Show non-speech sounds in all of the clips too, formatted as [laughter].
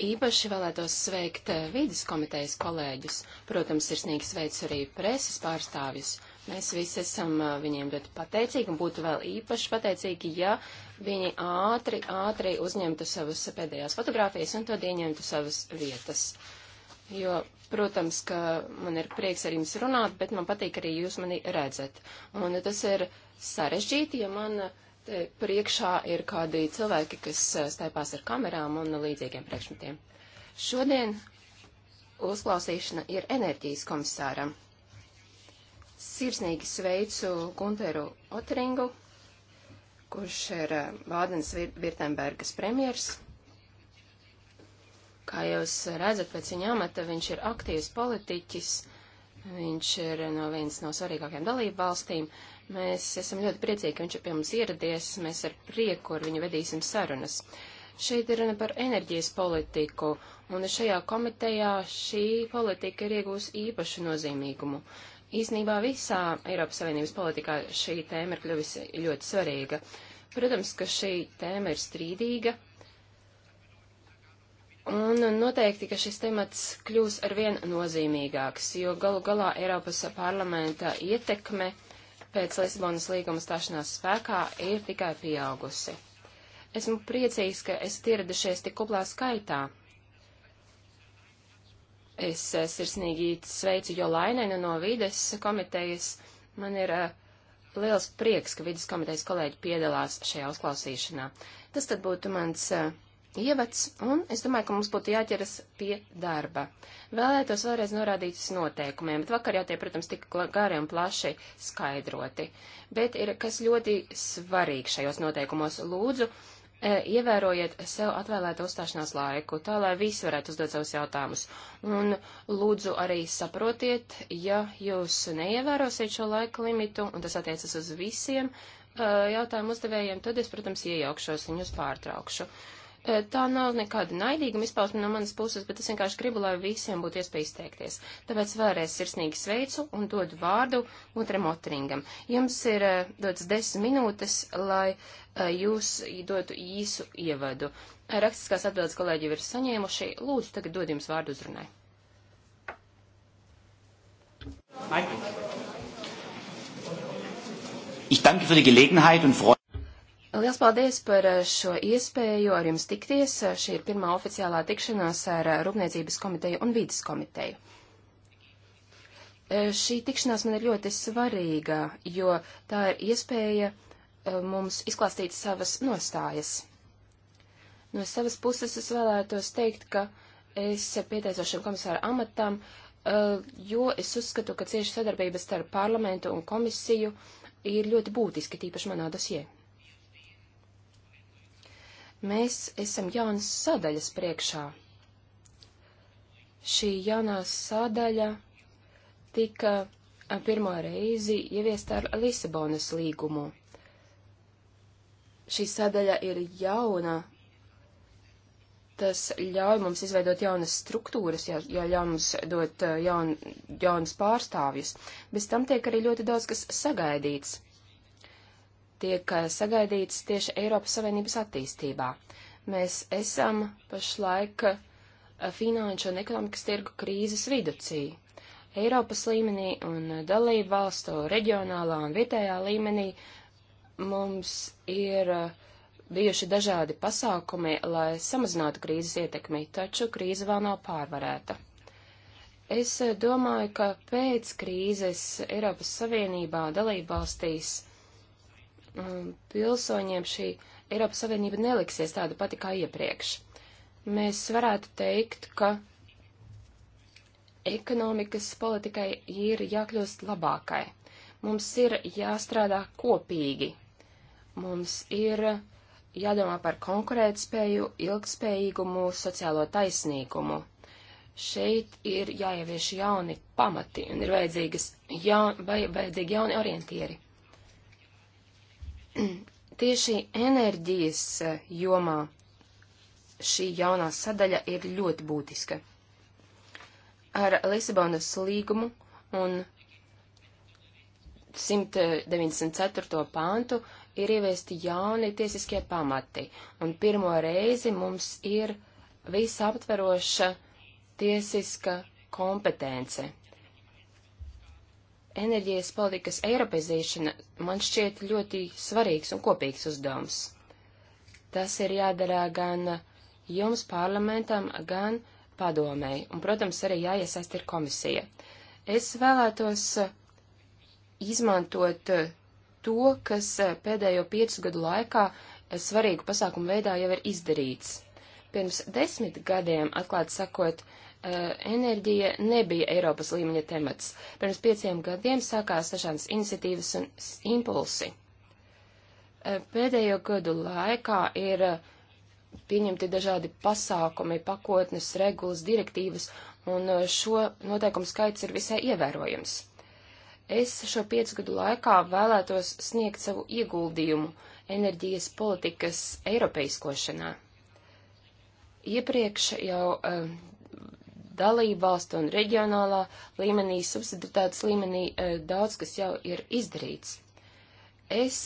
Īpaši vēlētos sveikt eh, vīdes komitejas kolēģus, protams, sirsnīgi sveicu arī preses pārstāvjus. Mēs visi esam eh, viņiem ļoti pateicīgi un būtu vēl īpaši pateicīgi, ja viņi ātri, ātri uzņemtu savas pēdējās fotogrāfijas un tad ieņemtu savas vietas. Jo, protams, ka man ir prieks ar jums runāt, bet man patīk arī jūs mani redzat. Un tas ir sarežģīti, ja man uh, Te priekšā ir kādi cilvēki, kas eh, staipās ar kamerām un līdzīgiem priekšmetiem. Šodien uzklausīšana ir enerģijas komisāram. Sirsnīgi sveicu Gunteru Otringu, kurš ir eh, Vādenes Virtembergas premjers. Kā jūs redzat, pēc viņa amata viņš ir aktīvs politiķis, viņš ir eh, no viens no svarīgākajiem dalību valstīm, Mēs esam ļoti priecīgi, ka viņš ir pie mums ieradies. Mēs ar prieku ar viņu vedīsim sarunas. Šeit ir runa par enerģijas politiku, un šajā komitejā šī politika ir iegūsi īpašu nozīmīgumu. Īsnībā visā Eiropas Savienības politikā šī tēma ir kļuvusi ļoti svarīga. Protams, ka šī tēma ir strīdīga, Un noteikti, ka šis temats kļūs arvien nozīmīgāks, jo galu galā Eiropas parlamenta ietekme uh, pēc Lisabonas līguma stāšanās spēkā ir tikai pieaugusi. Esmu priecīgs, ka esat ieradušies tik kuplā skaitā. Es eh, sirsnīgi sveicu Jolainenu no vides komitejas. Man ir uh, liels prieks, ka vidas komitejas kolēģi piedalās šajā uzklausīšanā. Tas tad būtu mans uh, ievads, un es domāju, ka mums būtu jāķeras pie darba. Vēlētos vēlreiz norādīt uz noteikumiem, bet vakar jau tie, protams, tika gari un plaši skaidroti. Bet ir kas ļoti svarīgi šajos noteikumos. Lūdzu, e, ievērojiet sev atvēlēto uzstāšanās laiku, tā lai visi varētu uzdot savus jautājumus. Un lūdzu arī saprotiet, ja jūs neievērosiet šo laika limitu, un tas attiecas uz visiem e, jautājumu uzdevējiem, tad es, protams, iejaukšos un jūs pārtraukšu. Uh, E, tā nav nekāda naidīga izpausme no manas puses, bet es vienkārši gribu, lai visiem būtu iespēja izteikties. Tāpēc vēlreiz sirsnīgi sveicu un dodu vārdu Utram Otringam. Jums ir e, dots desmit minūtes, lai e, jūs dotu īsu ievadu. Rakstiskās atbildes kolēģi jau ir saņēmuši. Lūdzu, tagad dod jums vārdu uzrunai. Ich danke für die Gelegenheit und freue Liels paldies par eh, šo iespēju ar jums tikties. Eh, šī ir pirmā oficiālā tikšanās ar eh, Rūpniecības komiteju un vīdas komiteju. Šī tikšanās man ir ļoti svarīga, jo tā ir iespēja mums izklāstīt savas nostājas. No savas puses es vēlētos teikt, ka es pieteicos šim komisāra amatam, jo es uzskatu, ka cieša sadarbība starp parlamentu un komisiju ir ļoti būtiska, tīpaši manā dosijā. Mēs esam jaunas sadaļas priekšā. Šī jaunā sadaļa tika pirmo reizi ieviest ar Lisabonas līgumu. Šī sadaļa ir jauna. Tas ļauj mums izveidot jaunas struktūras, ja, ja ļauj mums dot jaun, jaunas pārstāvjus. Bez tam tiek arī ļoti daudz kas sagaidīts tiek eh, sagaidītas tieši Eiropas Savienības attīstībā. Mēs esam pašlaik eh, finanšu un ekonomikas tirgu krīzes viducī. Eiropas līmenī un eh, dalību valstu reģionālā un vietējā līmenī mums ir bijuši dažādi pasākumi, lai samazinātu krīzes ietekmi, taču krīze vēl nav pārvarēta. Es domāju, ka pēc krīzes Eiropas Savienībā dalībvalstīs Um, pilsoņiem šī Eiropas Savienība neliksies tāda pati kā iepriekš. Mēs varētu teikt, ka ekonomikas politikai ir jākļūst labākai. Mums ir jāstrādā kopīgi. Mums ir jādomā par konkurētspēju, ilgspējīgumu, sociālo taisnīgumu. Šeit ir jāievieš jauni pamati un ir vajadzīgas jaun, vai, vajadzīgi jauni orientieri. [clears throat] Tieši enerģijas eh, jomā šī jaunā sadaļa ir ļoti būtiska. Ar Lisabonas līgumu un 194. pāntu ir ieviesti jauni tiesiskie pamati, un pirmo reizi mums ir visaptveroša tiesiska kompetence enerģijas politikas eiropeizēšana man šķiet ļoti svarīgs un kopīgs uzdevums. Tas ir jādara gan jums parlamentam, gan padomēji, un, protams, arī jāiesaist ir komisija. Es vēlētos izmantot to, kas pēdējo piecu gadu laikā svarīgu pasākumu veidā jau ir izdarīts. Pirms desmit gadiem, atklāt sakot, uh, Eh, enerģija nebija Eiropas līmeņa temats. Pirms pieciem gadiem sākās dažādas iniciatīvas un impulsi. Eh, pēdējo gadu laikā ir eh, pieņemti dažādi pasākumi, pakotnes, regulas, direktīvas, un šo noteikumu skaits ir visai ievērojams. Es šo piecu gadu laikā vēlētos sniegt savu ieguldījumu enerģijas politikas eiropeiskošanā. Iepriekš jau dalību valstu un reģionālā līmenī, subsidaritātes līmenī e, daudz kas jau ir izdarīts. Es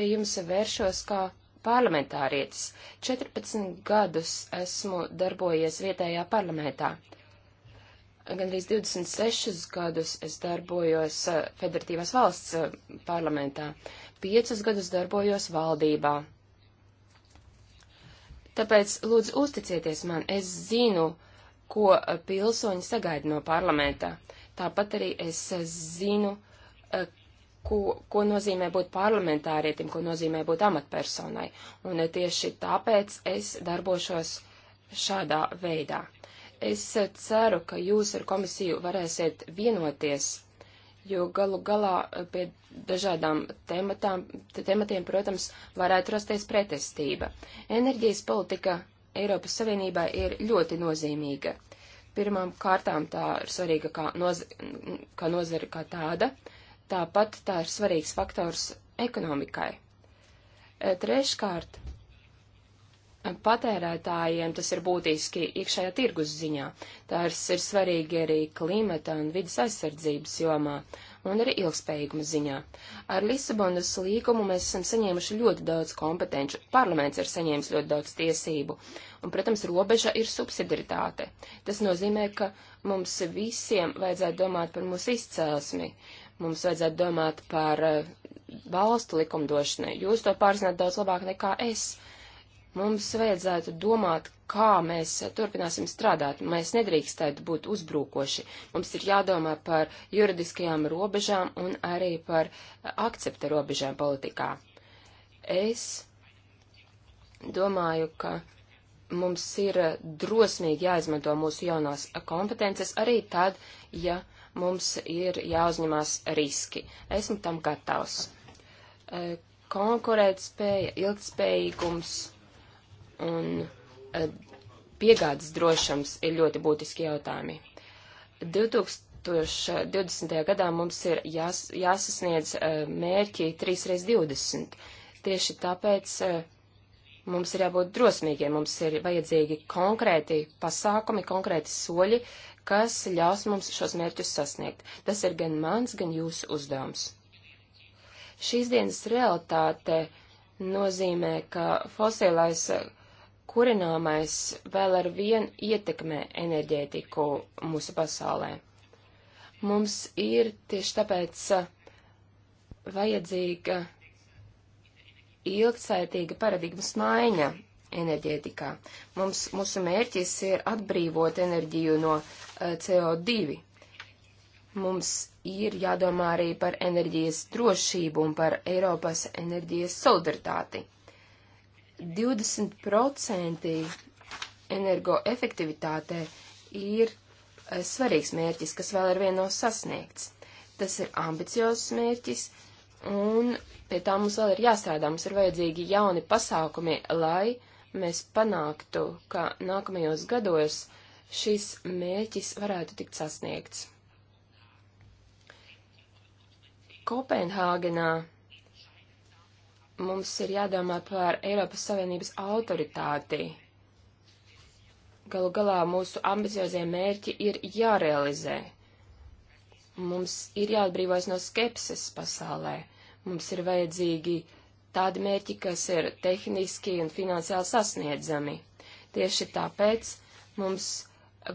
pie jums vēršos kā parlamentārietis. 14 gadus esmu darbojies vietējā parlamentā. Gandrīz 26 gadus es darbojos e, federatīvās valsts e, parlamentā. 5 gadus darbojos valdībā. Tāpēc, lūdzu, uzticieties man, es zinu, uh, ko eh, pilsoņi sagaida no parlamentā. Tāpat arī es eh, zinu, eh, ko, ko nozīmē būt parlamentārietim, ko nozīmē būt amatpersonai. Un tieši tāpēc es darbošos šādā veidā. Es ceru, ka jūs ar komisiju varēsiet vienoties, jo galu galā pie dažādām tematām, tematiem, protams, varētu rasties pretestība. Enerģijas politika Eiropas Savienībai ir ļoti nozīmīga. Pirmām kārtām tā ir svarīga kā, noz kā nozara kā tāda, tāpat tā ir svarīgs faktors ekonomikai. E, treškārt, patērētājiem tas ir būtiski iekšējā tirgus ziņā. Tas ir svarīgi arī klimata un vidas aizsardzības jomā, un arī ilgspējīguma ziņā. Ar Lisabonas līgumu mēs esam saņēmuši ļoti daudz kompetenci, parlaments ir saņēmis ļoti daudz tiesību, un, protams, robeža ir subsidiaritāte. Tas nozīmē, ka mums visiem vajadzētu domāt par mūsu izcelsmi, mums vajadzētu domāt par eh, valstu likumdošanai. Jūs to pārzināt daudz labāk nekā es. Uh, Mums vajadzētu domāt, kā mēs turpināsim strādāt. Mēs nedrīkstētu būt uzbrukoši. Mums ir jādomā par juridiskajām robežām un arī par akcepta robežām politikā. Es domāju, ka mums ir drosmīgi jāizmanto mūsu jaunās kompetences arī tad, ja mums ir jāuzņemās riski. Esmu tam gatavs. Konkurētspēja, ilgspējīgums un e, piegādes drošums ir ļoti būtiski jautājumi. 2020. gadā mums ir jās, jāsasniedz e, mērķi 3x20. Tieši tāpēc e, mums ir jābūt drosmīgiem, mums ir vajadzīgi konkrēti pasākumi, konkrēti soļi, kas ļaus mums šos mērķus sasniegt. Tas ir gan mans, gan jūsu uzdevums. Šīs dienas realitāte nozīmē, ka fosilais kurināmais vēl ar vien ietekmē enerģētiku mūsu pasaulē. Mums ir tieši tāpēc vajadzīga ilgsaitīga paradigmas maiņa enerģētikā. Mums, mūsu mērķis ir atbrīvot enerģiju no CO2. Mums ir jādomā arī par enerģijas drošību un par Eiropas enerģijas solidaritāti. 20% energoefektivitātē ir eh, svarīgs mērķis, kas vēl ar vienu nav sasniegts. Tas ir ambiciozs mērķis, un pie tā mums vēl ir jāstrādā. Mums ir vajadzīgi jauni pasākumi, lai mēs panāktu, ka nākamajos gados šis mērķis varētu tikt sasniegts. Kopenhāgenā mums ir jādomā par Eiropas Savienības autoritāti. Galu galā mūsu ambiciozie mērķi ir jārealizē. Mums ir jāatbrīvojas no skepses pasaulē. Mums ir vajadzīgi tādi mērķi, kas ir tehniski un finansiāli sasniedzami. Tieši tāpēc mums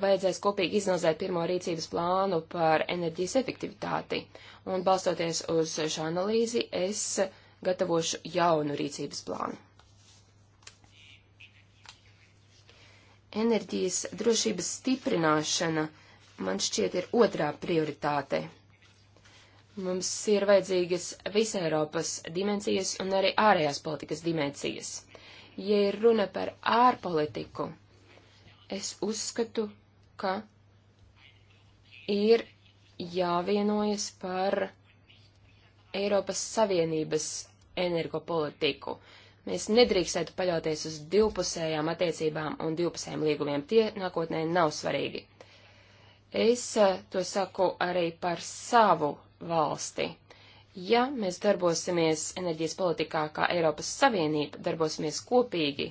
vajadzēs kopīgi iznozēt pirmo rīcības plānu par enerģijas efektivitāti. Un balstoties uz šo analīzi, es uh, gatavošu jaunu rīcības plānu. Enerģijas drošības stiprināšana man šķiet ir otrā prioritāte. Mums ir vajadzīgas visa Eiropas dimensijas un arī ārējās politikas dimensijas. Ja ir runa par ārpolitiku, es uzskatu, ka ir jāvienojas par Eiropas Savienības energopolitiku. Mēs nedrīkstētu paļauties uz divpusējām attiecībām un divpusējiem līgumiem. Tie nākotnē nav svarīgi. Es eh, to saku arī par savu valsti. Ja mēs darbosimies enerģijas politikā kā Eiropas Savienība, darbosimies kopīgi,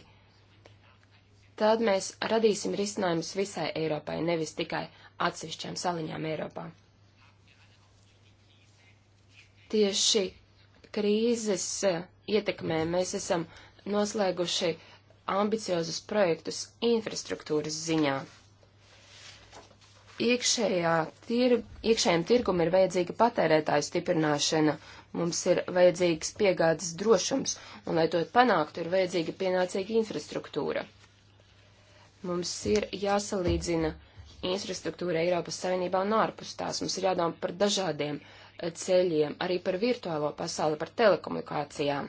tad mēs radīsim risinājumus visai Eiropai, nevis tikai atsevišķām saliņām Eiropā. Tieši krīzes eh, ietekmē mēs esam noslēguši ambiciozus projektus infrastruktūras ziņā. Iekšējā tir, iekšējiem tirgum ir vajadzīga patērētāju stiprināšana, mums ir vajadzīgs piegādes drošums, un, lai to panāktu, ir vajadzīga pienācīga infrastruktūra. Mums ir jāsalīdzina infrastruktūra Eiropas Savienībā un ārpus tās. Mums ir jādomā par dažādiem uh, ceļiem, arī par virtuālo pasauli, par telekomunikācijām.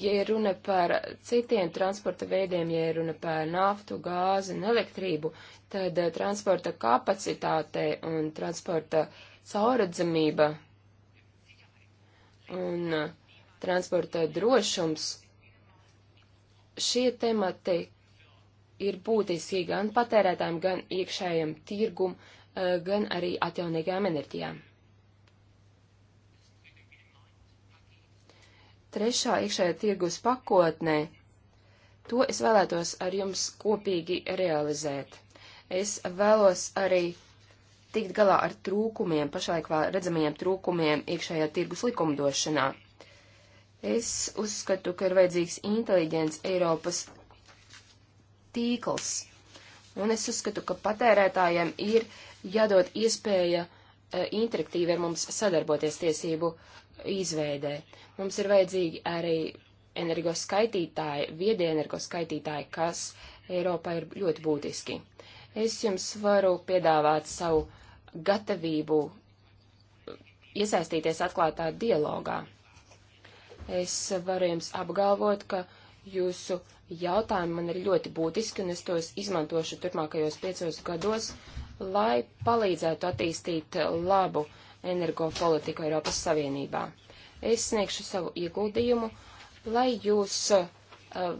Ja ir runa par citiem transporta veidiem, ja ir runa par naftu, gāzi un elektrību, tad eh, transporta kapacitāte un transporta cauradzamība un eh, transporta drošums šie temati ir būtiski gan patērētājiem, gan iekšējiem tirgum, gan arī atjaunīgām enerģijām. Trešā iekšējā tirgus pakotnē, to es vēlētos ar jums kopīgi realizēt. Es vēlos arī tikt galā ar trūkumiem, pašlaik redzamajiem trūkumiem iekšējā tirgus likumdošanā. Es uzskatu, ka ir vajadzīgs inteliģents Eiropas tīkls, Un es uzskatu, ka patērētājiem ir jādod iespēja eh, interaktīvi ar mums sadarboties tiesību izveidē. Mums ir vajadzīgi arī energoskaitītāji, viedie energoskaitītāji, kas Eiropā ir ļoti būtiski. Es jums varu piedāvāt savu gatavību eh, iesaistīties atklātā dialogā. Es varu jums apgalvot, ka Jūsu jautājumi man ir ļoti būtiski, un es tos izmantošu turpmākajos piecos gados, lai palīdzētu attīstīt labu energopolitiku Eiropas Savienībā. Es sniegšu savu ieguldījumu, lai jūs uh,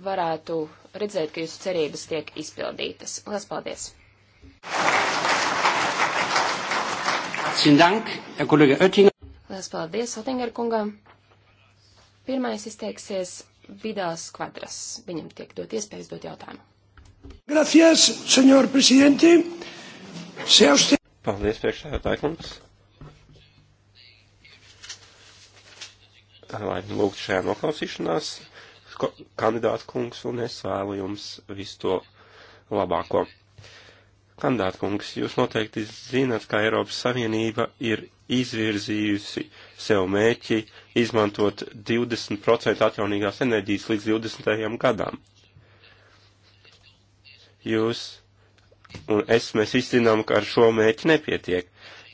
varētu redzēt, ka jūsu cerības tiek izpildītas. Lielas paldies! Lielas paldies, Otinger kungam! Pirmais izteiksies Vidāls Kvadras. Viņam tiek dot iespējas dot jautājumu. Gracias, senor presidente. Usted... Paldies, priekšsēdētāji kungs. Lai lūgtu šajā noklausīšanās, kandidāta kungs, un es vēlu jums visu to labāko. Kandidāta kungs, jūs noteikti zinat, ka Eiropas Savienība ir izvirzījusi sev mēķi uh, izmantot 20% atjaunīgās enerģijas līdz 20. gadam. Jūs un es, mēs izcinām, ka ar šo mērķi nepietiek,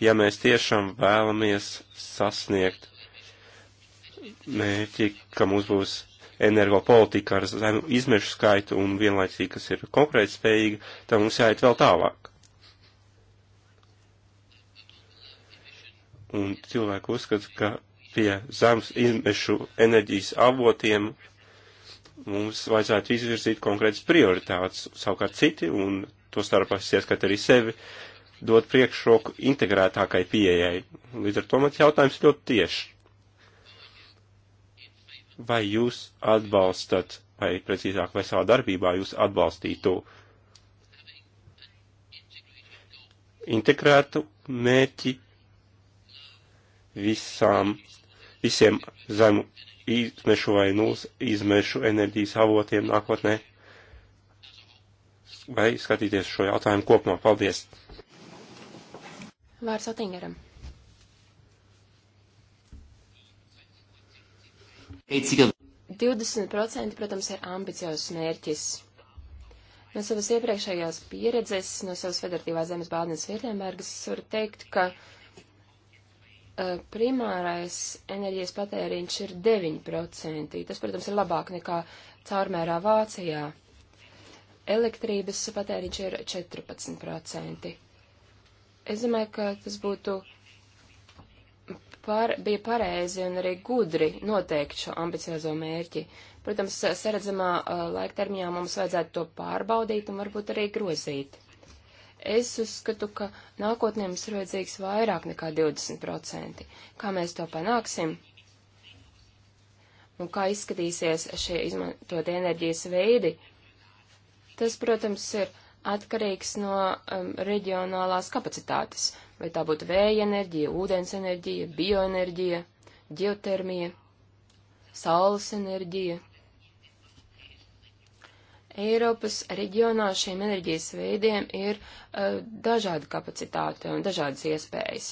ja mēs tiešām vēlamies sasniegt mērķi, ka mums būs energopolitika ar zemu izmešu skaitu un vienlaicīgi, kas ir konkurētspējīga, tad mums jāiet vēl tālāk. Un cilvēki uzskata, ka pie zemes izmešu enerģijas avotiem, mums vajadzētu izvirzīt konkrētas prioritātes, savukārt citi, un to starp es ieskatu arī sevi, dot priekšroku integrētākai pieejai. Līdz ar to mans jautājums ļoti tieši. Vai jūs atbalstat, vai precīzāk, vai savā darbībā jūs atbalstītu integrētu mērķi visām visiem zemu izmešu vai nulles izmešu enerģijas avotiem nākotnē? Vai skatīties šo jautājumu kopumā? Paldies! Vārds Otingeram. Eitsigal. 20%, protams, ir ambiciozs mērķis. No savas iepriekšējās pieredzes, no savas federatīvās zemes Bādnes Virtenbergas, es varu teikt, ka uh, Eh, primārais enerģijas patēriņš ir 9%. Tas, protams, ir labāk nekā caurmērā Vācijā. Elektrības patēriņš ir 14%. Es domāju, ka tas būtu par, bija pareizi un arī gudri noteikt šo ambiciozo mērķi. Protams, saredzamā uh, eh, laiktermiņā mums vajadzētu to pārbaudīt un varbūt arī grozīt. Es uzskatu, ka nākotnē mums ir vajadzīgs vairāk nekā 20%. Kā mēs to panāksim? Un kā izskatīsies šie izmantot enerģijas veidi? Tas, protams, ir atkarīgs no um, reģionālās kapacitātes, vai tā būtu vēja enerģija, ūdens enerģija, bioenerģija, ģeotermija, saules enerģija. Eiropas reģionā šiem enerģijas veidiem ir uh, dažāda kapacitāte un dažādas iespējas.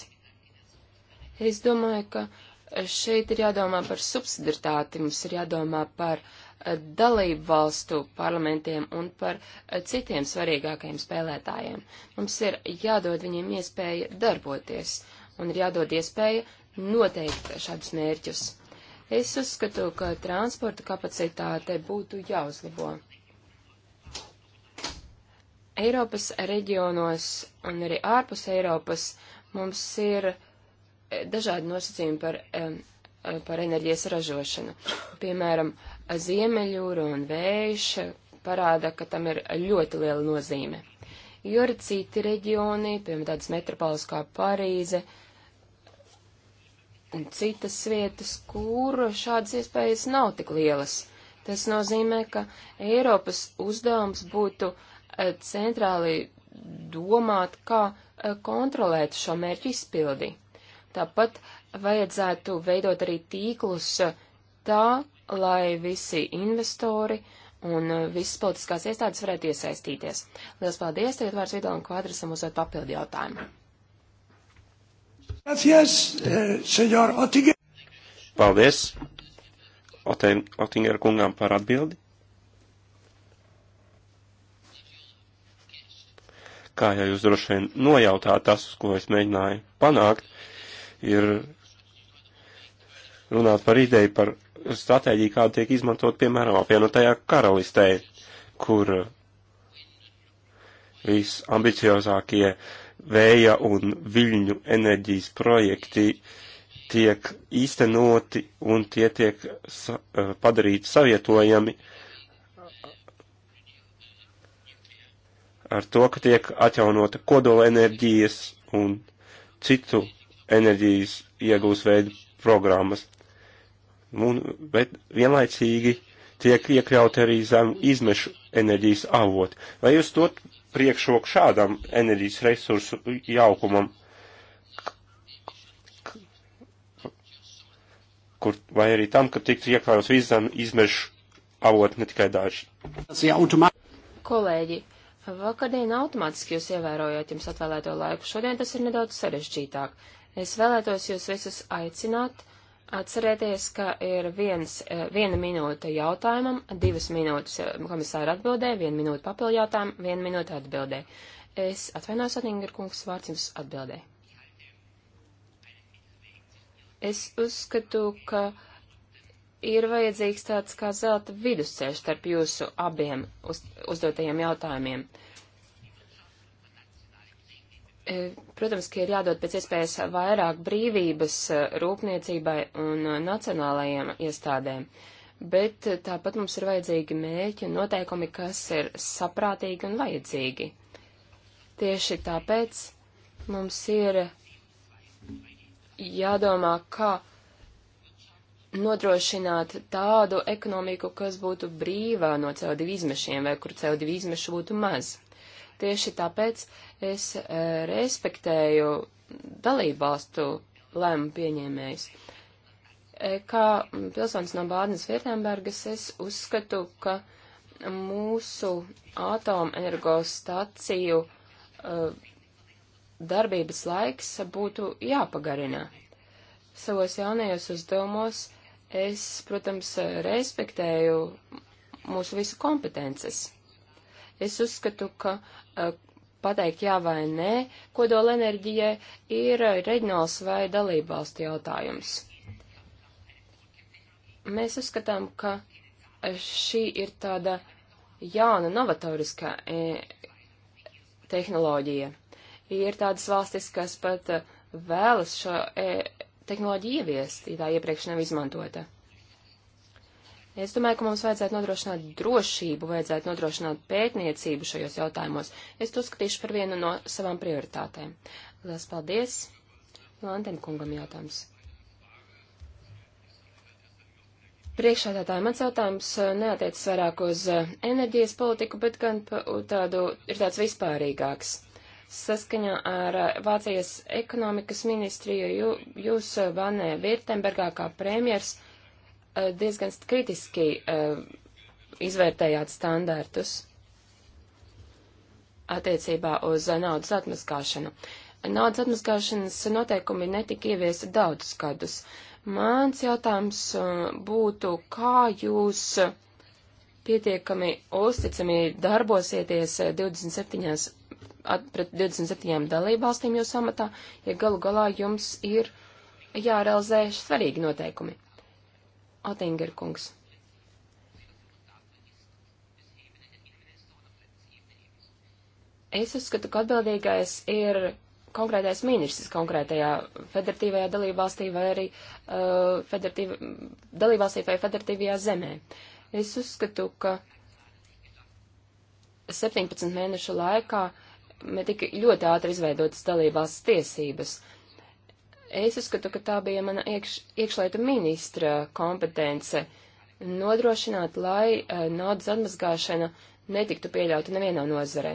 Es domāju, ka eh, šeit ir jādomā par subsidiritāti, mums ir jādomā par uh, dalību valstu parlamentiem un par uh, citiem svarīgākajiem spēlētājiem. Mums ir jādod viņiem iespēja darboties un ir jādod iespēja noteikt šādus mērķus. Es uzskatu, ka transporta kapacitāte būtu jāuzlabo. Eiropas reģionos un arī ārpus Eiropas mums ir eh, dažādi nosacījumi par, eh, par enerģijas ražošanu. Piemēram, ziemeļūra un vējš parāda, ka tam ir ļoti liela nozīme. Jo arī citi reģioni, piemēram, tādas metropoles kā Parīze un citas vietas, kur šādas iespējas nav tik lielas. Tas nozīmē, ka Eiropas uzdevums būtu uh, Eh, centrāli domāt, kā eh, kontrolēt šo mērķu izpildi. Tāpat vajadzētu veidot arī tīklus eh, tā, lai visi investori un visas politiskās iestādes varētu iesaistīties. Lielas paldies, tagad vārds Vidalam Kvadrasam uzdot papildu jautājumu. Gracias, senor Otinger. Paldies Oten, Otinger kungam par atbildi. kā jau jūs droši vien nojautāt, tas, ko es mēģināju panākt, ir runāt par ideju par stratēģiju, kāda tiek izmantot, piemēram, apvienotajā karalistē, kur visambiciozākie vēja un viļņu enerģijas projekti tiek īstenoti un tie tiek eh, padarīti savietojami uh, ar to, ka tiek atjaunota kodola enerģijas un citu enerģijas iegūs veidu programmas. Un, bet vienlaicīgi tiek iekļauti arī zem izmešu enerģijas avoti. Vai jūs dot priekšroku šādam enerģijas resursu jaukumam, kur, vai arī tam, ka tiktu iekļauts viss zem izmešu avoti, ne tikai daži? Kolēģi, Vakardien automātiski jūs ievērojāt jums atvēlēto laiku, šodien tas ir nedaudz sarežģītāk. Es vēlētos jūs visus aicināt, atcerēties, ka ir viens, eh, viena minūte jautājumam, divas minūtes komisāra atbildē, viena minūte papildu jautājumu, viena minūte atbildē. Es atvainos, Atninger kungs, vārds jums atbildē. Es uzskatu, ka. Uh, ir vajadzīgs tāds kā zelta vidusceļš starp jūsu abiem uz, uzdotajiem jautājumiem. E, protams, ka ir jādod pēc iespējas vairāk brīvības e, rūpniecībai un e, nacionālajiem iestādēm, bet tāpat mums ir vajadzīgi mērķi un noteikumi, kas ir saprātīgi un vajadzīgi. Tieši tāpēc mums ir jādomā, kā. Ka nodrošināt tādu ekonomiku, kas būtu brīvā no CO2 izmešiem vai kur CO2 izmešu būtu maz. Tieši tāpēc es e, respektēju dalībvalstu lēmumu pieņēmējus. E, eh, kā pilsonis no Bādnes Viertembergas es uzskatu, ka mūsu atomenergostaciju e, eh, darbības laiks būtu jāpagarina. Savos jaunajos uzdevumos Es, protams, respektēju mūsu visu kompetences. Es uzskatu, ka eh, pateikt jā vai nē kodolenerģijai ir eh, reģionāls vai dalībvalstu jautājums. Mēs uzskatām, ka eh, šī ir tāda jauna, novatoriskā e, tehnoloģija. Ir tādas valstis, kas pat vēlas šo e, tehnoloģija ieviest, ja tā iepriekš nav izmantota. Es domāju, ka mums vajadzētu nodrošināt drošību, vajadzētu nodrošināt pētniecību šajos jautājumos. Es to skatīšu par vienu no savām prioritātēm. Lielas paldies! Lantēm kungam jautājums. Priekšādātāji, mans jautājums eh, neatiecas vairāk uz eh, enerģijas politiku, bet gan tādu, ir tāds vispārīgāks. Saskaņā ar eh, Vācijas ekonomikas ministriju jū, jūs, eh, Vanē Virtembergā, kā premjers, eh, diezgan kritiski izvērtējāt standartus attiecībā uz naudas atmaskāšanu. Naudas atmaskāšanas noteikumi netika ieviesti daudzus gadus. Mans jautājums būtu, kā jūs pietiekami uzticami darbosieties 27 at, pret 27 dalībvalstīm jūsu amatā, ja galu galā jums ir jārealizē svarīgi noteikumi. Otinger kungs. Es uzskatu, ka atbildīgais ir konkrētais ministrs konkrētajā federatīvajā dalībvalstī vai arī uh, federatīva, dalībvalstī vai federatīvajā zemē. Es uzskatu, ka 17 mēnešu laikā uh, tika ļoti ātri izveidotas dalībās tiesības. Es uzskatu, ka tā bija mana iekš, iekšlietu ministra kompetence nodrošināt, lai uh, naudas atmazgāšana netiktu pieļauta nevienā nozarē.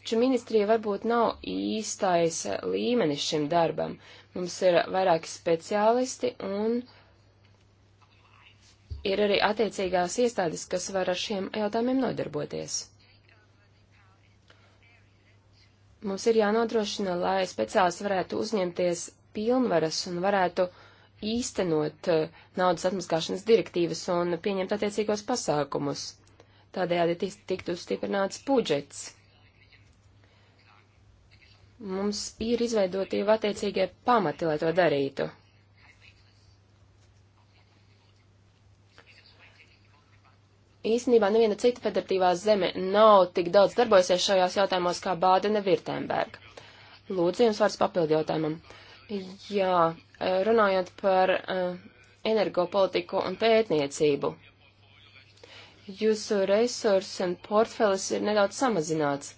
Taču ministrija varbūt nav īstais līmenis šim darbam. Mums ir vairāki speciālisti un ir arī attiecīgās iestādes, kas var ar šiem jautājumiem nodarboties. Mums ir jānodrošina, lai speciālists varētu uzņemties pilnvaras un varētu īstenot eh, naudas atmaskāšanas direktīvas un pieņemt attiecīgos pasākumus. Tādējādi tiktu stiprināts budžets. Mums ir izveidoti jau attiecīgie pamati, lai to darītu. īstenībā neviena cita federatīvā zeme nav tik daudz darbojusies šajās jautājumos kā Bādene Virtēmberga. Lūdzu, jums vārds papildu jautājumam. Jā, runājot par uh, energopolitiku un pētniecību. Jūsu resursi un portfelis ir nedaudz samazināts.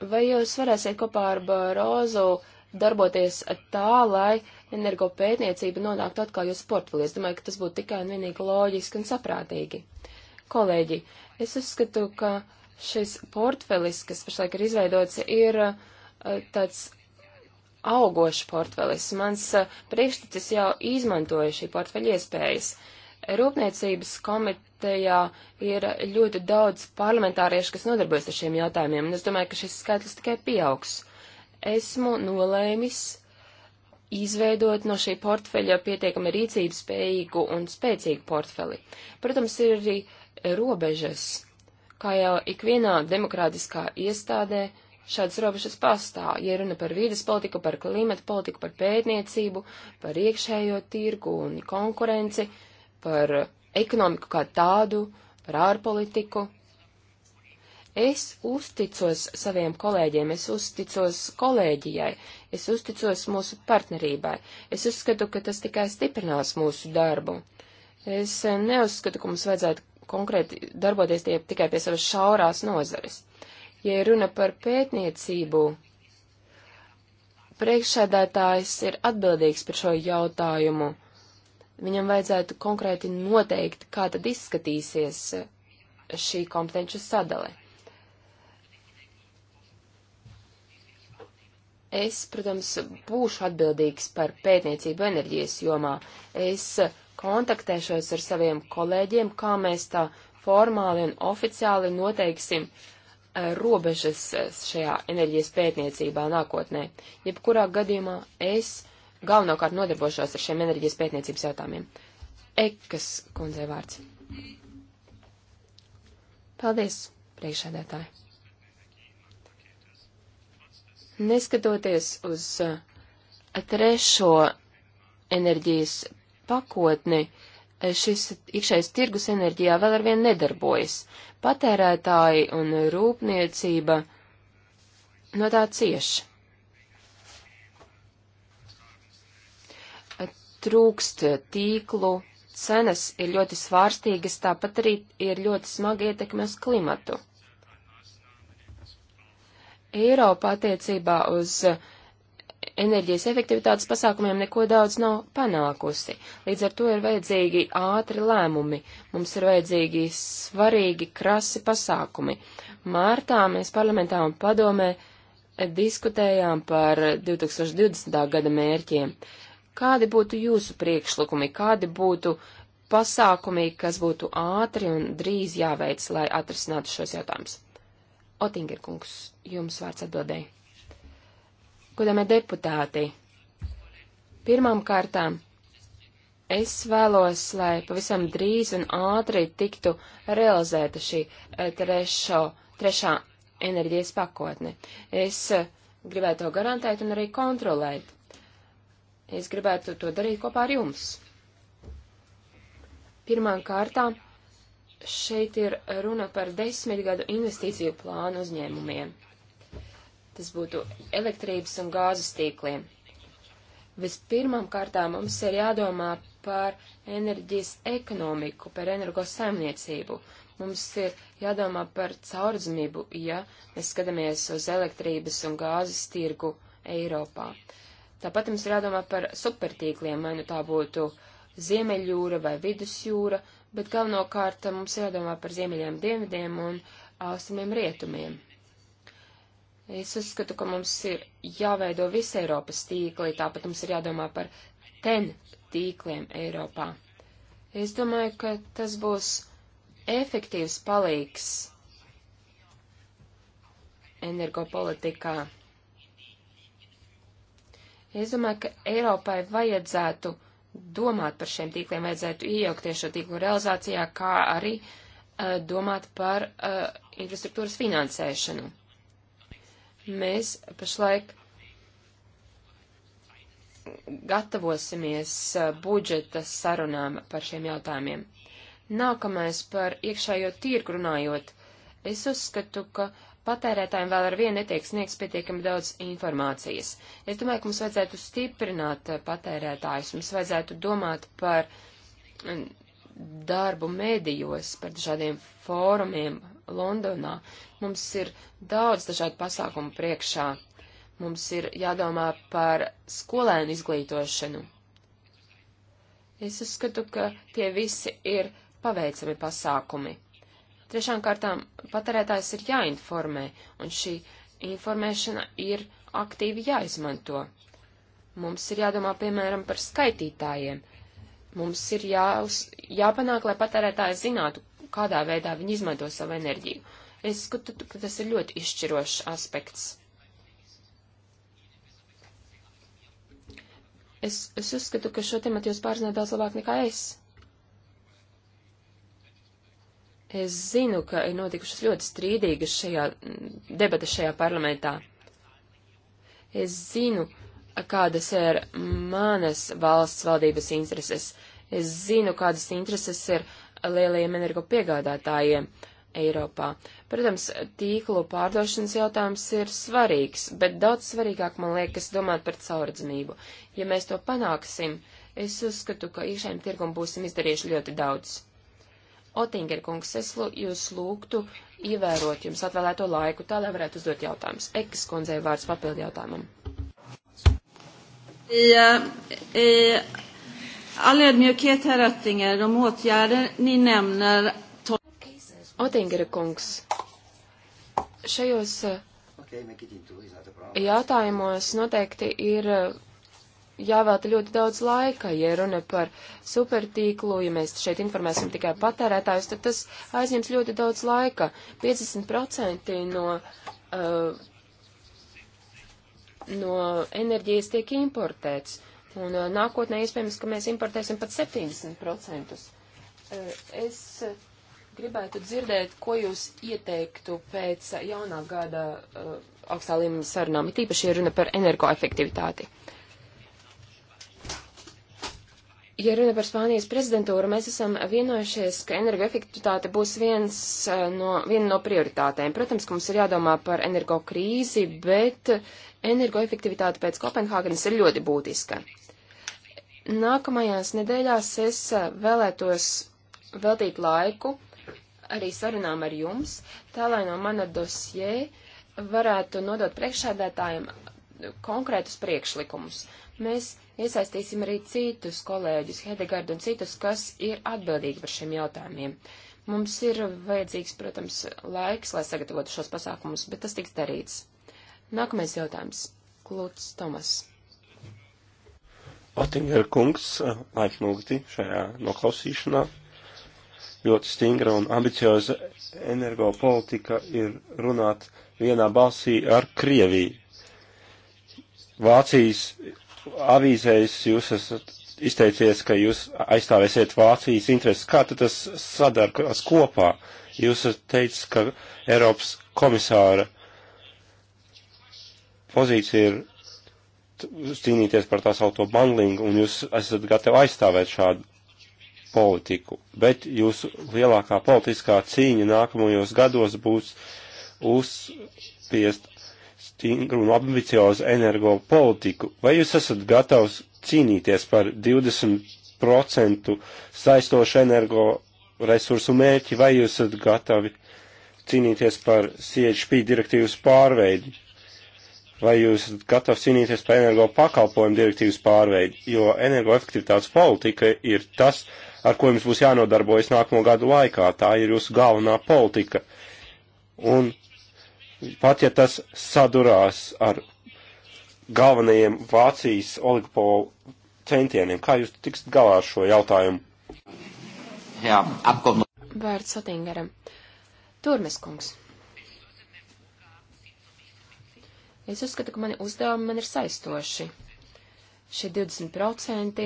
Vai jūs varēsiet kopā ar Barozu darboties tā, lai uh, energopētniecība nonāktu atkal jūsu portfelī. Es domāju, ka tas būtu tikai un vienīgi loģiski un saprātīgi. Kolēģi, es uzskatu, ka šis portfelis, kas pašlaik ir izveidots, ir uh, tāds augošs portfelis. Mans uh, priekšstats jau izmantoja šī portfeļa iespējas. Rūpniecības komitejā ir ļoti daudz parlamentāriešu, kas nodarbojas ar šiem jautājumiem, un es domāju, ka šis skaitlis tikai pieaugs. Esmu nolēmis izveidot no šī portfeļa pietiekami rīcības spējīgu un spēcīgu portfeli. Protams, ir arī robežas, kā jau ikvienā demokrātiskā iestādē šādas robežas pastāv, ja runa par vīdes politiku, par klimatu politiku, par pētniecību, par iekšējo tirgu un konkurenci, par ekonomiku kā tādu, par ārpolitiku. Es uzticos saviem kolēģiem, es uzticos kolēģijai, es uzticos mūsu partnerībai. Es uzskatu, ka tas tikai stiprinās mūsu darbu. Es eh, neuzskatu, ka mums vajadzētu konkrēti darboties tie tikai pie savas šaurās nozares. Ja runa par pētniecību, priekšsēdētājs ir atbildīgs par šo jautājumu. Viņam vajadzētu konkrēti noteikt, kā tad izskatīsies eh, šī kompetenču sadale. Es, protams, būšu atbildīgs par pētniecību enerģijas jomā. Es kontaktēšos ar saviem kolēģiem, kā mēs tā formāli un oficiāli noteiksim eh, robežas eh, šajā enerģijas pētniecībā nākotnē. Jebkurā gadījumā es galvenokārt nodarbošos ar šiem enerģijas pētniecības jautājumiem. Ekas kundzei vārds. Paldies, priekšsēdētāji. Neskatoties uz eh, trešo enerģijas pakotni, eh, šis iekšējais tirgus enerģijā vēl arvien nedarbojas. Patērētāji un rūpniecība no tā cieši. Eh, trūkst tīklu, cenas ir ļoti svārstīgas, tāpat arī ir ļoti smagi ietekme uz klimatu. Eiropa attiecībā uz enerģijas efektivitātes pasākumiem neko daudz nav panākusi. Līdz ar to ir vajadzīgi ātri lēmumi, mums ir vajadzīgi svarīgi, krasi pasākumi. Mārtā mēs parlamentā un padomē diskutējām par 2020. gada mērķiem. Kādi būtu jūsu priekšlikumi, kādi būtu pasākumi, kas būtu ātri un drīz jāveic, lai atrisinātu šos jautājumus? Otinger kungs, jums vārds atbildēja. Godamie deputāti, pirmām kārtām es vēlos, lai pavisam drīz un ātri tiktu realizēta šī eh, trešo, trešā enerģijas pakotne. Es eh, gribētu to garantēt un arī kontrolēt. Es gribētu to darīt kopā ar jums. Pirmām kārtām šeit ir runa par desmitgadu investīciju plānu uzņēmumiem. Tas būtu elektrības un gāzes tīkliem. Vispirmām kārtām mums ir jādomā par enerģijas ekonomiku, par energosaimniecību. Mums ir jādomā par caurdzmību, ja mēs skatāmies uz elektrības un gāzes tirgu Eiropā. Tāpat mums ir jādomā par supertīkliem, vai nu tā būtu Ziemeļjūra vai Vidusjūra, uh, bet galvenokārt eh, mums jādomā par ziemeļiem dienvidiem un austrumiem rietumiem. Es uzskatu, ka mums ir jāveido visa Eiropas tīkli, tāpat mums ir jādomā par ten tīkliem Eiropā. Es domāju, ka tas būs efektīvs palīgs energopolitikā. Es domāju, ka Eiropai vajadzētu domāt par šiem tīkliem, vajadzētu iejaukties šo tīklu realizācijā, kā arī uh, domāt par uh, infrastruktūras finansēšanu. Mēs pašlaik gatavosimies uh, budžeta sarunām par šiem jautājumiem. Nākamais par iekšējo tirgu runājot. Es uzskatu, ka uh, patērētājiem vēl ar vienu netiek sniegs pietiekami daudz informācijas. Es domāju, ka mums vajadzētu stiprināt eh, patērētājus, mums vajadzētu domāt par mm, darbu medijos, par dažādiem fórumiem Londonā. Mums ir daudz dažādu pasākumu priekšā. Mums ir jādomā par skolēnu izglītošanu. Es uzskatu, ka tie visi ir paveicami pasākumi. Trešām kārtām patērētājs ir jāinformē, un šī informēšana ir aktīvi jāizmanto. Mums ir jādomā, piemēram, par skaitītājiem. Mums ir jāuz, jāpanāk, lai patērētāji zinātu, kādā veidā viņi izmanto savu enerģiju. Es skatu, ka tas ir ļoti izšķirošs aspekts. Es, es uzskatu, ka šo tematu jūs pārzināt daudz labāk nekā es. Es zinu, ka ir notikušas ļoti strīdīgas šajā debata šajā parlamentā. Es zinu, kādas ir manas valsts valdības intereses. Es zinu, kādas intereses ir lielajiem energopiegādātājiem Eiropā. Protams, tīklu pārdošanas jautājums ir svarīgs, bet daudz svarīgāk man liekas domāt par caurdzamību. Ja mēs to panāksim, es uzskatu, ka iekšējiem tirgum būsim izdarījuši ļoti daudz. Otinger kungs, es jūs lūgtu ievērot jums atvēlēto laiku, tā lai varētu uzdot jautājumus. Ekas kundzei vārds papildu jautājumam. Ja, ja, eh, All ödmjukhet, herr Oettinger, de åtgärder ni nämner... Oettinger kungs, šajos eh, jautājumos noteikti ir eh, jāvēlta ļoti daudz laika, ja runa par supertīklu, ja mēs šeit informēsim tikai patērētājus, tad tas aizņems ļoti daudz laika. 50% no, uh, no enerģijas tiek importēts, un uh, nākotnē iespējams, ka mēs importēsim pat 70%. Uh, es uh, gribētu dzirdēt, ko jūs ieteiktu pēc jaunā gada uh, augstā līmeņa sarunām, it īpaši runa par energoefektivitāti. Ja runa par Spānijas prezidentūru, mēs esam vienojušies, ka energoefektivitāte būs viens eh, no, viena no prioritātēm. Protams, ka mums ir jādomā par energo krīzi, bet energoefektivitāte pēc Kopenhāgenes ir ļoti būtiska. Nākamajās nedēļās es eh, vēlētos veltīt laiku arī sarunām ar jums, tā lai no mana dosie varētu nodot priekšsēdētājiem konkrētus priekšlikumus. Mēs Iesaistīsim arī citus kolēģus, Hedegardu un citus, kas ir atbildīgi par šiem jautājumiem. Mums ir vajadzīgs, protams, laiks, lai sagatavotu šos pasākumus, bet tas tiks darīts. Nākamais jautājums. Klūts Tomas. Otinger kungs aizmūgti šajā noklausīšanā ļoti stingra un ambicioza energopolitika ir runāt vienā balsī ar Krieviju. Vācijas avīzēs jūs esat izteicies, ka jūs aizstāvēsiet Vācijas intereses. Kā tad tas sadarbojas kopā? Jūs esat teicis, ka Eiropas komisāra pozīcija ir cīnīties par tā saucamo bundlingu, un jūs esat gatavi aizstāvēt šādu politiku. Bet jūsu lielākā politiskā cīņa nākamajos gados būs uzspiest stingru un ambiciozu energopolitiku. Vai jūs esat gatavs cīnīties par 20% saistošu energo resursu mērķi, vai jūs esat gatavi cīnīties par CHP direktīvas pārveidi? Vai jūs esat gatavs cīnīties par energo pakalpojumu direktīvas pārveidi? Jo energoefektivitātes politika ir tas, ar ko jums būs jānodarbojas nākamo gadu laikā. Tā ir jūsu galvenā politika. Un pat ja tas sadurās ar galvenajiem Vācijas oligopolu centieniem. Kā jūs tiks galā ar šo jautājumu? Jā, apkomu. Vārds Satingaram. Turmes kungs. Es uzskatu, ka mani uzdevumi man ir saistoši. Šie 20%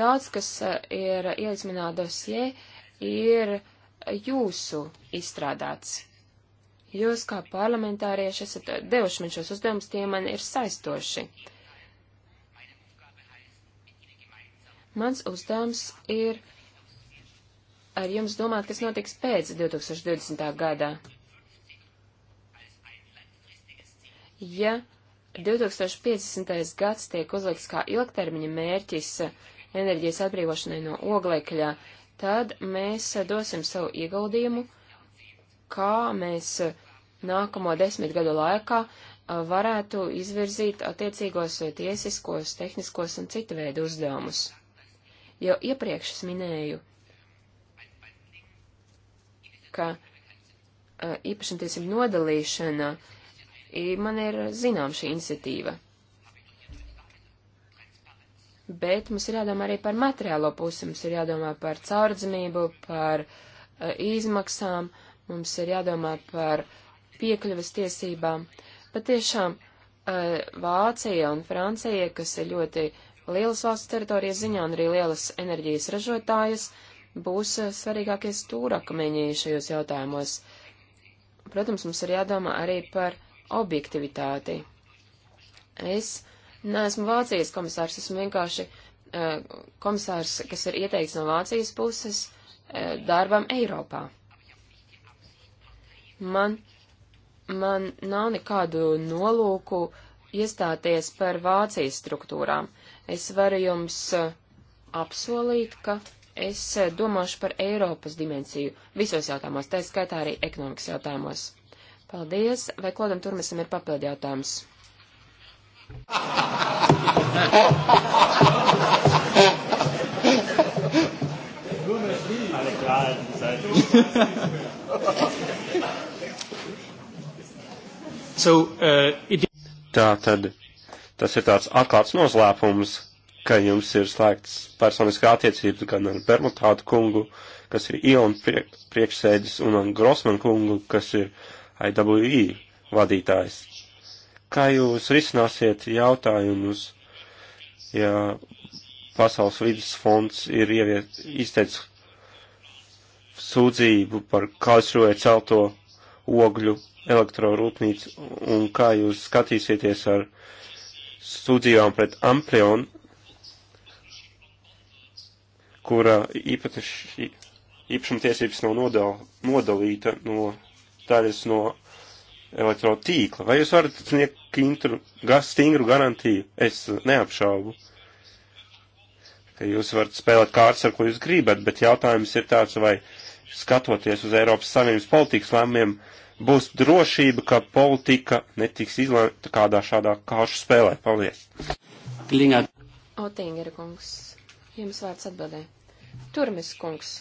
daudz, kas eh, ir ieizminā dosie, ir jūsu izstrādāts. Jūs kā parlamentārieši esat devuši man šos uzdevumus, tie man ir saistoši. Mans uzdevums ir ar jums domāt, kas notiks pēc 2020. gadā. Ja 2050. gads tiek uzlikts kā ilgtermiņa mērķis enerģijas atbrīvošanai no oglekļa, tad mēs dosim savu ieguldījumu kā mēs eh, nākamo desmit gadu laikā eh, varētu izvirzīt attiecīgos eh, tiesiskos, tehniskos un citu veidu uzdevumus. Jau iepriekš es minēju, ka īpašumtiesību nodalīšana man ir zinām šī iniciatīva. Bet mums ir jādomā arī par materiālo pusi, mums ir jādomā par caurdzamību, par izmaksām, uh, mums ir jādomā par piekļuvas tiesībām. Pat tiešām eh, Vācija un Francija, kas ir ļoti lielas valsts teritorijas ziņā un arī lielas enerģijas ražotājas, būs eh, svarīgākie stūrakmeņi šajos jautājumos. Protams, mums ir jādomā arī par objektivitāti. Es neesmu Vācijas komisārs, esmu vienkārši eh, komisārs, kas ir ieteikts no Vācijas puses darbam Eiropā. Man, man nav nekādu nolūku iestāties par Vācijas struktūrām. Es varu jums eh, apsolīt, ka es eh, domāšu par Eiropas dimensiju visos jautājumos, tā skaitā arī ekonomikas jautājumos. Paldies, vai kodam turmesam ir papildi jautājums? [laughs] [laughs] Alle klar, Zeitung. [laughs] So, uh, it... Tā tad tas ir tāds atklāts noslēpums, ka jums ir slēgts personiskā attiecība gan ar Bermutātu kungu, kas ir Ion priek priekšsēdis, un ar Grosman kungu, kas ir IWI e vadītājs. Kā jūs risināsiet jautājumus, ja Pasaules vidas fonds ir ieviet, izteicis sūdzību par Kalsroja celto ogļu elektrorūpnīcu un kā jūs skatīsieties ar sūdzībām pret Amplion, kura īpašumtiesības nav nodal, nodalīta no daļas no elektrotīkla. Vai jūs varat sniegt kintru, stingru garantiju? Es neapšaubu, ka jūs varat spēlēt kārtas, ar ko jūs gribat, bet jautājums ir tāds, vai skatoties uz Eiropas Savienības politikas lēmumiem, uh, būs drošība, ka politika netiks izlēmta kādā šādā kāšu spēlē. Paldies! Klingāt. Otingera kungs, jums vārds atbildē. Turmis kungs.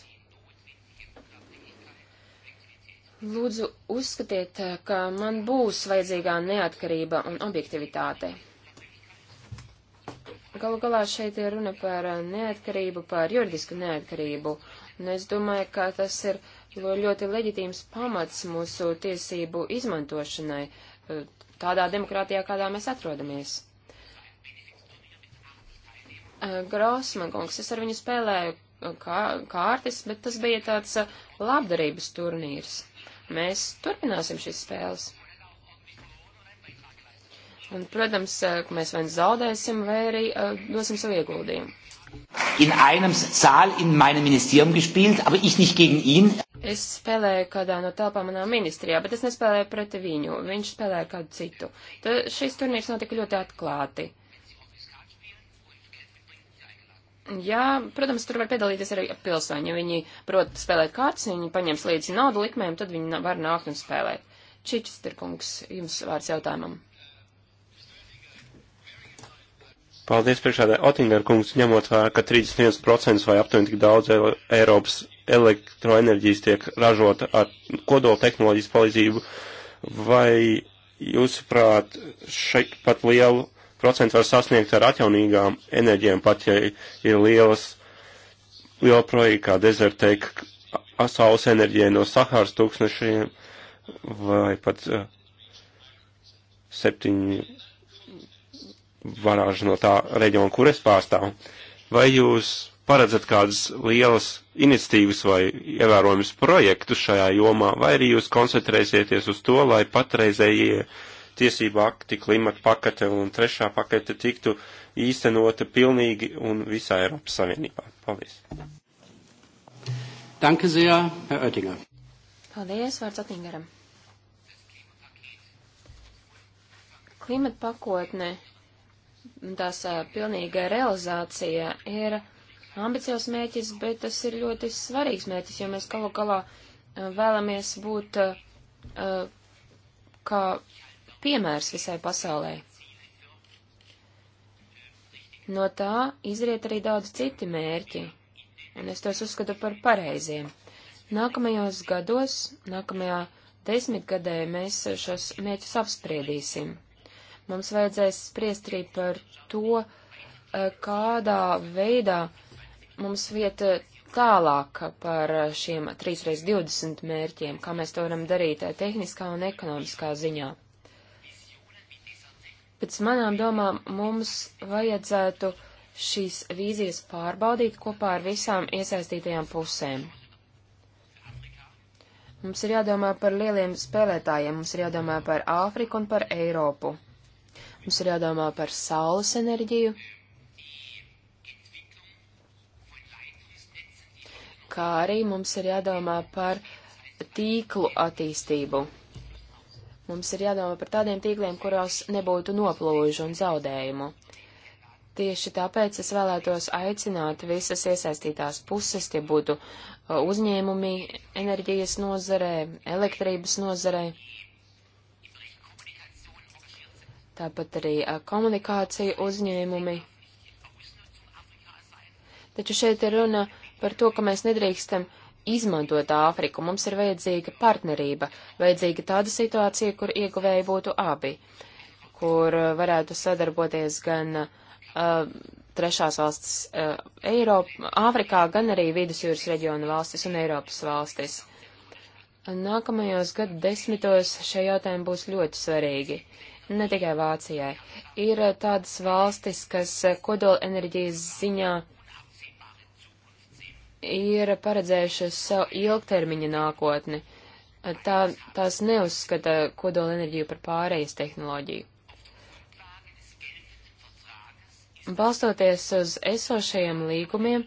Lūdzu, uzskatiet, ka man būs vajadzīgā neatkarība un objektivitāte. Galu galā šeit ir runa par neatkarību, par juridisku neatkarību, un es domāju, ka tas ir jo ļoti leģitīms pamats mūsu tiesību izmantošanai eh, tādā demokrātijā, kādā mēs atrodamies. Eh, Grosman kungs, es ar viņu spēlēju eh, kā, kārtis, bet tas bija tāds labdarības turnīrs. Mēs turpināsim šīs spēles. Un, protams, mēs vai nu zaudēsim, vai arī uh, dosim savu ieguldījumu. In einem Saal in meinem Ministerium gespielt, aber ich nicht gegen ihn, Es spēlēju kādā no telpām manā ministrijā, bet es nespēlēju pret viņu, viņš spēlēja kādu citu. Tad šis turnīrs notika ļoti atklāti. Jā, protams, tur var piedalīties arī pilsoņi. Ja viņi prot spēlēt kārtas, viņi paņems līdzi naudu likmēm, tad viņi var nākt un spēlēt. Čičsterkungs, jums vārds jautājumam. Paldies priekšādā Otingar kungs, ņemot vērā, ka 31% vai aptuveni tik daudz Eiropas elektroenerģijas tiek ražota ar kodola tehnoloģijas palīdzību, vai jūsuprāt šeit pat lielu procentu var sasniegt ar atjaunīgām enerģijām, pat ja ir lielas, liela projekta kā dezerteik, saules enerģija no Sahāras tūkstošiem, vai pat uh, eh, septiņu varāžu no tā reģiona, kur es pārstāvu. Vai jūs paredzat kādas lielas iniciatīvas vai ievērojumus projektus šajā jomā, vai arī jūs koncentrēsieties uz to, lai patreizējie tiesību akti, klimata pakete un trešā pakete tiktu īstenota pilnīgi un visā Eiropas Savienībā? Paldies! Danke sehr, Herr Oettinger. Paldies, vārds Oettingeram. Klimata pakotne tās pilnīga realizācija ir ambiciozs mēķis, bet tas ir ļoti svarīgs mēķis, jo mēs galu galā vēlamies būt kā piemērs visai pasaulē. No tā izriet arī daudz citi mērķi, un es tos uzskatu par pareiziem. Nākamajos gados, nākamajā desmitgadē mēs šos mērķus apspriedīsim. Mums vajadzēs spriest arī par to, eh, kādā veidā mums vieta eh, tālāk par šiem 3x20 mērķiem, kā mēs to varam darīt eh, tehniskā un ekonomiskā ziņā. Pēc manām domām mums vajadzētu šīs vīzijas pārbaudīt kopā ar visām iesaistītajām pusēm. Mums ir jādomā par lieliem spēlētājiem, mums ir jādomā par Āfriku un par Eiropu. Mums ir jādomā par saules enerģiju, kā arī mums ir jādomā par tīklu attīstību. Mums ir jādomā par tādiem tīkliem, kurās nebūtu noplūžu un zaudējumu. Tieši tāpēc es vēlētos aicināt visas iesaistītās puses, tie būtu uh, uzņēmumi enerģijas nozarē, elektrības nozarē. tāpat arī komunikācija uzņēmumi. Taču šeit ir runa par to, ka mēs nedrīkstam izmantot Āfriku. Mums ir vajadzīga partnerība, vajadzīga tāda situācija, kur ieguvēji būtu abi, kur varētu sadarboties gan uh, trešās valstis uh, Eiropa, Āfrikā, gan arī Vidusjūras reģiona valstis un Eiropas valstis. Nākamajos gadu desmitos šie jautājumi būs ļoti svarīgi. Uh, ne tikai Vācijai. Ir eh, tādas valstis, kas eh, kodola enerģijas ziņā ir paredzējušas savu ilgtermiņa nākotni. Eh, tā, tās neuzskata kodola enerģiju par pārējas tehnoloģiju. Balstoties uz esošajiem līgumiem,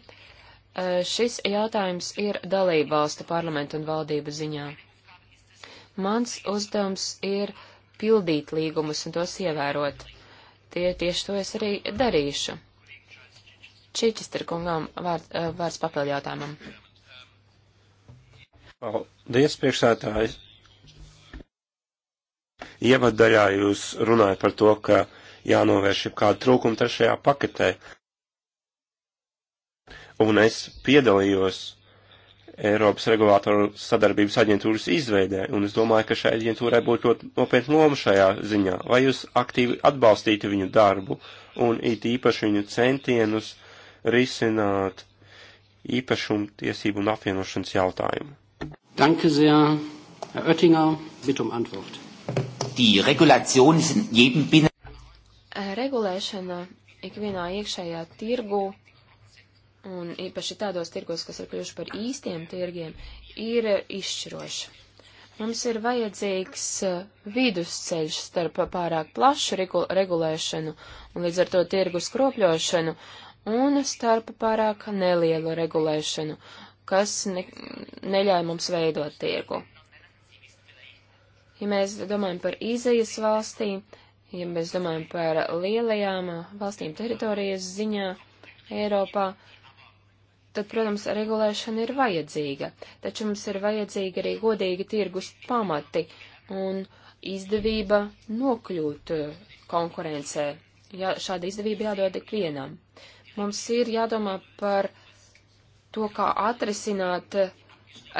šis jautājums ir dalība valstu parlamentu un valdību ziņā. Mans uzdevums ir uh, pildīt līgumus un tos ievērot. Tie tieši to es arī darīšu. Čičester kungam eh, vārds, vārds papildu jautājumam. Paldies, priekšsētāji. Ievaddaļā jūs runājat par to, ka jānovērš jau kādu trūkumu trešajā paketē. Un es piedalījos Eiropas regulātoru sadarbības aģentūras izveidē, un es domāju, ka šai aģentūrai būtu ļoti nopietna loma šajā ziņā, lai jūs aktīvi atbalstītu viņu darbu un it īpaši viņu centienus risināt īpašumu tiesību un apvienošanas jautājumu. Danke sehr, Herr Oettinger, bitte um Antwort. Die Regulation ist in jedem Binnen. Regulēšana ikvienā iekšējā tirgu un īpaši tādos tirgos, kas ir kļuvuši par īstiem tirgiem, ir izšķiroša. Mums ir vajadzīgs eh, vidusceļš starp pārāk plašu regulēšanu un līdz ar to tirgu skropļošanu un starp pārāk nelielu regulēšanu, kas ne, neļauj mums veidot tirgu. Ja mēs domājam par izējas valstīm, ja mēs domājam par lielajām valstīm teritorijas ziņā Eiropā, tad, protams, regulēšana ir vajadzīga, taču mums ir vajadzīga arī godīga tirgus pamati un izdevība nokļūt eh, konkurencē. Jā, šāda izdevība jādod ikvienam. Mums ir jādomā par to, kā atrisināt eh,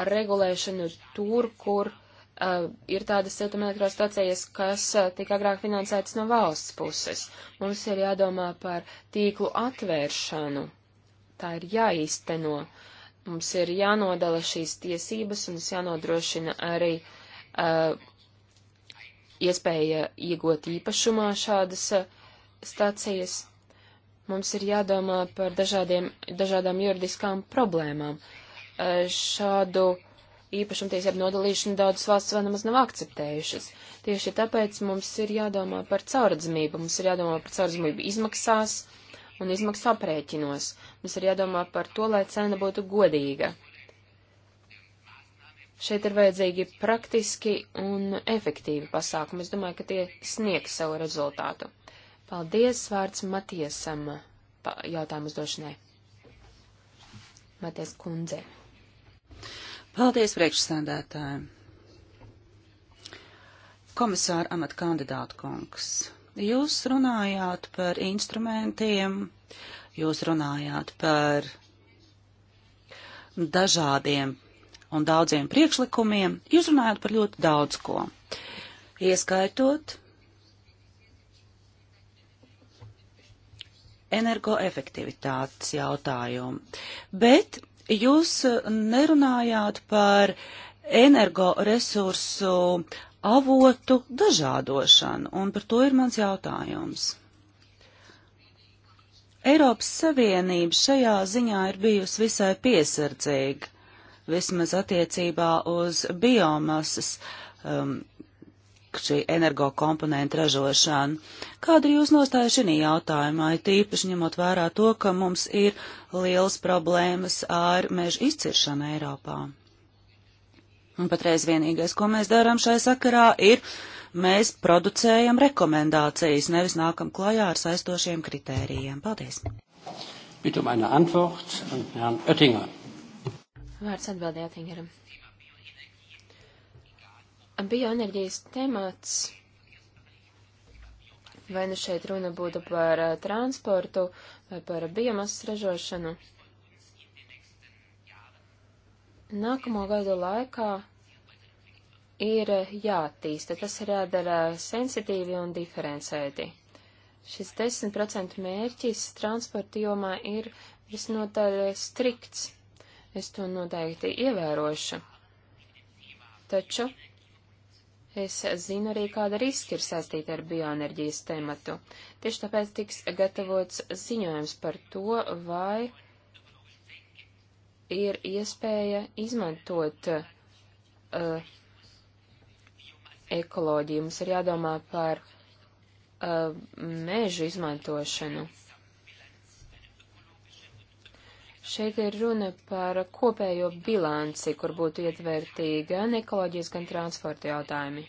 regulēšanu tur, kur uh, ir tādas siltumelektrostacijas, kas uh, tika agrāk finansētas no valsts puses. Mums ir jādomā par tīklu atvēršanu tā ir jāīsteno. Mums ir jānodala šīs tiesības un jānodrošina arī uh, iespēja iegūt īpašumā šādas uh, stācijas. Mums ir jādomā par dažādiem, dažādām juridiskām problēmām. Uh, šādu uh, īpašumtiesību nodalīšanu daudzas valsts vēl nemaz nav akceptējušas. Tieši tāpēc mums ir jādomā par caurredzamību, mums ir jādomā par caurredzamību izmaksās, un izmaksu aprēķinos. Mums ir jādomā par to, lai cena būtu godīga. Šeit ir vajadzīgi praktiski un efektīvi pasākumi. Es domāju, ka tie sniegs savu rezultātu. Paldies vārds Matiesam jautājumu uzdošanai. Maties kundze. Paldies priekšsādātājiem. Komisāra amata kandidāta kungs. Jūs runājāt par instrumentiem, jūs runājāt par dažādiem un daudziem priekšlikumiem, jūs runājāt par ļoti daudz ko, ieskaitot energoefektivitātes jautājumu. Bet jūs nerunājāt par energoresursu avotu dažādošanu, un par to ir mans jautājums. Eiropas Savienība šajā ziņā ir bijusi visai piesardzīga, vismaz attiecībā uz biomasas um, šī energokomponenta ražošanu. Kāda ir jūs nostāja šī jautājumā, tīpaši ņemot vērā to, ka mums ir liels problēmas ar mežu izciršanu Eiropā? Un patreiz vienīgais, ko mēs darām šai sakarā, ir mēs producējam rekomendācijas, nevis nākam klajā ar saistošiem kritērijiem. Paldies! Bitte um eine Antwort an Herrn Oettinger. Vārds atbildēja Oettingeram. Bioenerģijas temats, vai nu šeit runa būtu par eh, transportu vai par biomasas ražošanu, nākamo gadu laikā ir jāattīsta. Tas ir jādara sensitīvi un diferencēti. Šis 10% mērķis transporta jomā ir visnotaļ strikts. Es to noteikti ievērošu. Taču es zinu arī, kāda riska ir saistīta ar bioenerģijas tematu. Tieši tāpēc tiks gatavots ziņojums par to, vai ir iespēja izmantot uh, ekoloģiju. Mums ir jādomā par uh, mēžu izmantošanu. Šeit ir runa par kopējo bilanci, kur būtu ietverti gan ekoloģijas, gan transporta jautājumi.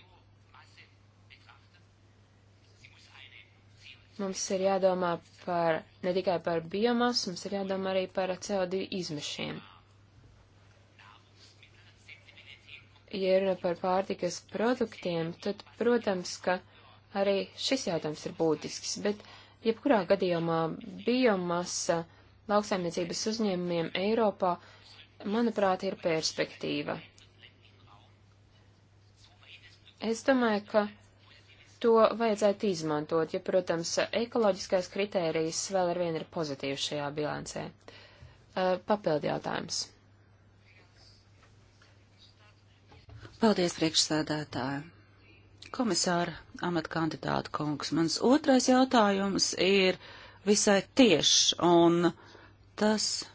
Mums ir jādomā par, ne tikai par biomasu, mums ir jādomā arī par CO2 izmešiem. Ja runa par pārtikas produktiem, tad, protams, ka arī šis jautājums ir būtisks, bet jebkurā gadījumā biomasa lauksaimniecības uzņēmumiem Eiropā, manuprāt, ir perspektīva. Es domāju, ka to vajadzētu izmantot, ja, protams, ekoloģiskais kritērijs vēl ar vienu ir pozitīvs šajā bilancē. Uh, papildi jautājums. Paldies, priekšsēdētāji. Komisāra amata kandidāta kungs, mans otrais jautājums ir visai tieši, un tas uh,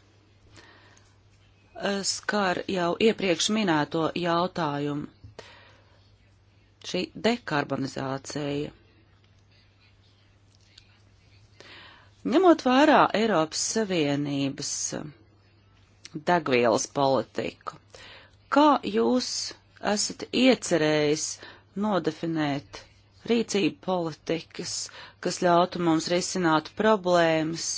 skar jau iepriekš minēto jautājumu šī dekarbonizācija. Ņemot vērā Eiropas Savienības degvielas politiku, kā jūs esat iecerējis nodefinēt rīcību politikas, kas ļautu mums risināt problēmas,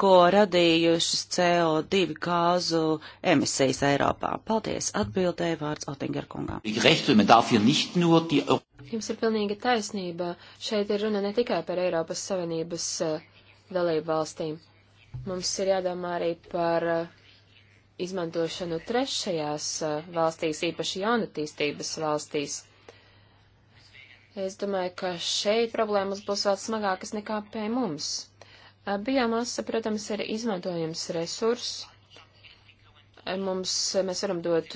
ko radījušas CO2 gāzu emisijas Eiropā. Paldies, atbildēja vārds Otinger kungām. Jums ir pilnīga taisnība. Šeit ir runa ne tikai par Eiropas Savienības eh, dalību valstīm. Mums ir jādomā arī par eh, izmantošanu trešajās eh, valstīs, īpaši jaunatīstības valstīs. Es domāju, ka šeit problēmas būs vēl smagākas nekā pie mums. Biomasa, protams, ir izmantojams resurss. Mums, mēs varam dot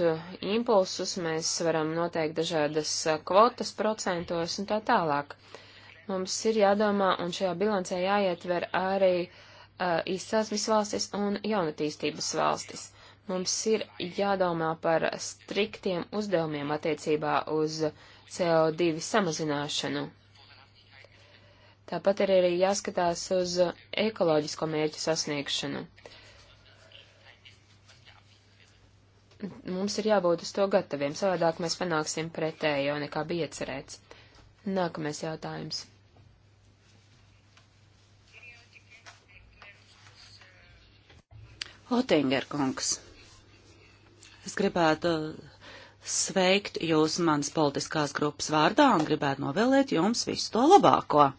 impulsus, mēs varam noteikt dažādas kvotas procentos un tā tālāk. Mums ir jādomā, un šajā bilancē jāietver arī uh, izcelsmes valstis un jaunatīstības valstis mums ir jādomā par striktiem uzdevumiem attiecībā uz CO2 samazināšanu. Tāpat ir arī jāskatās uz ekoloģisko mērķu sasniegšanu. Mums ir jābūt uz to gataviem, savādāk mēs panāksim pretējo nekā bija iecerēts. Nākamais jautājums. Otinger kungs, es gribētu sveikt jūs manas politiskās grupas vārdā un gribētu novēlēt jums visu to labāko.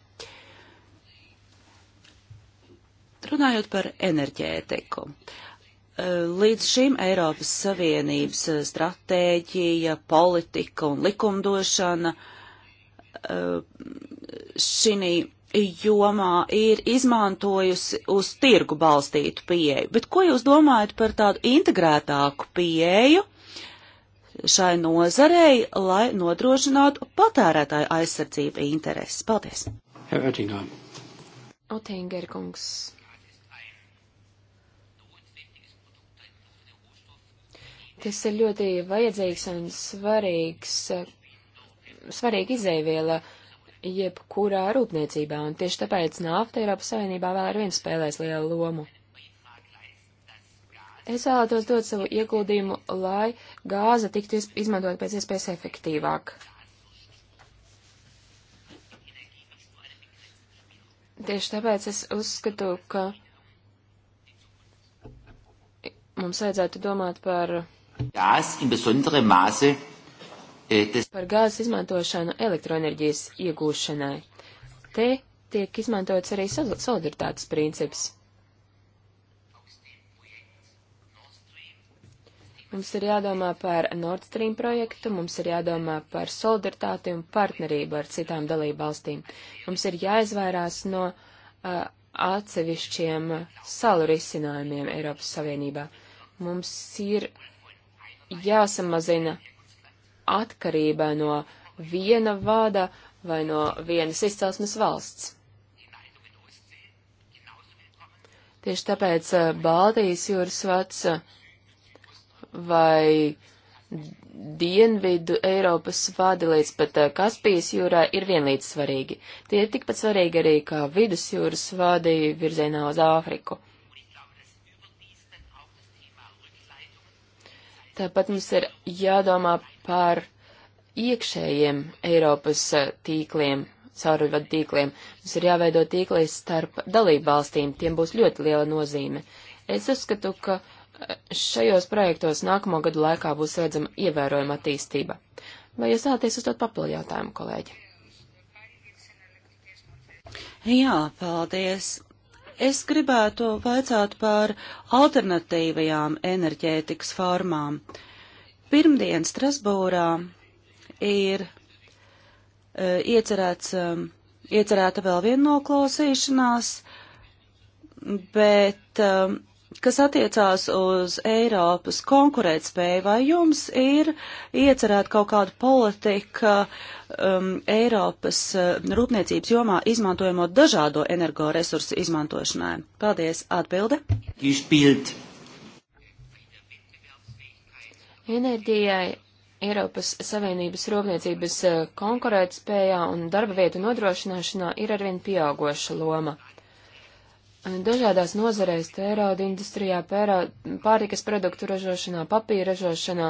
Runājot par enerģētiku. E, līdz šim Eiropas Savienības stratēģija, politika un likumdošana e, šī jomā ir izmantojusi uz tirgu balstītu pieeju. Bet ko jūs domājat par tādu integrētāku pieeju šai nozarei, lai nodrošinātu patērētāju aizsardzību intereses? Paldies! Otingeri kungs. Tas ir ļoti vajadzīgs un svarīgs, svarīga izēviela jebkurā rūpniecībā, un tieši tāpēc nafta Eiropas Savienībā vēl ar vienu spēlēs lielu lomu. Es vēlētos dot savu ieguldījumu, lai gāze tiktu izmantot pēc iespējas efektīvāk. Tieši tāpēc es uzskatu, ka mums vajadzētu domāt par Gās, māse, tas... Par gāzes izmantošanu elektroenerģijas iegūšanai. Te tiek izmantots arī solidaritātes princips. Mums ir jādomā par Nord Stream projektu, mums ir jādomā par solidaritāti un partnerību ar citām dalību valstīm. Mums ir jāizvairās no uh, atsevišķiem salu risinājumiem Eiropas Savienībā. Mums ir jāsamazina atkarība no viena vada vai no vienas izcelsmes valsts. Tieši tāpēc eh, Baltijas jūras vats eh, vai dienvidu Eiropas vadi līdz pat eh, Kaspijas jūrā ir vienlīdz svarīgi. Tie ir tikpat svarīgi arī kā vidusjūras vadi virzienā uz Āfriku. Tāpat mums ir jādomā par iekšējiem Eiropas eh, tīkliem, cauruļvadu tīkliem. Mums ir jāveido tīklīs starp dalību valstīm, tiem būs ļoti liela nozīme. Es uzskatu, ka eh, šajos projektos nākamo gadu laikā būs redzama ievērojama attīstība. Vai jūs vēlaties uzdot papildu jautājumu, kolēģi? Jā, paldies. Es gribētu vaicāt par alternatīvajām enerģētikas formām. Pirmdien Strasbūrā ir uh, iecerēts, um, iecerēta vēl viena noklausīšanās, bet um, kas attiecās uz Eiropas konkurētspēju, vai jums ir iecerēta kaut kāda politika um, Eiropas uh, rūpniecības jomā izmantojamo dažādo energoresursu izmantošanai? Paldies, atbilde. Enerģijai Eiropas Savienības rūpniecības uh, konkurētspējā un darba vietu nodrošināšanā ir arvien pieaugoša loma dažādās nozarēs, tērauda industrijā, pērā, pārtikas produktu ražošanā, papīra ražošanā,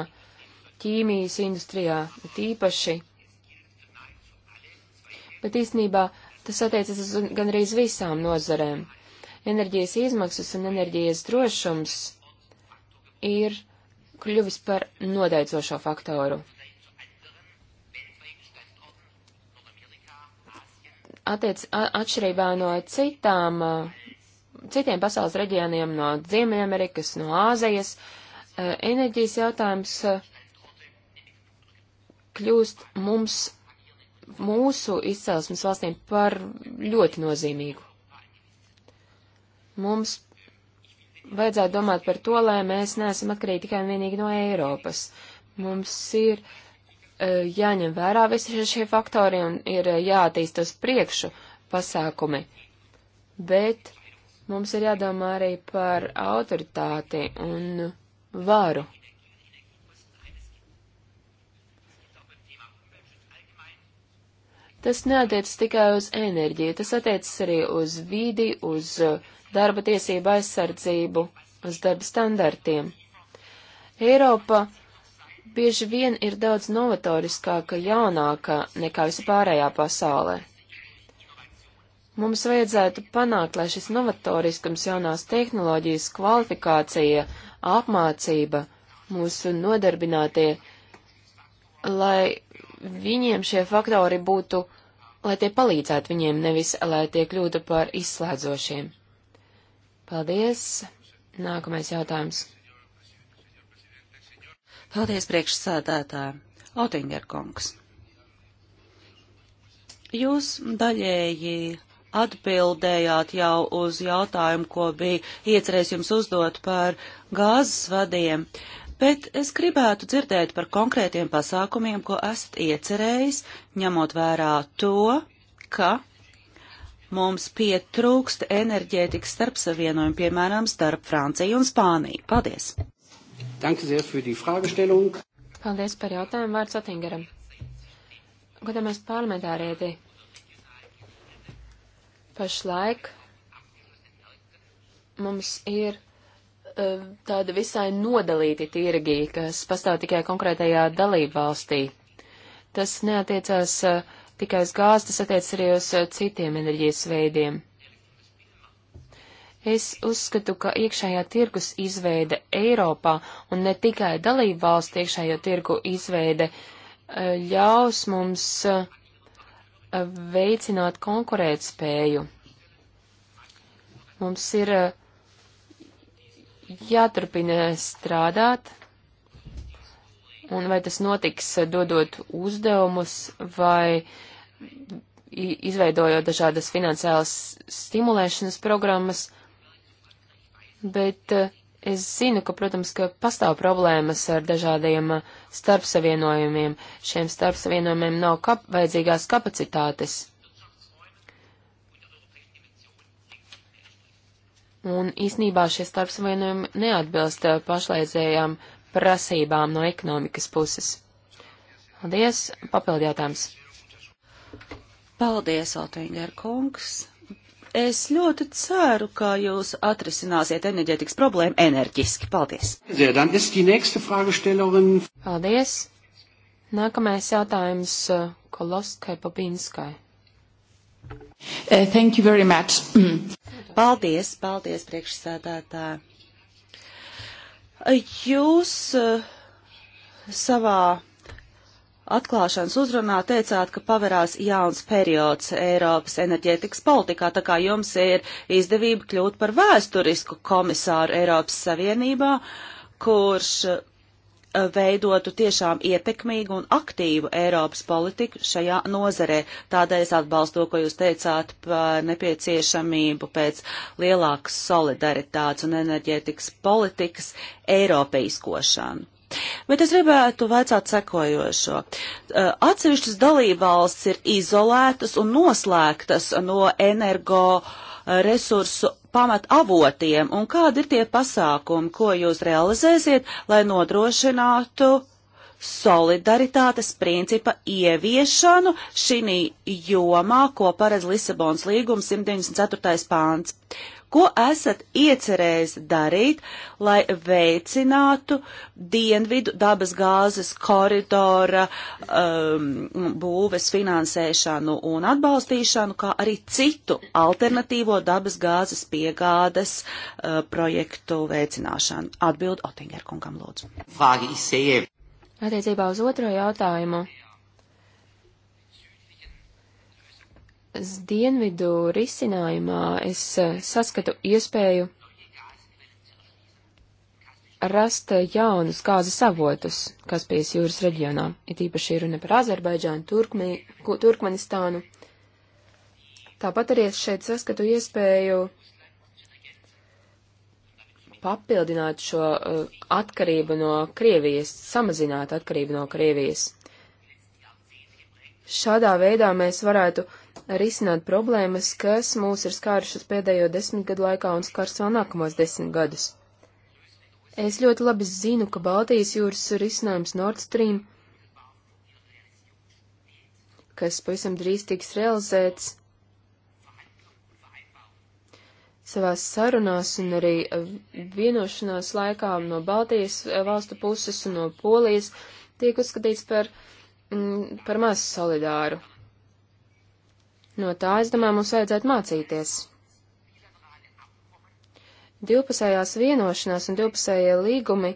ķīmijas industrijā tīpaši. Bet īstenībā tas attiecas uz gan arī uz visām nozarēm. Enerģijas izmaksas un enerģijas drošums ir kļuvis par nodeicošo faktoru. Attiec, atšķirībā no citām uh, citiem pasaules reģioniem, no Ziemeļamerikas, no Āzijas, eh, enerģijas jautājums eh, kļūst mums, mūsu izcelsmes valstīm par ļoti nozīmīgu. Mums vajadzētu domāt par to, lai mēs neesam atkarīgi tikai un vienīgi no Eiropas. Mums ir uh, jāņem vērā visi šie faktori un ir uh, jātīstas priekšu pasākumi. Bet Mums ir jādomā arī par autoritāti un varu. Tas neatiecas tikai uz enerģiju, tas attiecas arī uz vidi, uz darba tiesību aizsardzību, uz darba standartiem. Eiropa bieži vien ir daudz novatoriskāka, jaunāka nekā visa pārējā pasaulē. Mums vajadzētu panākt, lai šis novatoriskums, jaunās tehnoloģijas, kvalifikācija, apmācība, mūsu nodarbinātie, lai viņiem šie faktori būtu, lai tie palīdzētu viņiem, nevis lai tie kļūtu par izslēdzošiem. Paldies! Nākamais jautājums. Paldies priekšsādātājiem! Otingerkungs. Jūs daļēji atbildējāt jau uz jautājumu, ko bija iecerējis jums uzdot par gāzes vadiem, bet es gribētu dzirdēt par konkrētiem pasākumiem, ko esat iecerējis, ņemot vērā to, ka mums pietrūkst enerģētikas starpsavienojumu, piemēram, starp Franciju un Spāniju. Paldies! Paldies par jautājumu vārds Atingaram. Godamais parlamentārieti, Pašlaik mums ir uh, e, tāda visai nodalīti tirgi, kas pastāv tikai konkrētajā dalību valstī. Tas neatiecās uh, tikai uz gāzi, tas attiec arī uz uh, citiem enerģijas veidiem. Es uzskatu, ka iekšējā tirgus izveide Eiropā un ne tikai dalību valstu iekšējo tirgu izveide ļaus mums uh, veicināt konkurētspēju. Mums ir eh, jāturpina strādāt, un vai tas notiks eh, dodot uzdevumus vai izveidojot dažādas finansiālas stimulēšanas programmas, bet uh, Es zinu, ka, protams, ka pastāv problēmas ar dažādiem uh, starpsavienojumiem. Šiem starpsavienojumiem nav kap vajadzīgās kapacitātes. Un īsnībā šie starpsavienojumi neatbilst uh, pašlaizējām prasībām no ekonomikas puses. Paldies, papildījātājums. Paldies, Altīņģer kungs. Es ļoti ceru, ka jūs atrisināsiet enerģētikas problēmu enerģiski. Paldies! Paldies! Nākamais jautājums uh, Koloskai Pabinskai. Uh, thank you very much. [clears throat] Paldies, paldies, priekšsēdētāji. Jūs uh, savā atklāšanas uzrunā teicāt, ka paverās jauns periods Eiropas enerģētikas politikā, tā kā jums ir izdevība kļūt par vēsturisku komisāru Eiropas Savienībā, kurš eh, veidotu tiešām ietekmīgu un aktīvu Eiropas politiku šajā nozarē. Tādēļ es atbalstu to, ko jūs teicāt par nepieciešamību pēc lielākas solidaritātes un enerģētikas politikas Eiropeiskošanu. Bet es gribētu vaicāt sekojošo. Eh, atsevišķas dalībvalsts ir izolētas un noslēgtas no energo eh, resursu pamat avotiem, un kādi ir tie pasākumi, ko jūs realizēsiet, lai nodrošinātu solidaritātes principa ieviešanu šī jomā, ko paredz Lisabons līgums 194. pāns. Ko esat iecerējis darīt, lai veicinātu dienvidu dabas gāzes koridora um, būves finansēšanu un atbalstīšanu, kā arī citu alternatīvo dabas gāzes piegādes uh, projektu veicināšanu? Atbild Otingerkungam lūdzu. Attiecībā uz otro jautājumu. dienvidu risinājumā es e, saskatu iespēju rast e, jaunus gāzes avotus Kaspijas jūras reģionā, it īpaši runa par Azerbaidžānu, Turkmi, Turkmenistānu. Tāpat arī es šeit saskatu iespēju papildināt šo uh, atkarību no Krievijas, samazināt atkarību no Krievijas. Šādā veidā mēs varētu uh, risināt problēmas, kas mūs ir skārušas pēdējo desmit gadu laikā un skars vēl nākamos desmit gadus. Es ļoti labi zinu, ka Baltijas jūras risinājums Nord Stream, kas pavisam drīz tiks realizēts, savās sarunās un arī vienošanās laikā no Baltijas valstu puses un no Polijas tiek uzskatīts par, mm, par maz solidāru. No tā, es domāju, mums vajadzētu mācīties. Divpusējās vienošanās un divpusējie līgumi,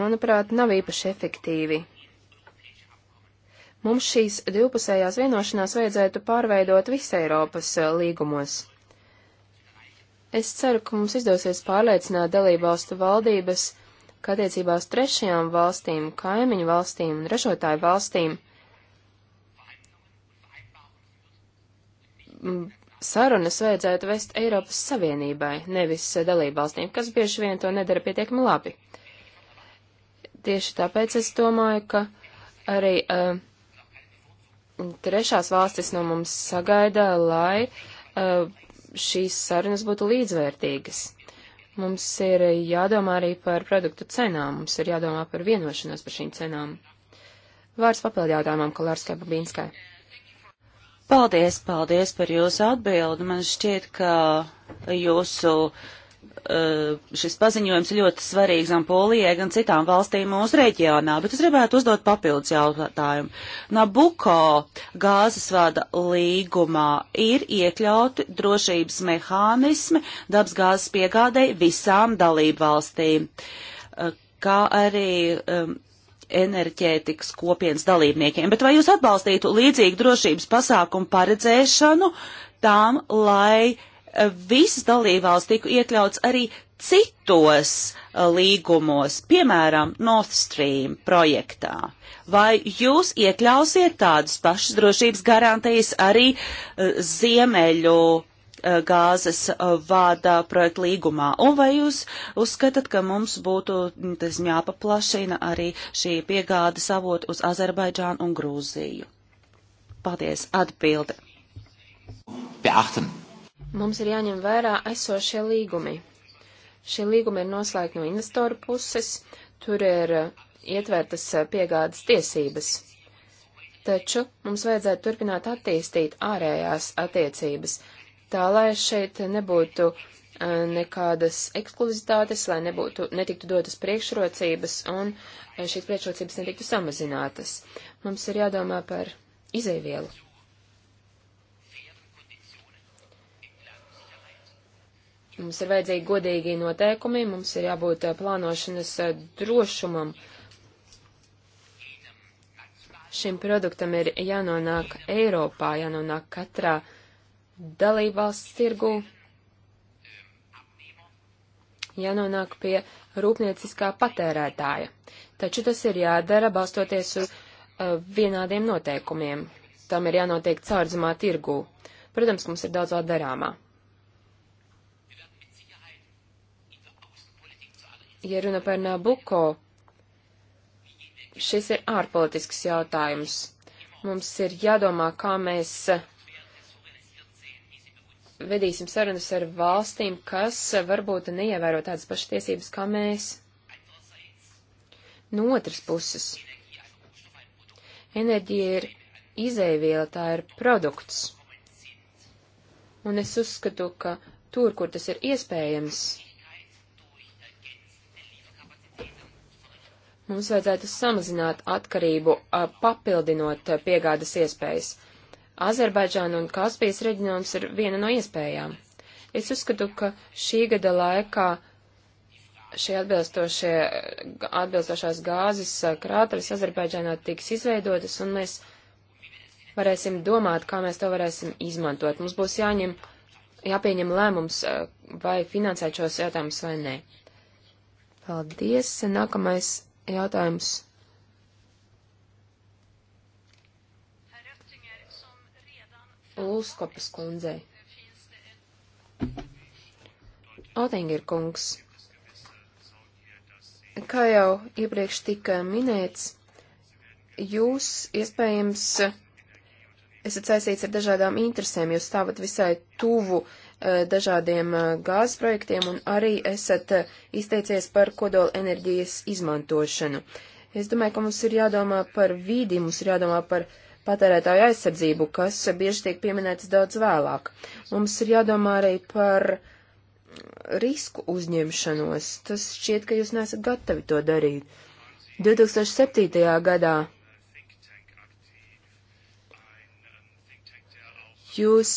manuprāt, nav īpaši efektīvi. Mums šīs divpusējās vienošanās vajadzētu pārveidot visai Eiropas eh, līgumos. Es ceru, ka mums izdosies pārliecināt dalībvalstu valdības, ka attiecībās trešajām valstīm, kaimiņu valstīm un ražotāju valstīm sarunas vajadzētu vest Eiropas Savienībai, nevis dalībvalstīm, kas bieži vien to nedara pietiekami labi. Tieši tāpēc es domāju, ka arī uh, trešās valstis no mums sagaida, lai uh, šīs sarunas būtu līdzvērtīgas. Mums ir jādomā arī par produktu cenām, mums ir jādomā par vienošanos par šīm cenām. Vārds papildu jautājumam, Kolārskai Babīnskai. Paldies, paldies par jūsu atbildi. Man šķiet, ka jūsu eh, šis paziņojums ļoti svarīgs gan Polijai, gan citām valstīm mūsu reģionā, bet es gribētu uzdot papildus jautājumu. Nabuko gāzes vada līgumā ir iekļauti drošības mehānismi dabas gāzes piegādei visām dalību valstīm, eh, kā arī um, enerģētikas kopienas dalībniekiem. Bet vai jūs atbalstītu līdzīgu drošības pasākumu paredzēšanu tām, lai eh, visas dalībvalsts tiku iekļauts arī citos eh, līgumos, piemēram, North Stream projektā? Vai jūs iekļausiet tādas pašas drošības garantijas arī uh, ziemeļu Eh, gāzes eh, vādā projekta līgumā? Un vai jūs uzskatāt, ka mums būtu mm, tas jāpaplašina arī šī piegāda savot uz Azerbaidžānu un Grūziju? Paldies, atbilde. Beachten. Mums ir jāņem vērā esošie līgumi. Šie līgumi ir noslēgti no investoru puses, tur ir eh, ietvērtas piegādas tiesības. Taču mums vajadzētu turpināt attīstīt ārējās attiecības, tā lai šeit nebūtu nekādas ekskluzitātes, lai nebūtu, netiktu dotas priekšrocības un šīs priekšrocības netiktu samazinātas. Mums ir jādomā par izēvielu. Mums ir vajadzīgi godīgi noteikumi, mums ir jābūt plānošanas drošumam. Šim produktam ir jānonāk Eiropā, jānonāk katrā uh, dalībvalsts tirgū, jānonāk pie rūpnieciskā patērētāja. Taču tas ir jādara balstoties uz uh, vienādiem noteikumiem. Tam ir jānotiek caurdzumā tirgū. Protams, mums ir daudz vēl darāmā. Ja runa par Nabuko, šis ir ārpolitisks jautājums. Mums ir jādomā, kā mēs uh, vedīsim sarunas ar valstīm, kas varbūt neievēro tādas pašas tiesības kā mēs. No otras puses, enerģija ir izēviela, tā ir produkts. Un es uzskatu, ka tur, kur tas ir iespējams, mums vajadzētu samazināt atkarību, papildinot piegādas iespējas. Azerbaidžāna un Kaspijas reģions ir viena no iespējām. Es uzskatu, ka šī gada laikā šie atbilstošie, atbilstošās gāzes krāteris Azerbaidžānā tiks izveidotas, un mēs varēsim domāt, kā mēs to varēsim izmantot. Mums būs jāņem, jāpieņem lēmums, vai finansēt šos jautājumus vai nē. Paldies. Nākamais jautājums Lūskopas kundzei. Otingir kungs, kā jau iepriekš tika minēts, jūs iespējams esat saistīts ar dažādām interesēm, jūs stāvat visai tuvu eh, dažādiem eh, gāzes projektiem un arī esat eh, izteicies par kodola enerģijas izmantošanu. Es domāju, ka mums ir jādomā par vīdi, mums ir jādomā par uh, patērētāju aizsardzību, kas bieži tiek pieminētas daudz vēlāk. Mums ir jādomā arī par risku uzņemšanos. Tas šķiet, ka jūs nesat gatavi to darīt. 2007. gadā jūs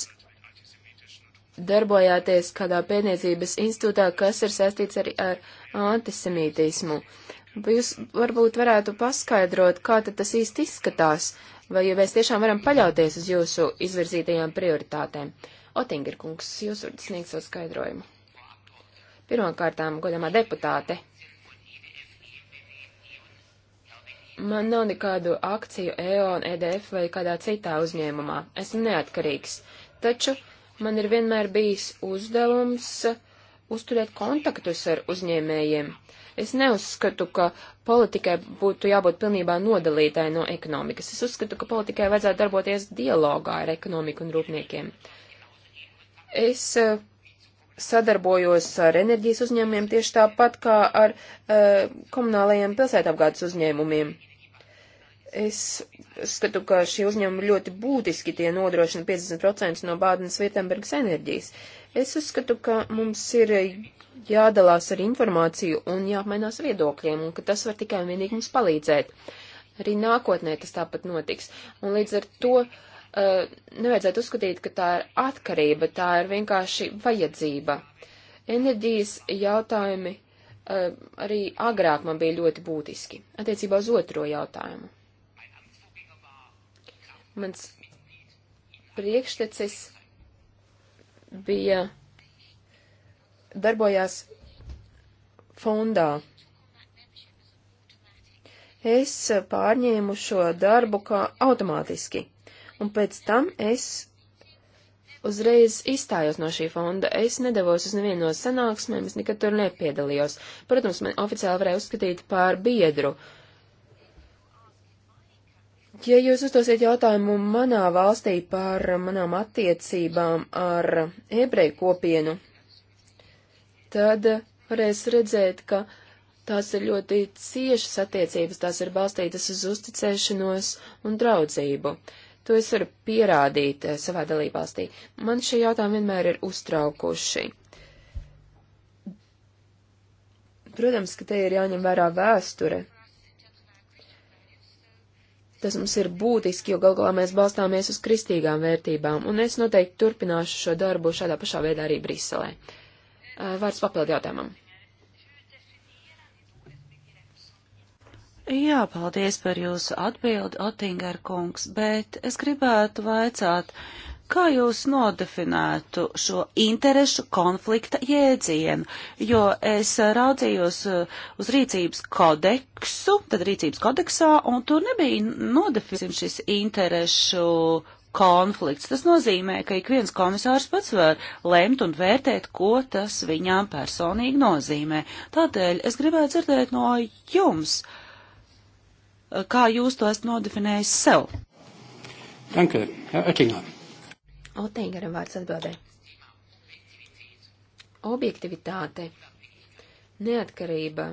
darbojāties kādā pētniecības institūtā, kas ir saistīts arī ar antisemītismu. Jūs varbūt varētu paskaidrot, kā tad tas īsti izskatās, vai mēs tiešām varam paļauties uz jūsu izvirzītajām prioritātēm. Otinger kungs, jūs varat sniegt savu skaidrojumu. Pirmkārtām, godamā deputāte, man nav nekādu akciju EON, EDF vai kādā citā uzņēmumā. Esmu neatkarīgs. Taču man ir vienmēr bijis uzdevums uzturēt kontaktus ar uzņēmējiem. Uh, Es neuzskatu, ka politikai būtu jābūt pilnībā nodalītai no ekonomikas. Es uzskatu, ka politikai vajadzētu darboties dialogā ar ekonomiku un rūpniekiem. Es eh, sadarbojos ar enerģijas uzņēmumiem tieši tāpat kā ar uh, komunālajiem pilsētapgādes uzņēmumiem. Es skatu, ka šie uzņēmumi ļoti būtiski tie nodrošina 50% no Bādenes Vietembergas enerģijas. Es uzskatu, ka mums ir jādalās ar informāciju un jāapmainās viedokļiem, un ka tas var tikai un vienīgi mums palīdzēt. Arī nākotnē tas tāpat notiks. Un līdz ar to uh, nevajadzētu uzskatīt, ka tā ir atkarība, tā ir vienkārši vajadzība. Enerģijas jautājumi uh, arī agrāk man bija ļoti būtiski. Attiecībā uz otro jautājumu. Mans priekštecis bija darbojās fondā. Es pārņēmu šo darbu kā automātiski, un pēc tam es uzreiz izstājos no šī fonda. Es nedavos uz nevienu no sanāksmēm, es nekad tur nepiedalījos. Protams, man oficiāli varēja uzskatīt par biedru. Ja jūs uzdosiet jautājumu manā valstī par manām attiecībām ar ebreju kopienu, tad varēs redzēt, ka tās ir ļoti ciešas attiecības, tās ir balstītas uz uzticēšanos un draudzību. To es varu pierādīt eh, savā dalībvalstī. Man šie jautājumi vienmēr ir uztraukuši. Protams, ka te ir jāņem vērā vēsture. Tas mums ir būtiski, jo gal galā mēs balstāmies uz kristīgām vērtībām, un es noteikti turpināšu šo darbu šādā pašā veidā arī Briselē. Eh, vārds papildu jautājumam. Jā, paldies par jūsu atbildi, Otingar kungs, bet es gribētu vaicāt, kā jūs nodefinētu šo interešu konflikta jēdzienu, jo es raudzījos eh, uz rīcības kodeksu, tad rīcības kodeksā, un tur nebija nodefinēts šis interešu konflikts. Tas nozīmē, ka ik viens komisārs pats var lemt un vērtēt, ko tas viņām personīgi nozīmē. Tādēļ es gribētu dzirdēt no jums, kā jūs to esat nodefinējis sev. Danke, Oettinger. Oettingeram vārds atbildē. Objektivitāte, neatkarība,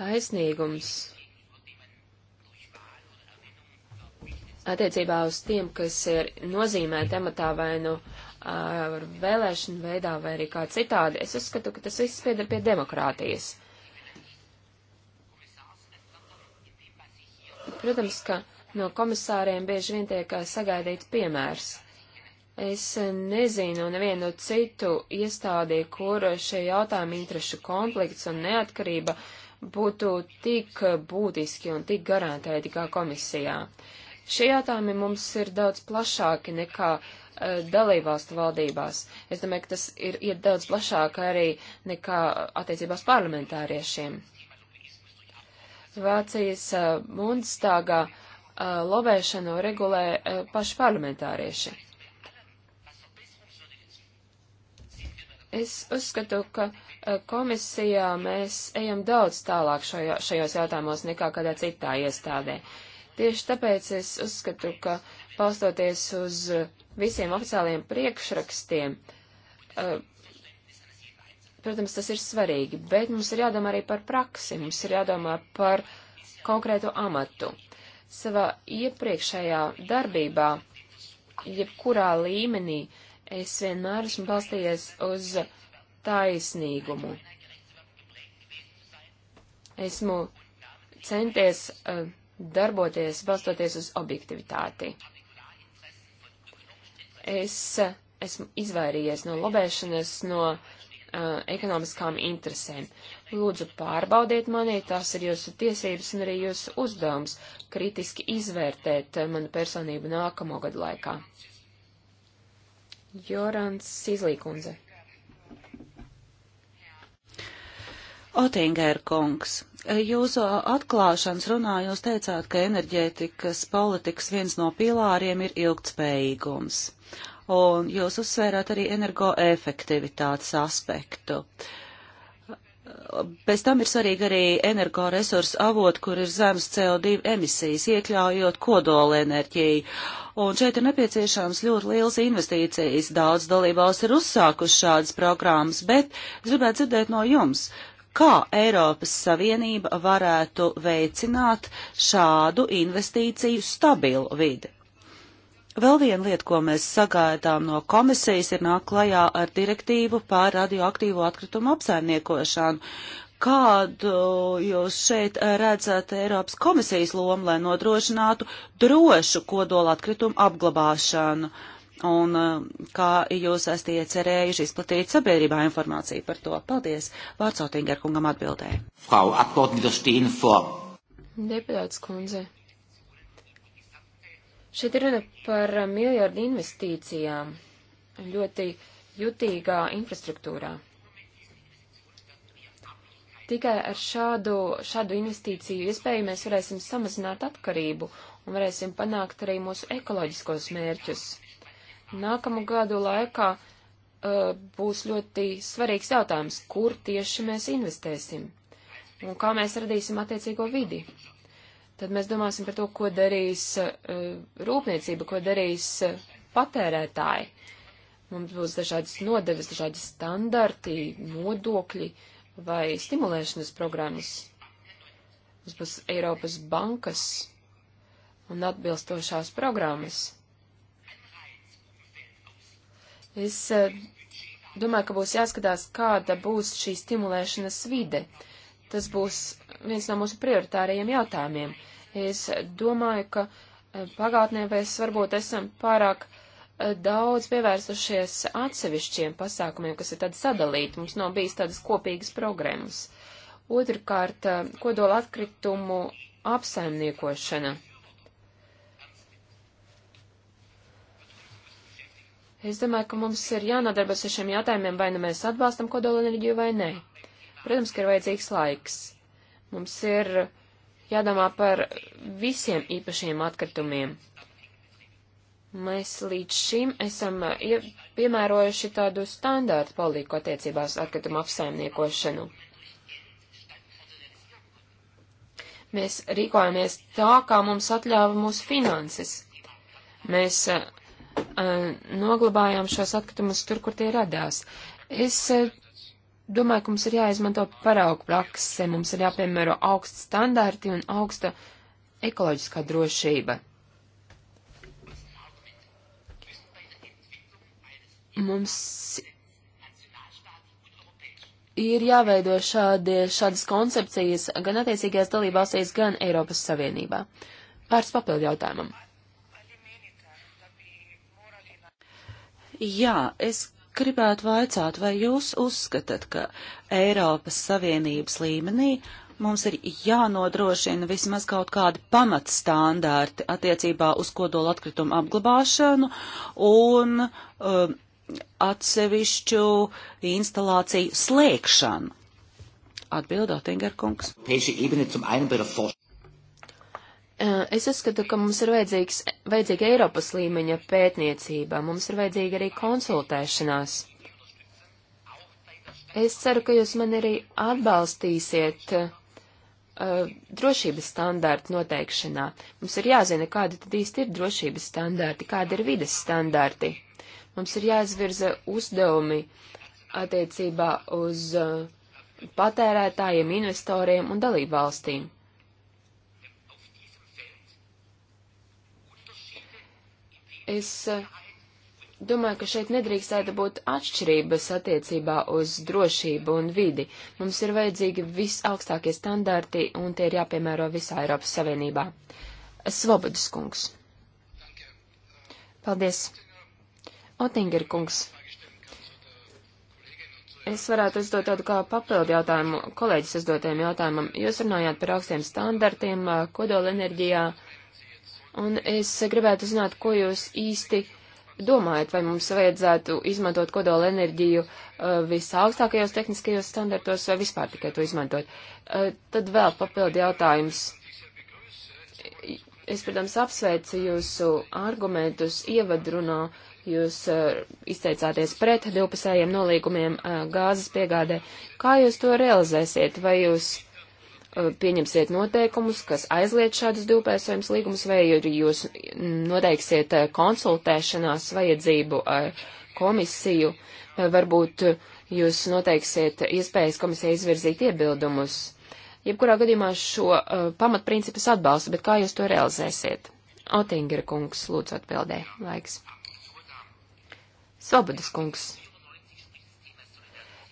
taisnīgums, attiecībā uz tiem, kas ir nozīmēti amatā vai nu ar vēlēšanu veidā vai arī kā citādi, es uzskatu, ka tas viss pieder pie demokrātijas. Protams, ka no komisāriem bieži vien tiek sagaidīts piemērs. Es nezinu nevienu citu iestādi, kur šie jautājumi interešu konflikts un neatkarība būtu tik būtiski un tik garantēti kā komisijā. Uh, Šie jautājumi mums ir daudz plašāki nekā uh, dalībvalstu valdībās. Es domāju, ka tas ir iet daudz plašāk arī nekā attiecībās parlamentāriešiem. Vācijas uh, Bundestagā uh, lobēšanu regulē uh, paši parlamentārieši. Es uzskatu, ka komisijā mēs ejam daudz tālāk šajos jautājumos nekā kādā citā iestādē. Uh, Tieši tāpēc es uzskatu, ka palstoties uz visiem oficiāliem priekšrakstiem, eh, protams, tas ir svarīgi, bet mums ir jādomā arī par praksi, mums ir jādomā par konkrētu amatu. Savā iepriekšējā darbībā, jebkurā līmenī, es vienmēr esmu balstījies uz taisnīgumu. Esmu centies uh, darboties balstoties uz objektivitāti. Es esmu izvairījies no lobēšanas, no uh, ekonomiskām interesēm. Lūdzu, pārbaudiet mani, tās ir jūsu tiesības un arī jūsu uzdevums kritiski izvērtēt uh, manu personību nākamo gadu laikā. Jorans Izlīkundze. Otingēra kungs, jūsu uh, atklāšanas runā jūs teicāt, ka enerģētikas politikas viens no pilāriem ir ilgtspējīgums, un jūs uzsvērāt arī energoefektivitātes aspektu. Bez tam ir svarīgi arī energoresursu avot, kur ir zemes CO2 emisijas, iekļaujot kodolenerģiju. Un šeit ir nepieciešams ļoti liels investīcijas. Daudz dalībās ir uzsākuši šādas programmas, bet es gribētu dzirdēt no jums, uh, kā Eiropas Savienība varētu veicināt šādu investīciju stabilu vidi. Vēl viena lieta, ko mēs sagaidām no komisijas, ir nāk klajā ar direktīvu par radioaktīvo atkritumu apsaimniekošanu. Kādu jūs šeit redzat Eiropas komisijas lomu, lai nodrošinātu drošu kodola atkritumu apglabāšanu? Uh, un uh, kā jūs esat iecerējuši izplatīt sabiedrībā informāciju par to. Paldies! Vārds Otingar kungam atbildēja. Frau Abgeordnete vor. Deputāts kundze. Šeit ir runa par miljardu investīcijām ļoti jutīgā infrastruktūrā. Tikai ar šādu, šādu investīciju iespēju mēs varēsim samazināt atkarību un varēsim panākt arī mūsu ekoloģiskos mērķus nākamu gadu laikā uh, būs ļoti svarīgs jautājums, kur tieši mēs investēsim un kā mēs radīsim attiecīgo vidi. Tad mēs domāsim par to, ko darīs uh, rūpniecība, ko darīs uh, patērētāji. Mums būs dažādas nodevis, dažādi standarti, nodokļi vai stimulēšanas programmas. Mums būs Eiropas bankas un atbilstošās programmas Es eh, domāju, ka būs jāskatās, kāda būs šī stimulēšanas vide. Tas būs viens no mūsu prioritārajiem jautājumiem. Es domāju, ka eh, pagātnē mēs varbūt esam pārāk eh, daudz pievērsušies atsevišķiem pasākumiem, kas ir tad sadalīti. Mums nav bijis tādas kopīgas programmas. Otrkārt, kodola atkritumu apsaimniekošana. Es domāju, ka mums ir jānodarbojas ar šiem jautājumiem, vai nu mēs atbalstam kodolenerģiju vai nē. Protams, ka ir vajadzīgs laiks. Mums ir jādomā par visiem īpašiem atkritumiem. Mēs līdz šim esam uh, piemērojuši tādu standārtu politiku attiecībās atkritumu apsaimniekošanu. Mēs rīkojamies tā, kā mums atļāva mūsu finanses. Mēs uh, noglabājām šos atkritumus tur, kur tie radās. Es domāju, ka mums ir jāizmanto paraugu prakse, mums ir jāpiemēro augsts standarti un augsta ekoloģiskā drošība. Mums ir jāveido šādi, šādas koncepcijas gan attiecīgajās dalībvalstīs, gan Eiropas Savienībā. Pāris papildu jautājumam. Jā, es gribētu vaicāt, vai jūs uzskatāt, ka Eiropas Savienības līmenī mums ir jānodrošina vismaz kaut kādi pamatstandārti attiecībā uz kodola atkritumu apglabāšanu un um, atsevišķu instalāciju slēgšanu? Atbildot, Ingerkungs. Es uzskatu, ka mums ir vajadzīgs, vajadzīga Eiropas līmeņa pētniecība, mums ir vajadzīga arī konsultēšanās. Es ceru, ka jūs mani arī atbalstīsiet uh, drošības standārtu noteikšanā. Mums ir jāzina, kādi tad īsti ir drošības standārti, kādi ir vides standārti. Mums ir jāizvirza uzdevumi attiecībā uz uh, patērētājiem, investoriem un dalībvalstīm. Es eh, domāju, ka šeit nedrīkstētu būt atšķirības attiecībā uz drošību un vidi. Mums ir vajadzīgi visaugstākie standarti, un tie ir jāpiemēro visā Eiropas Savienībā. Svobodas kungs. Paldies. Otinger kungs. Es varētu uzdot tādu kā papildu jautājumu kolēģis uzdotajam jautājumam. Jūs runājāt par augstiem standartiem eh, kodolenerģijā. enerģijā Un es gribētu zināt, ko jūs īsti domājat, vai mums vajadzētu izmantot kodola enerģiju uh, visaugstākajos tehniskajos standartos vai vispār tikai to izmantot. Uh, tad vēl papildi jautājums. Es, protams, apsveicu jūsu argumentus ievadrunā. Jūs uh, izteicāties pret divpusējiem nolīgumiem gāzes piegādē. Kā jūs to realizēsiet? Vai jūs pieņemsiet noteikumus, kas aizliet šādus divpēsojums līgumus, vai arī jūs noteiksiet konsultēšanās vajadzību ar komisiju, vai varbūt jūs noteiksiet iespējas komisijai izvirzīt iebildumus. Jebkurā gadījumā šo uh, pamatprincipus atbalsta, bet kā jūs to realizēsiet? Otingera kungs, lūdzu atbildē, laiks. Svobodas kungs.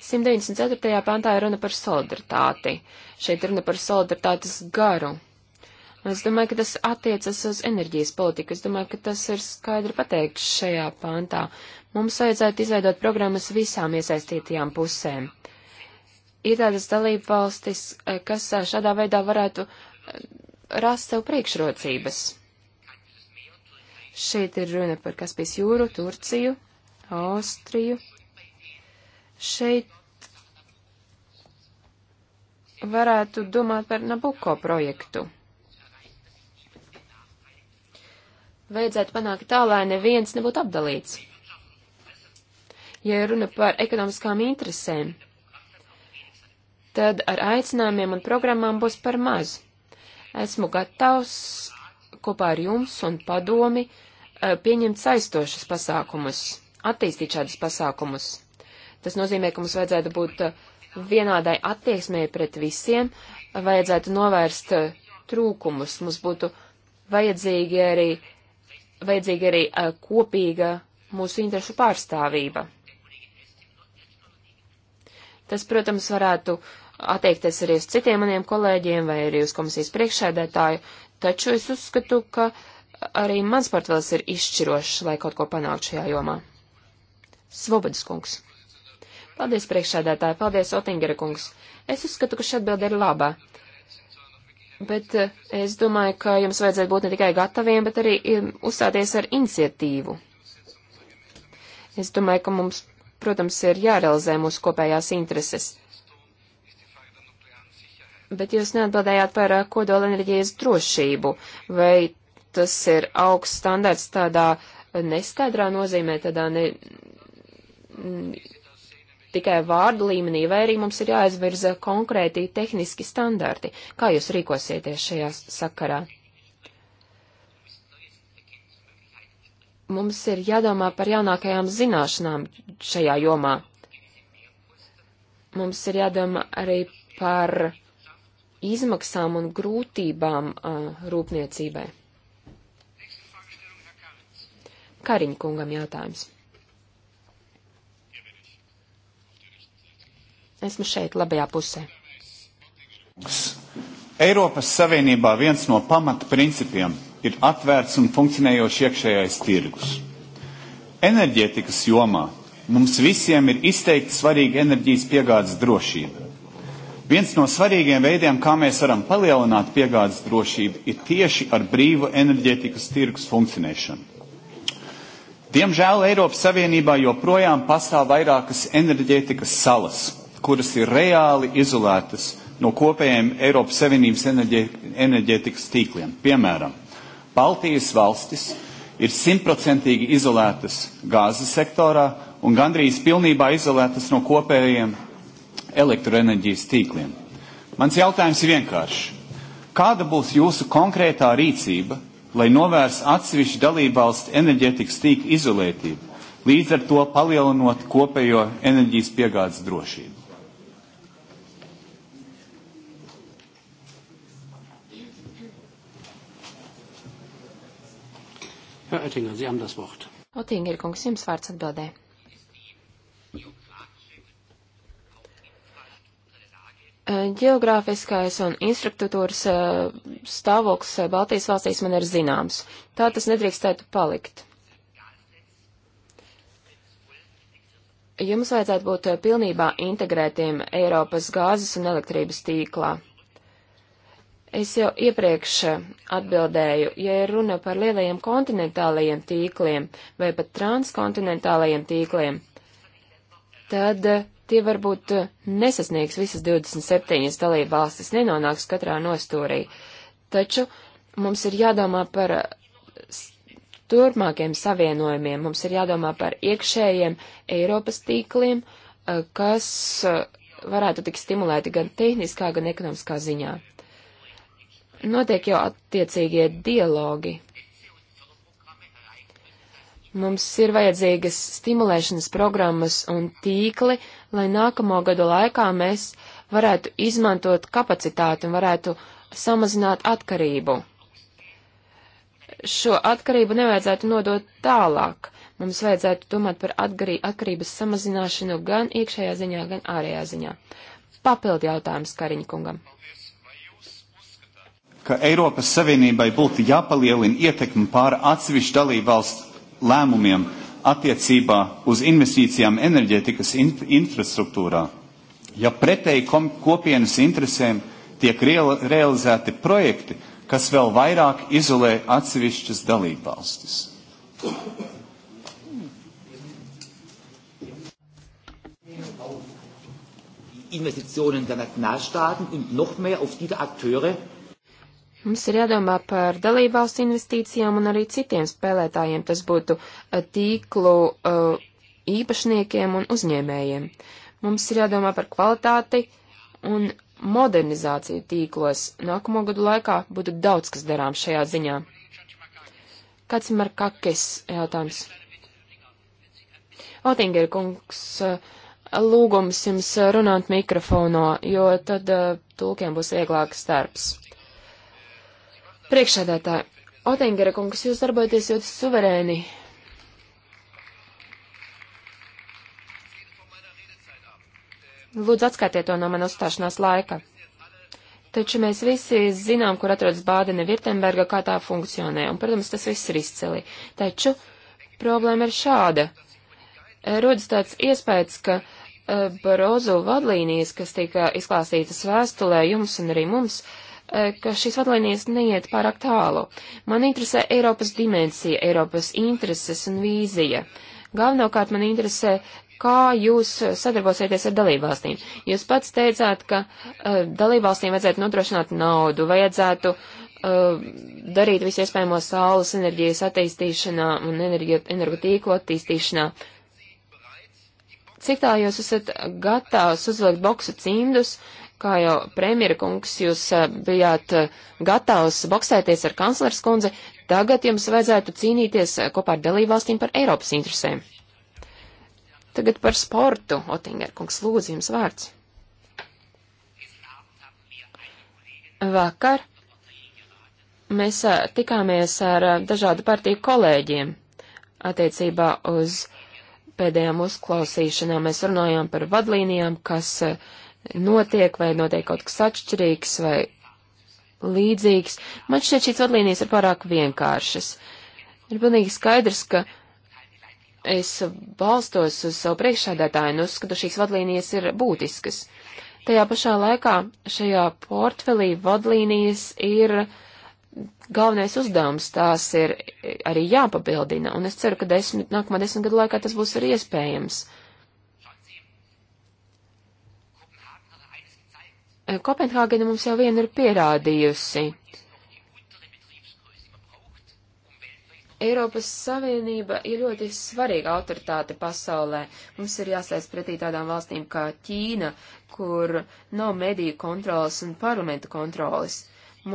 194. pantā ir runa par solidaritāti. Uh, Šeit runa par solidaritātes garu. Es domāju, ka tas attiecas uz enerģijas politiku. Es domāju, ka tas ir skaidri pateikts šajā pāntā. Mums vajadzētu izveidot programmas visām iesaistītajām pusēm. Ir tādas dalība valstis, eh, kas eh, šādā veidā varētu eh, rast sev priekšrocības. Šeit ir runa par Kaspijas jūru, Turciju, Austriju. Šeit varētu domāt par Nabuko projektu. Vajadzētu panākt tā, lai neviens nebūtu apdalīts. Ja runa par ekonomiskām interesēm, tad ar aicinājumiem un programmām būs par maz. Esmu gatavs kopā ar jums un padomi eh, pieņemt saistošus pasākumus, attīstīt šādus pasākumus. Tas nozīmē, ka mums vajadzētu būt uh, vienādai attieksmē pret visiem, vajadzētu novērst eh, trūkumus. Mums būtu vajadzīgi arī, vajadzīgi arī eh, kopīga mūsu interešu pārstāvība. Tas, protams, varētu attiekties arī uz citiem maniem kolēģiem vai arī uz komisijas priekšsēdētāju, taču es uzskatu, ka arī mans portfels ir izšķirošs, lai kaut ko panāktu šajā jomā. Svobodas kungs. Paldies, priekšsēdētāji, paldies, Otingera kungs. Es uzskatu, ka šī atbilde ir labā. Bet eh, es domāju, ka jums vajadzētu būt ne tikai gataviem, bet arī eh, uzstāties ar iniciatīvu. Es domāju, ka mums, protams, ir jārealizē mūsu kopējās intereses. Bet jūs neatbildējāt par eh, kodolenerģijas drošību, vai tas ir augsts standarts tādā neskaidrā nozīmē, tādā ne, tikai vārdu līmenī, vai arī mums ir jāizvirza konkrēti tehniski standarti. Kā jūs rīkosieties šajā sakarā? Mums ir jādomā par jaunākajām zināšanām šajā jomā. Mums ir jādomā arī par izmaksām un grūtībām uh, rūpniecībai. Kariņkungam jautājums. Esmu šeit, labajā pusē. Eiropas Savienībā viens no pamatprincipiem ir atvērts un funkcionējošs iekšējais tirgus. Enerģētikas jomā mums visiem ir izteikti svarīga enerģijas piegādes drošība. Viens no svarīgiem veidiem, kā mēs varam palielināt piegādes drošību, ir tieši ar brīvu enerģētikas tirgus funkcionēšanu. Diemžēl Eiropas Savienībā joprojām pastāv vairākas enerģētikas salas, kuras ir reāli izolētas no kopējiem Eiropas Savienības enerģētikas tīkliem. Piemēram, Baltijas valstis ir simtprocentīgi izolētas gāzes sektorā un gandrīz pilnībā izolētas no kopējiem elektroenerģijas tīkliem. Mans jautājums ir vienkāršs. Kāda būs jūsu konkrētā rīcība, lai novērstu atsevišķu dalībvalstu enerģētikas tīkla izolētību, līdz ar to palielinot kopējo enerģijas piegādes drošību? Herr Oettinger, Sie haben das Wort. Oettinger, kungs, jums vārds atbildē. Geogrāfiskais un infrastruktūras stāvoklis Baltijas valstīs man ir zināms. Tā tas nedrīkstētu palikt. Jums vajadzētu būt pilnībā integrētiem Eiropas gāzes un elektrības tīklā. Es jau iepriekš eh, atbildēju, ja ir runa par lielajiem kontinentālajiem tīkliem vai pat transkontinentālajiem tīkliem, tad eh, tie varbūt eh, nesasniegs visas 27 dalību valstis, nenonāks katrā nostūrī. Taču mums ir jādomā par turpmākiem savienojumiem, mums ir jādomā par iekšējiem Eiropas tīkliem, kas varētu tik stimulēti gan tehniskā, gan ekonomiskā ziņā notiek jau attiecīgie dialogi. Mums ir vajadzīgas stimulēšanas programmas un tīkli, lai nākamo gadu laikā mēs varētu izmantot kapacitāti un varētu samazināt atkarību. Šo atkarību nevajadzētu nodot tālāk. Mums vajadzētu domāt par atgarī, atkarības samazināšanu gan iekšējā ziņā, gan ārējā ziņā. Papildi jautājums Kariņa kungam ka Eiropas Savienībai būtu jāpalielina ietekme pār atsevišķu dalībvalstu lēmumiem attiecībā uz investīcijām enerģētikas in infrastruktūrā, ja pretēji kopienas interesēm tiek realizēti projekti, kas vēl vairāk izolē atsevišķas dalībvalstis. Investitionen der Nationalstaaten und noch mehr auf die der Akteure, Mums ir jādomā par dalībvalstu investīcijām un arī citiem spēlētājiem, tas būtu eh, tīklu uh, īpašniekiem un uzņēmējiem. Mums ir jādomā par kvalitāti un modernizāciju tīklos. Nākamo gadu laikā būtu daudz, kas darām šajā ziņā. Kāds ir Markakis jautājums? Otingeri kungs, eh, lūgums jums runāt mikrofono, jo tad uh, tulkiem būs vieglāks darbs. Priekšsēdētāji, Otengera kungs, jūs darbojaties ļoti suverēni. Lūdzu, atskaitiet to no manas uzstāšanās laika. Taču mēs visi zinām, kur atrodas Bādene Virtemberga, kā tā funkcionē, un, protams, tas viss ir izcili. Taču problēma ir šāda. E, rodas tāds iespējas, ka uh, Barozu vadlīnijas, kas tika izklāstītas vēstulē jums un arī mums, uh, E, ka šīs vadlīnijas neiet pārāk tālu. Man interesē Eiropas dimensija, Eiropas intereses un vīzija. Galvenokārt man interesē, kā jūs sadarbosieties ar dalībvalstīm. Jūs pats teicāt, ka uh, dalībvalstīm vajadzētu nodrošināt naudu, vajadzētu uh, darīt visu iespējamo saules enerģijas attīstīšanā un energotīku attīstīšanā. Cik tā jūs esat gatavs uzlikt boksu cimdus, uh, kā jau premjera kungs, jūs eh, bijāt eh, gatavs boksēties ar kanclers kundzi, tagad jums vajadzētu cīnīties eh, kopā ar dalībvalstīm par Eiropas interesēm. Tagad par sportu, Otinger kungs, lūdzu jums vārds. Vakar mēs tikāmies ar dažādu partiju kolēģiem attiecībā uz pēdējām uzklausīšanām. Mēs runājām par vadlīnijām, kas uh, notiek, vai notiek kaut kas atšķirīgs vai līdzīgs. Man šķiet šīs vadlīnijas ir pārāk vienkāršas. Ir pilnīgi skaidrs, ka es balstos uz savu priekšsēdētāju un uzskatu, šīs vadlīnijas ir būtiskas. Tajā pašā laikā šajā portfelī vadlīnijas ir galvenais uzdevums, tās ir arī jāpabildina, un es ceru, ka desmit, nākamā desmit gadu laikā tas būs arī iespējams. Uh, Kopenhāgena mums jau vienu ir pierādījusi. Eiropas Savienība ir ļoti svarīga autoritāte pasaulē. Mums ir jāsaist pretī tādām valstīm kā Ķīna, kur nav mediju kontrolas un parlamentu kontrolas.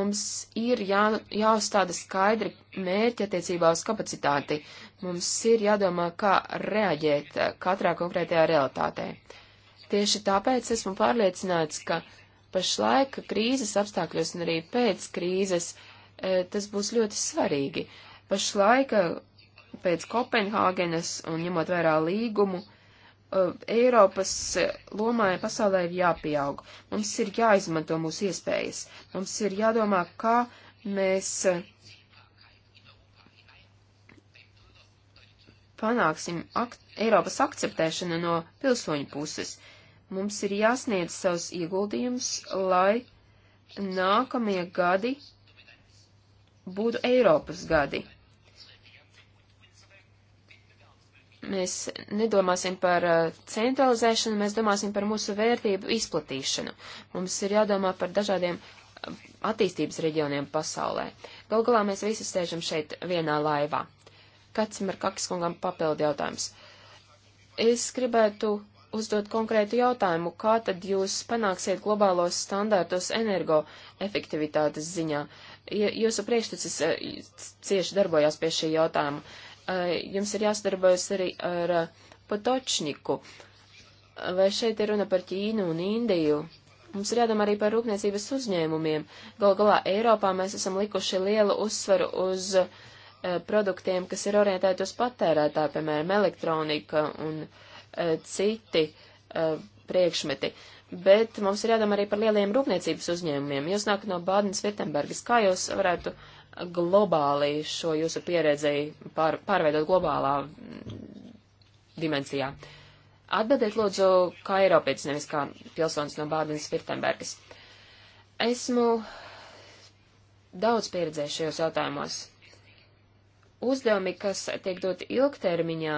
Mums ir jā, jāuzstāda skaidri mērķi attiecībā uz kapacitāti. Mums ir jādomā, kā reaģēt katrā konkrētajā realitātē. Tieši tāpēc esmu pārliecināts, ka pašlaik krīzes apstākļos un arī pēc krīzes e, tas būs ļoti svarīgi. Pašlaik pēc Kopenhāgenes un ņemot vērā līgumu, e, Eiropas lomai pasaulē ir jāpieaug. Mums ir jāizmanto mūsu iespējas. Mums ir jādomā, kā mēs e, panāksim ak Eiropas akceptēšanu no pilsoņu puses. Uh, Mums ir jāsniedz savus ieguldījumus, lai nākamie gadi būtu Eiropas gadi. Mēs nedomāsim par uh, centralizēšanu, mēs domāsim par mūsu vērtību izplatīšanu. Mums ir jādomā par dažādiem uh, attīstības reģioniem pasaulē. Galu galā mēs visi sēžam šeit vienā laivā. Kāds ir Kakis kungam papildi jautājums? Es gribētu uzdot konkrētu jautājumu, kā tad jūs panāksiet globālos standārtos energoefektivitātes ziņā. Jūsu priekštecis eh, cieši darbojās pie šī jautājuma. Eh, jums ir jāsadarbojas arī ar eh, Potočniku. Vai šeit ir runa par Ķīnu un Indiju? Mums ir jādomā arī par rūpniecības uzņēmumiem. Gal galā Eiropā mēs esam likuši lielu uzsvaru uz uh, produktiem, kas ir orientēti uz patērētāju, piemēram, elektronika un uh, Eh, citi eh, priekšmeti. Bet mums ir jādomā arī par lielajiem rūpniecības uzņēmumiem. Jūs nākat no Bādnes-Virtembergas. Kā jūs varētu globāli šo jūsu pieredzi pār, pārveidot globālā dimensijā? Atbildiet lūdzu kā Eiropietis, nevis kā pilsonis no Bādnes-Virtembergas. Esmu daudz pieredzējuši šajos jautājumos. Uzdevumi, kas tiek doti ilgtermiņā,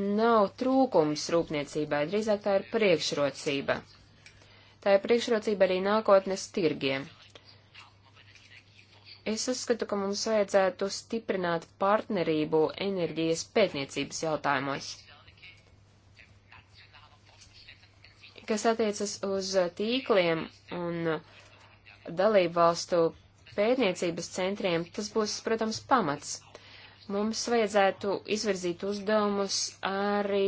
nav trūkums rūpniecībai, drīzāk tā ir priekšrocība. Tā ir priekšrocība arī nākotnes tirgiem. Es uzskatu, ka mums vajadzētu stiprināt partnerību enerģijas pētniecības jautājumos. Kas attiecas uz tīkliem un dalību valstu pētniecības centriem, tas būs, protams, pamats Mums vajadzētu izvirzīt uzdevumus arī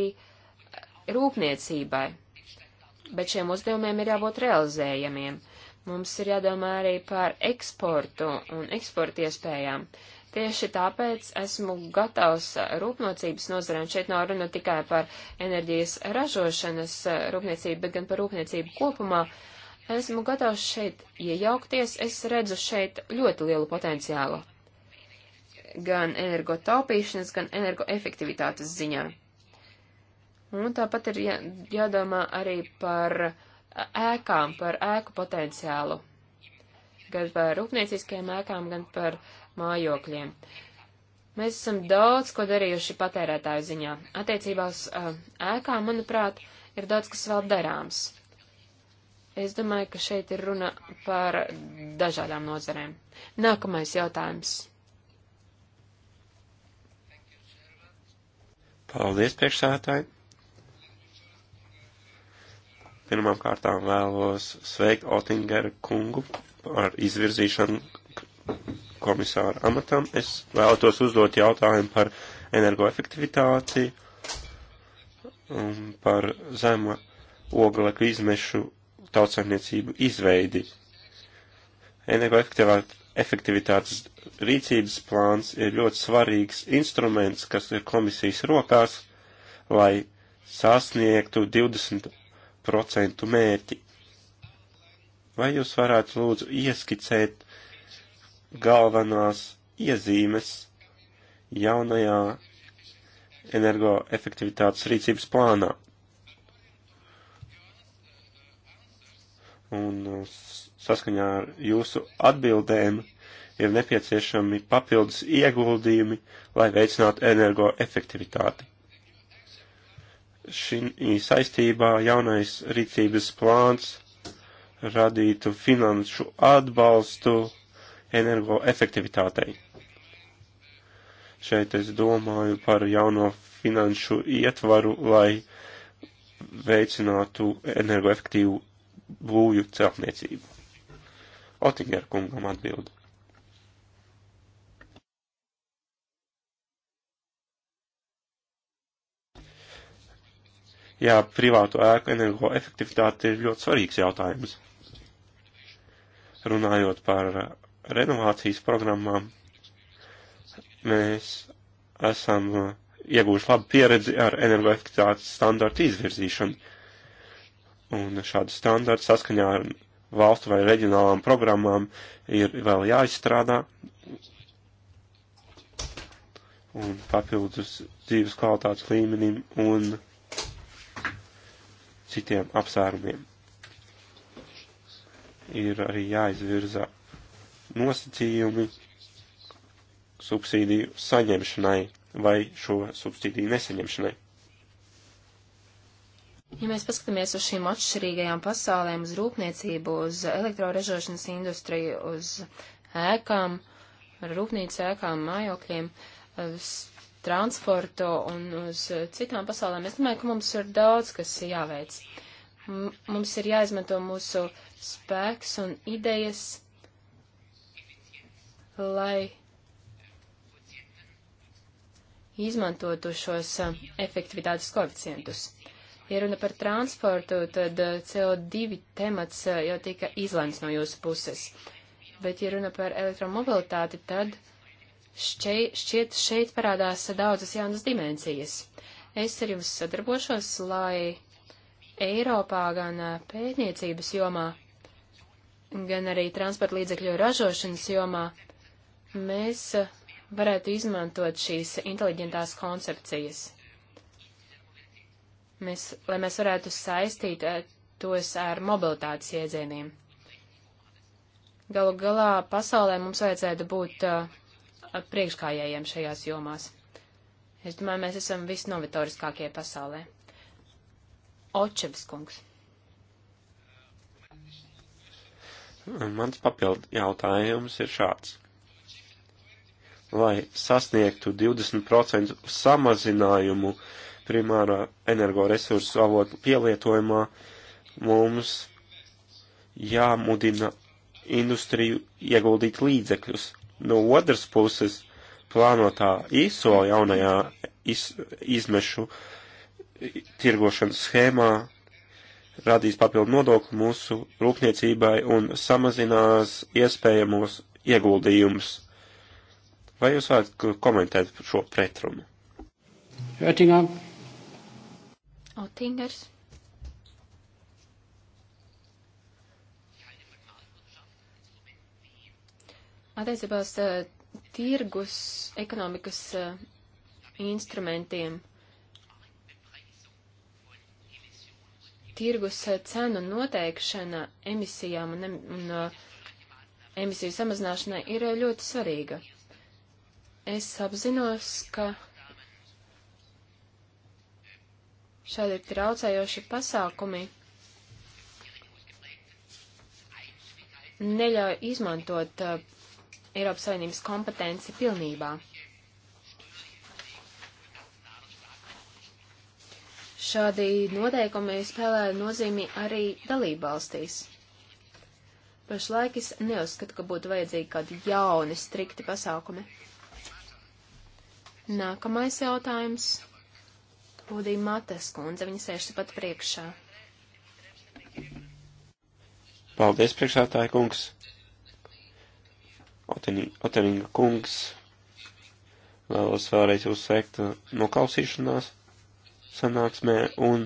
rūpniecībai, bet šiem uzdevumiem ir jābūt realizējamiem. Mums ir jādomā arī par eksportu un eksporta iespējām. Tieši tāpēc esmu gatavs rūpniecības nozarēm. Šeit nav runa tikai par enerģijas ražošanas eh, rūpniecību, bet gan par rūpniecību kopumā. Esmu gatavs šeit iejaukties, es redzu šeit ļoti lielu potenciālu gan energotaupīšanas, gan energoefektivitātes ziņā. Un tāpat ir jā, jādomā arī par ēkām, par ēku potenciālu, gan par rūpnieciskajām ēkām, gan par mājokļiem. Mēs esam daudz ko darījuši patērētāju ziņā. Attiecībā uz uh, ēkām, manuprāt, ir daudz kas vēl darāms. Es domāju, ka šeit ir runa par dažādām nozarēm. Nākamais jautājums. Paldies, priekšsētāji! Pirmām kārtām vēlos sveikt Otingeru kungu ar izvirzīšanu komisāra amatam. Es vēlētos uzdot jautājumu par energoefektivitāti un par zema oglekļa izmešu tautsaimniecību izveidi. Energoefektivitāte efektivitātes rīcības plāns ir ļoti svarīgs instruments, kas ir komisijas rokās, lai sasniegtu 20% mērķi. Vai jūs varētu lūdzu ieskicēt galvenās iezīmes jaunajā energoefektivitātes rīcības plānā? Un uz saskaņā ar jūsu atbildēm ir nepieciešami papildus ieguldījumi, lai veicinātu energoefektivitāti. Šī saistībā jaunais rīcības plāns radītu finanšu atbalstu energoefektivitātei. Šeit es domāju par jauno finanšu ietvaru, lai veicinātu energoefektīvu būvju celtniecību. Otingera kungam atbildi. Jā, privātu ēku energoefektivitāte ir ļoti svarīgs jautājums. Runājot par renovācijas programmām, mēs esam iegūši labu pieredzi ar energoefektivitātes standartu izvirzīšanu. Un šādu standartu saskaņā ar valstu vai reģionālām programmām ir vēl jāizstrādā. Un papildus dzīves kvalitātes līmenim un citiem apsvērumiem. Ir arī jāizvirza nosacījumi subsīdiju saņemšanai vai šo subsīdiju nesaņemšanai. Ja mēs paskatāmies uz šīm atšķirīgajām pasaulēm, uz rūpniecību, uz elektroražošanas industriju, uz ēkām, rūpnīca ēkām, mājokļiem, uz transportu un uz citām pasaulēm, es domāju, ka mums ir daudz, kas jāveic. M mums ir jāizmanto mūsu spēks un idejas, lai izmantotu šos efektivitātes koeficientus. Ja runa par transportu, tad eh, CO2 temats eh, jau tika izlēmts no jūsu puses. Bet, ja runa par elektromobilitāti, tad šķiet, šķiet šeit parādās daudzas jaunas dimensijas. Es ar jums sadarbošos, lai Eiropā gan eh, pētniecības jomā, gan arī transporta līdzekļu ražošanas jomā mēs varētu izmantot šīs inteliģentās koncepcijas mēs, lai mēs varētu saistīt eh, tos ar mobilitātes iedzieniem. Galu galā pasaulē mums vajadzētu būt eh, priekškājējiem šajās jomās. Es domāju, mēs esam visnovatoriskākie pasaulē. Očevs kungs. Mans papildu jautājums ir šāds. Lai sasniegtu 20% samazinājumu uh, primārā energoresursu avotu pielietojumā, mums jāmudina industriju ieguldīt līdzekļus. No otras puses, plānotā ISO jaunajā iz, izmešu tirgošanas schēmā radīs papildu nodokli mūsu rūpniecībai un samazinās iespējamos ieguldījumus. Vai jūs varat komentēt šo pretrumu? Oettinger. Otingers. Attiecībā uz uh, tirgus ekonomikas uh, instrumentiem. Tirgus uh, cenu noteikšana emisijām un, un uh, emisiju samazināšanai ir ļoti svarīga. Es apzinos, ka Šādi ir traucējoši pasākumi. Neļauj izmantot uh, Eiropas Savienības kompetenci pilnībā. Šādi noteikumi spēlē nozīmi arī dalībvalstīs. Pašlaik es neuzskatu, ka būtu vajadzīgi kādi jauni, strikti pasākumi. Nākamais jautājums. Podī Mates kundze, viņa sēž pat priekšā. Paldies, priekšētāja kungs. Oteringa kungs. Vēlos vēlreiz uzsveikt noklausīšanās sanāksmē un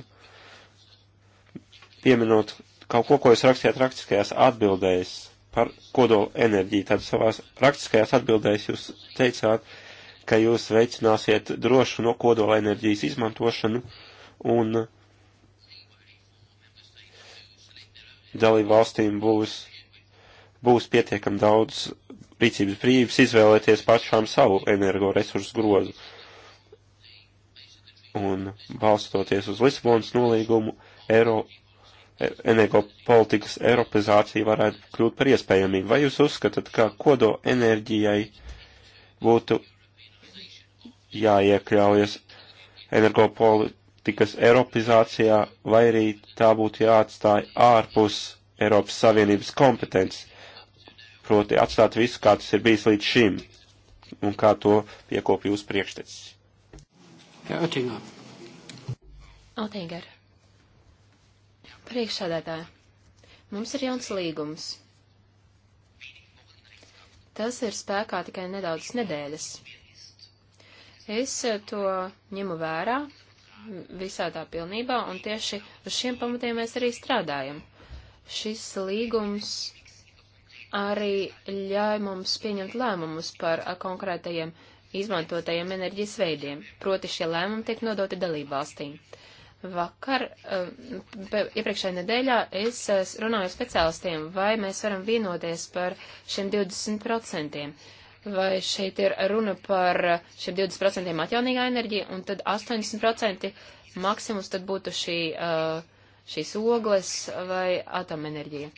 pieminot kaut ko, ko jūs rakstījāt rakstiskajās atbildēs par kodolu enerģiju. Tad savās rakstiskajās atbildēs jūs teicāt, ka jūs veicināsiet drošu no kodola enerģijas izmantošanu un dalību valstīm būs, būs pietiekam daudz rīcības brīvības izvēlēties pašām savu energoresursu grozu. Un balstoties uz Lisabonas nolīgumu, Eiro, e, energopolitikas eiropizācija varētu kļūt par iespējamību. Vai jūs uzskatāt, ka kodo enerģijai būtu jāiekļaujas energopolitikas Eiropizācijā, vai arī tā būtu jāatstāja ārpus Eiropas Savienības kompetences, proti atstāt visu, kā tas ir bijis līdz šim, un kā to piekopja jūsu priekštecis. Jā, Otingā. Otingā. Priekšsēdētāji, mums ir jauns līgums. Tas ir spēkā tikai nedaudz nedēļas. Es eh, to ņemu vērā visā tā pilnībā, un tieši uz šiem pamatiem mēs arī strādājam. Šis līgums arī ļauj mums pieņemt lēmumus par eh, konkrētajiem izmantotajiem enerģijas veidiem, proti šie lēmumi tiek nodoti dalībvalstīm. Vakar, eh, iepriekšējā nedēļā, es runāju speciālistiem, vai mēs varam vienoties par šiem 20% vai šeit ir runa par šiem 20% atjaunīgā enerģija, un tad 80% maksimums tad būtu šī, uh, šīs ogles vai atomenerģija.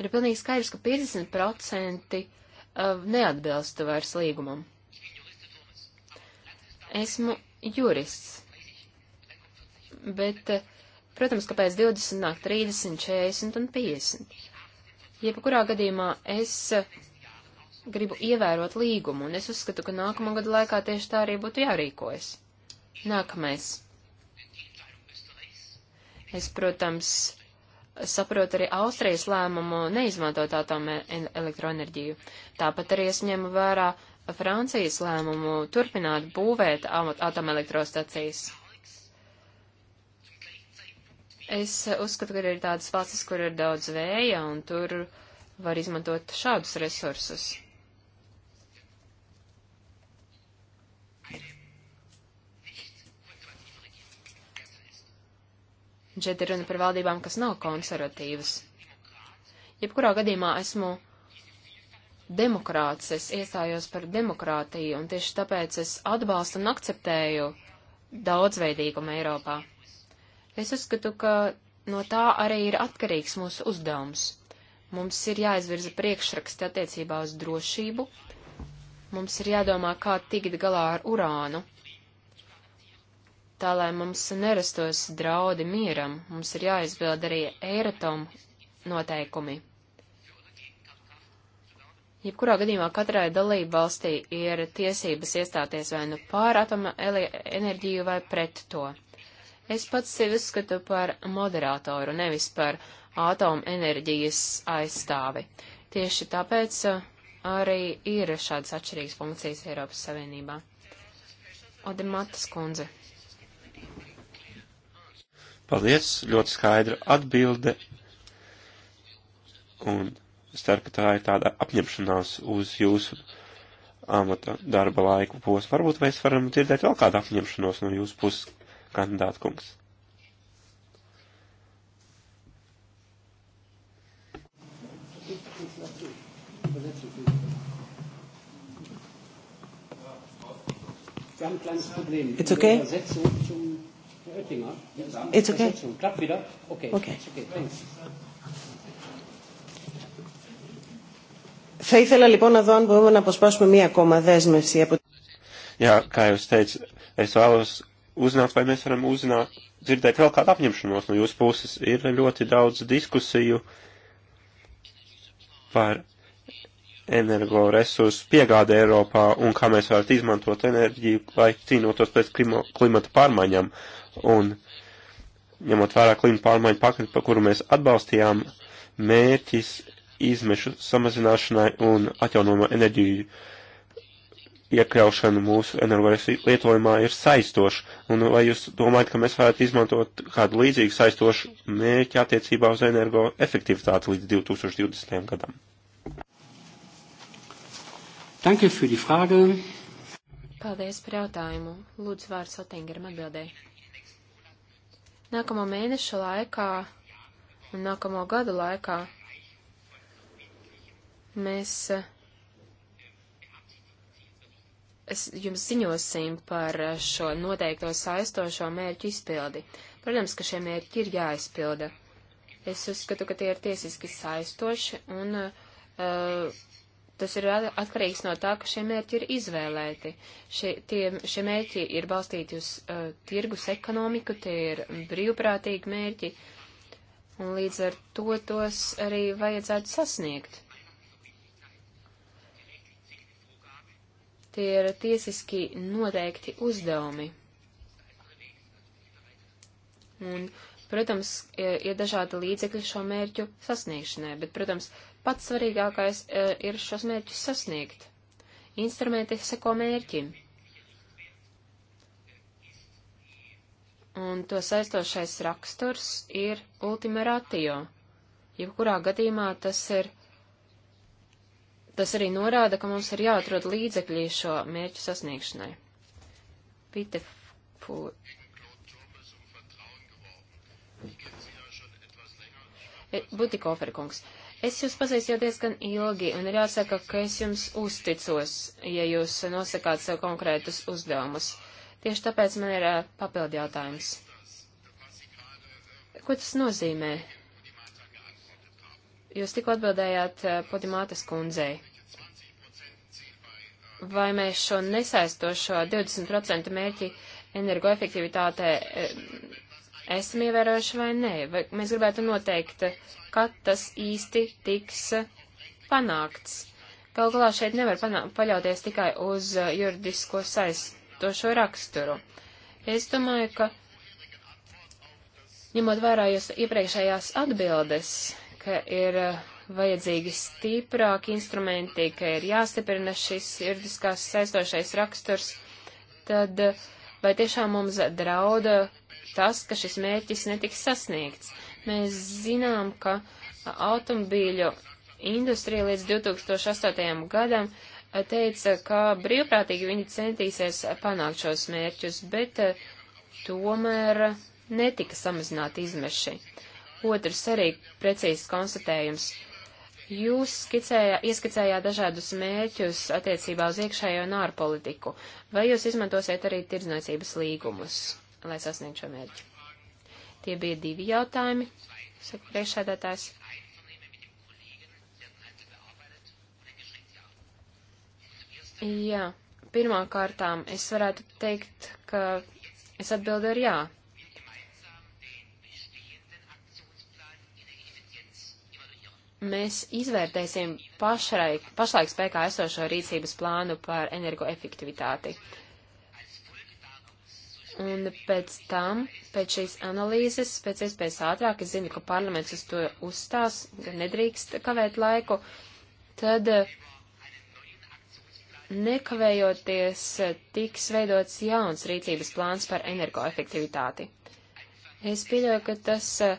Ir pilnīgi skaidrs, ka 50% uh, neatbilst vairs līgumam. Esmu jurists, bet, uh, protams, kāpēc 20 nāk 30, 40 un 50. Jebkurā gadījumā es gribu ievērot līgumu, un es uzskatu, ka nākamā gada laikā tieši tā arī būtu jārīkojas. Nākamais. Es, protams, saprotu arī Austrijas lēmumu neizmantot atomelektroenerģiju. Tāpat arī es ņemu vērā Francijas lēmumu turpināt būvēt atomelektrostacijas. Es uzskatu, ka ir tādas valstis, kur ir daudz vēja, un tur var izmantot šādus resursus. Un šeit ir runa par valdībām, kas nav konservatīvas. Jebkurā gadījumā esmu demokrāts, es iestājos par demokrātiju, un tieši tāpēc es atbalstu un akceptēju daudzveidīgumu Eiropā. Es uzskatu, ka no tā arī ir atkarīgs mūsu uzdevums. Mums ir jāizvirza priekšraksti attiecībā uz drošību, mums ir jādomā, kā tikt galā ar urānu, tā lai mums nerastos draudi mieram, mums ir jāizbild arī Eiratom noteikumi. Jebkurā gadījumā katrai dalība valstī ir tiesības iestāties vai nu pār atoma enerģiju vai pret to. Es pats sevi uzskatu par moderātoru, nevis par atomu enerģijas aizstāvi. Tieši tāpēc uh, arī ir šādas atšķirīgas funkcijas Eiropas Savienībā. Odematas kundze. Paldies, ļoti skaidra atbilde. Un es ceru, ka tā ir tāda apņemšanās uz jūsu amata darba laiku posmu. Varbūt mēs varam dzirdēt vēl kādu apņemšanos no jūsu puses, kandidāta kungs. It's okay everything up. It's okay. Clap it up. Okay. Okay. It's okay. Thanks. Θα ήθελα λοιπόν να δω αν μπορούμε να αποσπάσουμε μία ακόμα δέσμευση από... Jā, kā jūs teicat, es vēlos uzzināt, vai mēs varam uzzināt, dzirdēt vēl kādu apņemšanos no jūsu puses. Ir ļoti daudz diskusiju par energoresursu piegāde Eiropā un kā mēs varētu izmantot enerģiju, lai cīnotos pret klima, klimata pārmaiņām. Un ņemot vērā klimata pārmaiņu paketi, pa kuru mēs atbalstījām, mērķis izmešu samazināšanai un atjaunojumu enerģiju iekļaušanu mūsu energoresursu lietojumā ir saistoši. Un vai jūs domājat, ka mēs varētu izmantot kādu līdzīgu saistošu mērķi attiecībā uz energoefektivitāti līdz 2020. gadam? Danke für die Frage. Paldies par jautājumu. Lūdzu vārds Otingeram atbildēji nākamo mēnešu laikā un nākamo gadu laikā mēs es jums ziņosim par šo noteikto saistošo mērķu izpildi. Protams, ka šie mērķi ir jāizpilda. Es uzskatu, ka tie ir tiesiski saistoši un uh, Tas ir atkarīgs no tā, ka šie mērķi ir izvēlēti. Šie, tie, šie mērķi ir balstīti uz uh, tirgus ekonomiku, tie ir brīvprātīgi mērķi, un līdz ar to tos arī vajadzētu sasniegt. Tie ir tiesiski noteikti uzdevumi. Un, protams, ir dažādi līdzekļi šo mērķu sasniegšanai, bet, protams, uh, Pats svarīgākais e, ir šos mērķus sasniegt. Instrumenti seko mērķim. Un to saistošais raksturs ir ultima ratio. Jebkurā gadījumā tas ir Tas arī norāda, ka mums ir jāatrod līdzekļi šo mērķu sasniegšanai. Pite fū. E, Butikoferi kungs, Es jūs pazīstu jau diezgan ilgi, un ir jāsaka, ka es jums uzticos, ja jūs nosakāt sev konkrētus uzdevumus. Tieši tāpēc man ir uh, papildi jautājums. Ko tas nozīmē? Jūs tikko atbildējāt uh, Podimātas kundzei vai mēs šo nesaistošo 20% mērķi energoefektivitātē esam ievērojuši vai nē, vai mēs gribētu noteikt, kad tas īsti tiks panākts. Galu galā šeit nevar panā, paļauties tikai uz uh, juridisko saistošo raksturu. Es domāju, ka ņemot vērā jūs iepriekšējās atbildes, ka ir uh, vajadzīgi stīprāki instrumenti, ka ir jāstiprina šis juridiskās saistošais raksturs, tad uh, vai tiešām mums drauda tas, ka šis mērķis netiks sasniegts. Mēs zinām, ka automobīļu industrija līdz 2008. gadam eh, teica, ka brīvprātīgi viņi centīsies panākt šos mērķus, bet eh, tomēr netika samazināti izmeši. Otrs arī precīzs konstatējums. Jūs skicējā, ieskicējāt dažādus mērķus attiecībā uz iekšējo un ārpolitiku. Vai jūs izmantosiet arī tirdzniecības līgumus? lai sasniegtu šo mērķi. Tie bija divi jautājumi, saka priekšsēdētājs. Jā, pirmā kārtām es varētu teikt, ka es atbildu ar jā. Mēs izvērtēsim pašlaik, pašlaik spēkā esošo rīcības plānu par energoefektivitāti. Un pēc tam, pēc šīs analīzes, pēc iespējas ātrāk, es zinu, ka parlaments uz to uzstās, nedrīkst kavēt laiku, tad eh, nekavējoties eh, tiks veidots jauns rīcības plāns par energoefektivitāti. Es pieļauju, ka tas eh,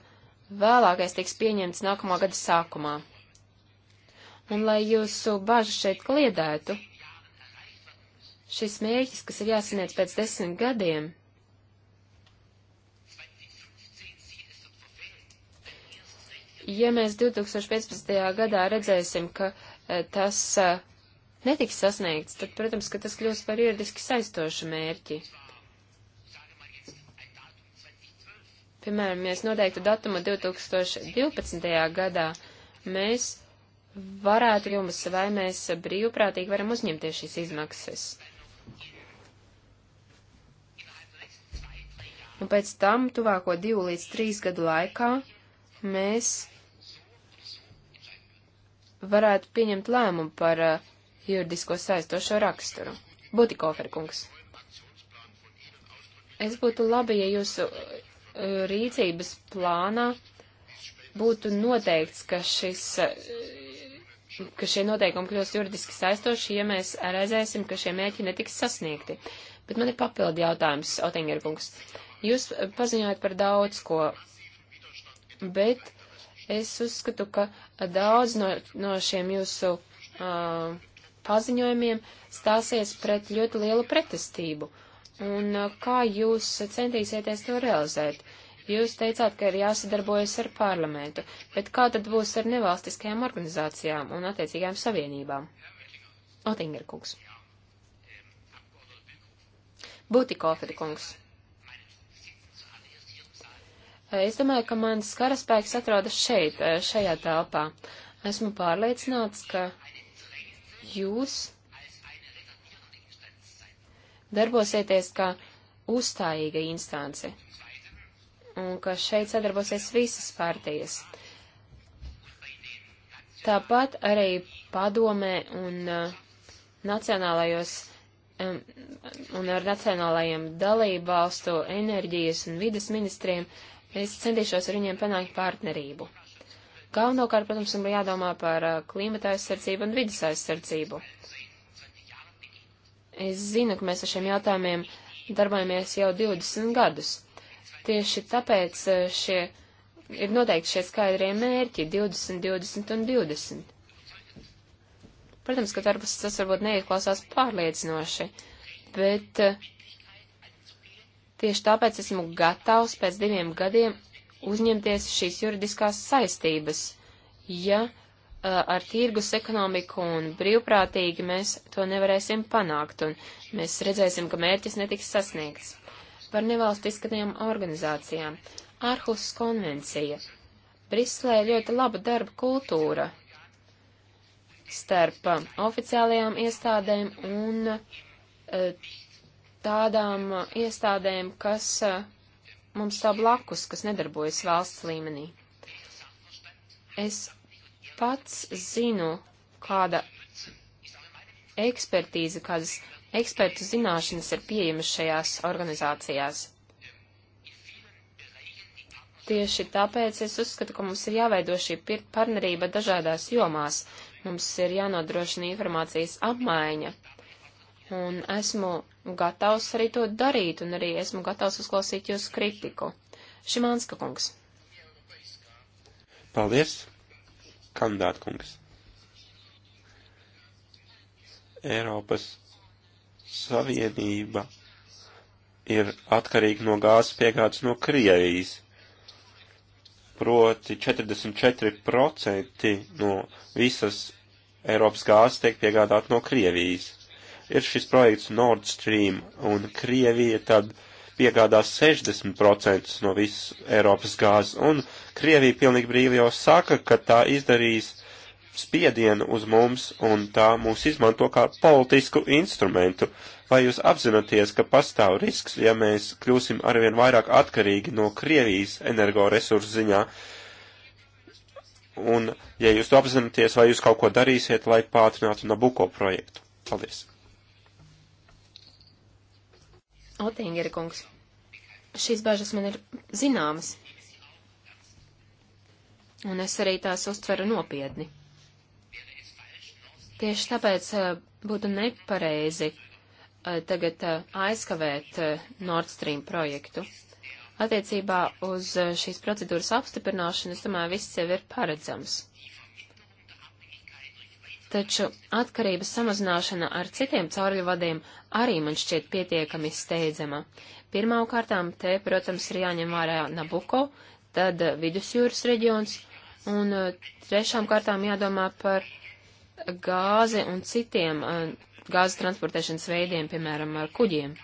vēlākais tiks pieņemts nākamā gada sākumā. Un lai jūsu bažas šeit kliedētu, šis mērķis, kas ir jāsaniec pēc desmit gadiem, ja mēs 2015. gadā redzēsim, ka eh, tas eh, netiks sasniegts, tad, protams, ka tas kļūs par juridiski saistošu mērķi. Piemēram, mēs noteiktu datumu 2012. gadā, mēs varētu jums, vai mēs brīvprātīgi varam uzņemties šīs izmaksas. Un pēc tam, tuvāko divu līdz trīs gadu laikā, mēs varētu pieņemt lēmumu par uh, juridisko saistošo raksturu. Butikoferkungs. Es būtu labi, ja jūsu uh, rīcības plānā būtu noteikts, ka, šis, uh, ka šie noteikumi kļūst juridiski saistoši, ja mēs redzēsim, ka šie mērķi netiks sasniegti. Bet man ir papildi jautājums, Otingerkungs. Jūs paziņojat par daudz ko, bet Es uzskatu, ka daudz no, no šiem jūsu uh, paziņojumiem stāsies pret ļoti lielu pretestību. Un uh, kā jūs centīsieties to realizēt? Jūs teicāt, ka ir jāsadarbojas ar parlamentu, bet kā tad būs ar nevalstiskajām organizācijām un attiecīgajām savienībām? Otingerkungs. Būtikoferkungs. Es domāju, ka mans karaspēks atrodas šeit, eh, šajā telpā. Esmu pārliecināts, ka jūs darbosieties kā uzstājīga instance un ka šeit sadarbosies visas partijas. Tāpat arī padomē un uh, nacionālajos um, un ar nacionālajiem dalību valstu enerģijas un vidas ministriem uh, Es centīšos ar viņiem panākt partnerību. Galvenokārt, protams, ir jādomā par uh, klimata aizsardzību un vidas aizsardzību. Es zinu, ka mēs ar šiem jautājumiem darbojamies jau 20 gadus. Tieši tāpēc uh, šie ir noteikti šie skaidrie mērķi 20, 20 un 20. Protams, ka darbs tas varbūt neizklausās pārliecinoši, bet uh, Tieši tāpēc esmu gatavs pēc diviem gadiem uzņemties šīs juridiskās saistības, ja uh, ar tirgus ekonomiku un brīvprātīgi mēs to nevarēsim panākt, un mēs redzēsim, ka mērķis netiks sasniegts. Par nevalstiskajām organizācijām. Ārhus konvencija. Brislē ļoti laba darba kultūra starp uh, oficiālajām iestādēm un uh, tādām uh, iestādēm, kas uh, mums stāv blakus, kas nedarbojas valsts līmenī. Es pats zinu, kāda ekspertīze, kādas ekspertu zināšanas ir pieejamas šajās organizācijās. Tieši tāpēc es uzskatu, ka mums ir jāveido šī partnerība dažādās jomās. Mums ir jānodrošina informācijas apmaiņa un esmu gatavs arī to darīt, un arī esmu gatavs uzklausīt jūsu kritiku. Šimanska kungs. Paldies, kandidāt kungs. Eiropas Savienība ir atkarīga no gāzes piegādes no Krievijas. Proti 44% no visas Eiropas gāzes tiek piegādāt no Krievijas ir šis projekts Nord Stream, un Krievija tad piegādās 60% no visas Eiropas gāzes, un Krievija pilnīgi brīvi jau saka, ka tā izdarīs spiedienu uz mums, un tā mūs izmanto kā politisku instrumentu. Vai jūs apzināties, ka pastāv risks, ja mēs kļūsim arvien vairāk atkarīgi no Krievijas energoresursu ziņā? Un, ja jūs to apzināties, vai jūs kaut ko darīsiet, lai pātrinātu Nabuko projektu? Paldies! Otingeri kungs, šīs bažas man ir zināmas, un es arī tās uztveru nopietni. Tieši tāpēc eh, būtu nepareizi eh, tagad eh, aizkavēt Nord Stream projektu. Attiecībā uz šīs procedūras apstiprināšanu, es domāju, viss jau ir paredzams taču atkarības samazināšana ar citiem caurļu vadiem arī man šķiet pietiekami steidzama. Pirmkārtām te, protams, ir jāņem vērā Nabuko, tad eh, vidusjūras reģions, un eh, trešām kārtām jādomā par gāzi un citiem eh, gāzes transportēšanas veidiem, piemēram, ar kuģiem.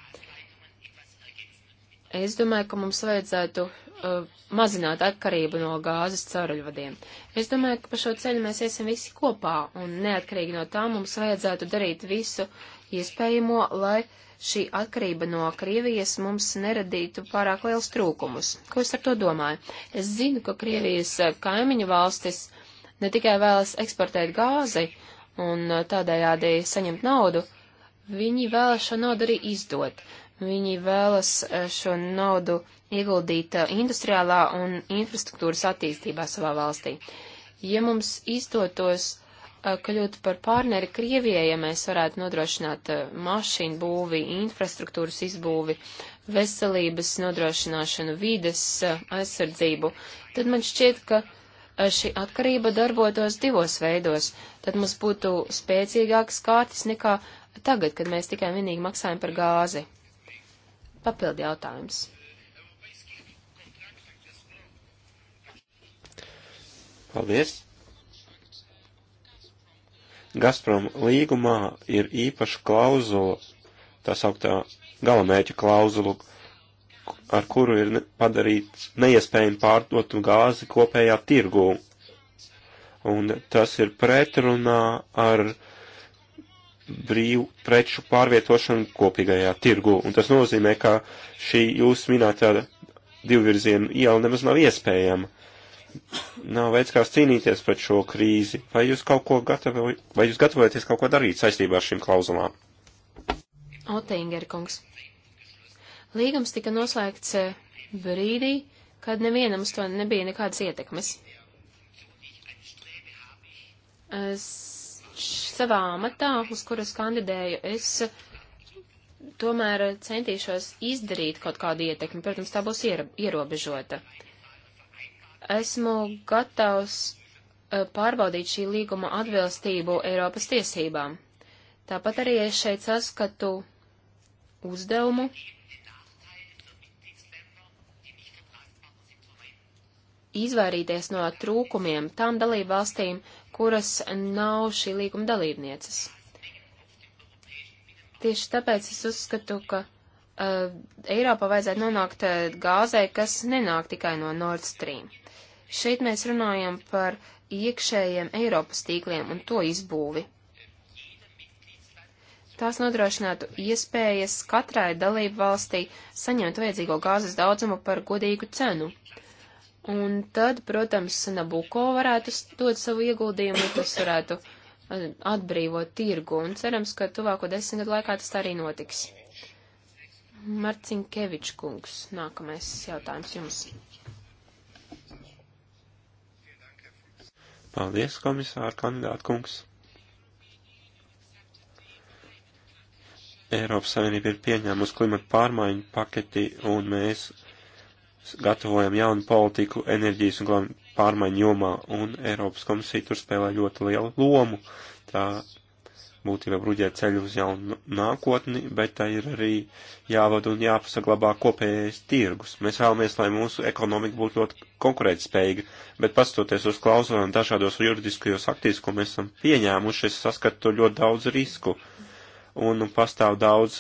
Es domāju, ka mums vajadzētu uh, mazināt atkarību no gāzes cauruļvadiem. Es domāju, ka pa šo ceļu mēs iesim visi kopā, un neatkarīgi no tā mums vajadzētu darīt visu iespējamo, lai šī atkarība no Krievijas mums neradītu pārāk liels trūkumus. Ko es ar to domāju? Es zinu, ka Krievijas uh, kaimiņu valstis ne tikai vēlas eksportēt gāzi un uh, tādējādi saņemt naudu, viņi vēlas šo naudu arī izdot. Viņi vēlas e, šo naudu ieguldīt e, industriālā un infrastruktūras attīstībā savā valstī. Ja mums izdotos e, kļūt par partneri Krievijai, ja mēs varētu nodrošināt mašīnu būvi, infrastruktūras izbūvi, veselības nodrošināšanu, vides aizsardzību, tad man šķiet, ka šī atkarība darbotos divos veidos. Tad mums būtu spēcīgākas kārtas nekā tagad, kad mēs tikai vienīgi maksājam par gāzi. Papildi jautājums. Paldies! Gazprom līgumā ir īpaša klauzula, tā sauktā galamērķa klauzulu, ar kuru ir padarīts neiespējami pārdot gāzi kopējā tirgū. Un tas ir pretrunā ar brīvu preču pārvietošanu kopīgajā tirgu. Un tas nozīmē, ka šī jūs minētā divvirzienu iela nemaz nav iespējama. Nav veids, kā cīnīties pret šo krīzi. Vai jūs kaut ko gatavoj, vai jūs gatavojaties kaut ko darīt saistībā ar šīm klauzulām? Otingeri kungs. Līgums tika noslēgts eh, brīdī, kad nevienam uz to nebija nekādas ietekmes. Es savā amatā, uz kuras kandidēju, es tomēr centīšos izdarīt kaut kādu ietekmi. Protams, tā būs iera, ierobežota. Esmu gatavs e, pārbaudīt šī līguma atbilstību Eiropas tiesībām. Tāpat arī es šeit saskatu uzdevumu. Izvairīties no trūkumiem tām dalībvalstīm, valstīm, kuras nav šī līguma dalībnieces. Tieši tāpēc es uzskatu, ka uh, Eiropā vajadzētu nonākt uh, eh, gāzai, kas nenāk tikai no Nord Stream. Šeit mēs runājam par iekšējiem Eiropas tīkliem un to izbūvi. Tās nodrošinātu iespējas katrai dalību valstī saņemt vajadzīgo gāzes daudzumu par godīgu cenu. Uh, Un tad, protams, Nabuko varētu dot savu ieguldījumu, tas varētu eh, atbrīvot tirgu, un cerams, ka tuvāko desmit gadu laikā tas tā arī notiks. Marcinkevičs kungs, nākamais jautājums jums. Paldies, komisāra kandidāta kungs. Eiropas Savienība ir pieņēmusi klimata pārmaiņu paketi, un mēs gatavojam jaunu politiku enerģijas un glābšanas pārmaiņu jomā, un Eiropas komisija tur spēlē ļoti lielu lomu. Tā būtībā bruģē ceļu uz jaunu nākotni, bet tā ir arī jāvada un jāpasaglabā kopējais tirgus. Mēs vēlamies, lai mūsu ekonomika būtu ļoti konkurētspējīga, bet pastoties uz klausulēm dažādos juridiskajos aktīs, ko mēs esam pieņēmuši, es saskatu ļoti daudz risku, un pastāv daudz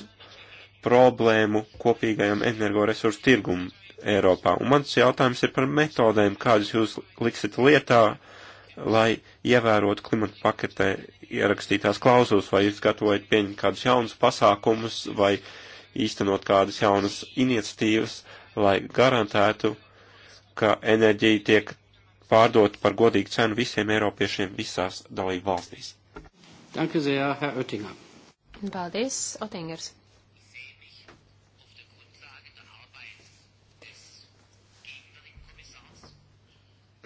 problēmu kopīgajam energoresursu tirgumu Eiropā. Un mans jautājums ir par metodēm, kādas jūs liksiet lietā, lai ievērotu klimata paketē ierakstītās klauzulas, vai jūs gatavojat pieņemt kādus jaunus pasākumus, vai īstenot kādas jaunas iniciatīvas, lai garantētu, ka enerģija tiek pārdot par godīgu cenu visiem eiropiešiem visās dalību valstīs. Danke sehr, Herr Oettinger. Paldies, Otingers.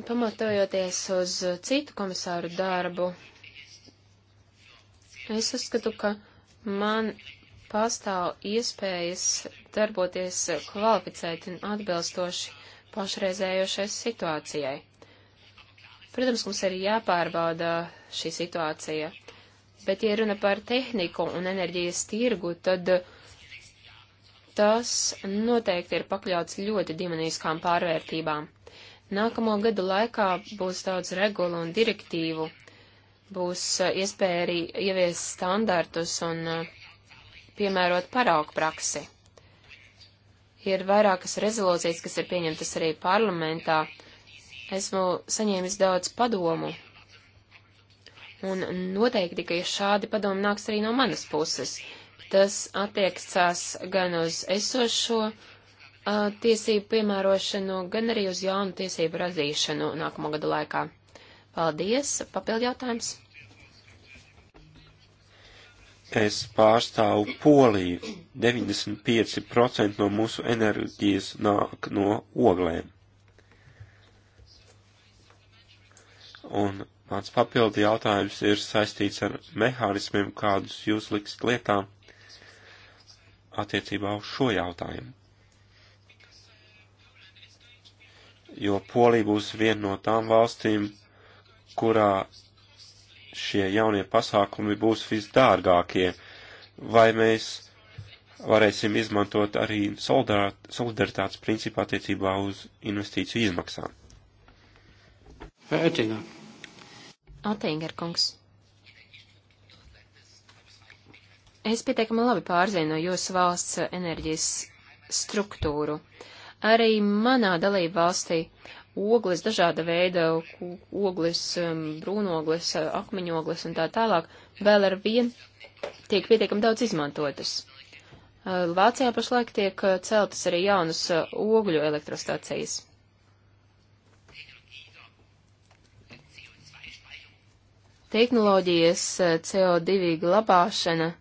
Pamatojoties uz citu komisāru darbu, es uzskatu, ka man pastāv iespējas darboties kvalificēti un atbilstoši pašreizējošai situācijai. Protams, mums ir jāpārbauda šī situācija, bet, ja runa par tehniku un enerģijas tirgu, tad tas noteikti ir pakļauts ļoti dimaniskām pārvērtībām. Nākamo gadu laikā būs daudz regulu un direktīvu, būs eh, iespēja arī ieviest standartus un eh, piemērot paraugu praksi. Ir vairākas rezolūcijas, kas ir pieņemtas arī parlamentā. Esmu saņēmis daudz padomu. Un noteikti, ka šādi padomi nāks arī no manas puses. Tas attieksās gan uz esošo uh, tiesību piemērošanu, gan arī uz jaunu tiesību radīšanu nākamo gadu laikā. Paldies! Papildu jautājums! Es pārstāvu Poliju. 95% no mūsu enerģijas nāk no oglēm. Un mans papildu jautājums ir saistīts ar mehānismiem, kādus jūs liksiet lietā attiecībā uz šo jautājumu. jo Polija būs viena no tām valstīm, kurā šie jaunie pasākumi būs visdārgākie. Vai mēs varēsim izmantot arī solidaritātes principu attiecībā uz investīciju izmaksām? Pētiņa. Atīnger kungs. Es pietiekami labi pārzinu jūsu valsts enerģijas struktūru. Uh, Arī manā dalību valstī ogles, dažāda veida ogles, um, brūnogles, uh, akmeņogles un tā tālāk, vēl ar vien tiek pietiekami daudz izmantotas. Uh, Vācijā pašlaik tiek uh, celtas arī jaunas ogļu elektrostacijas. Tehnoloģijas CO2 glabāšana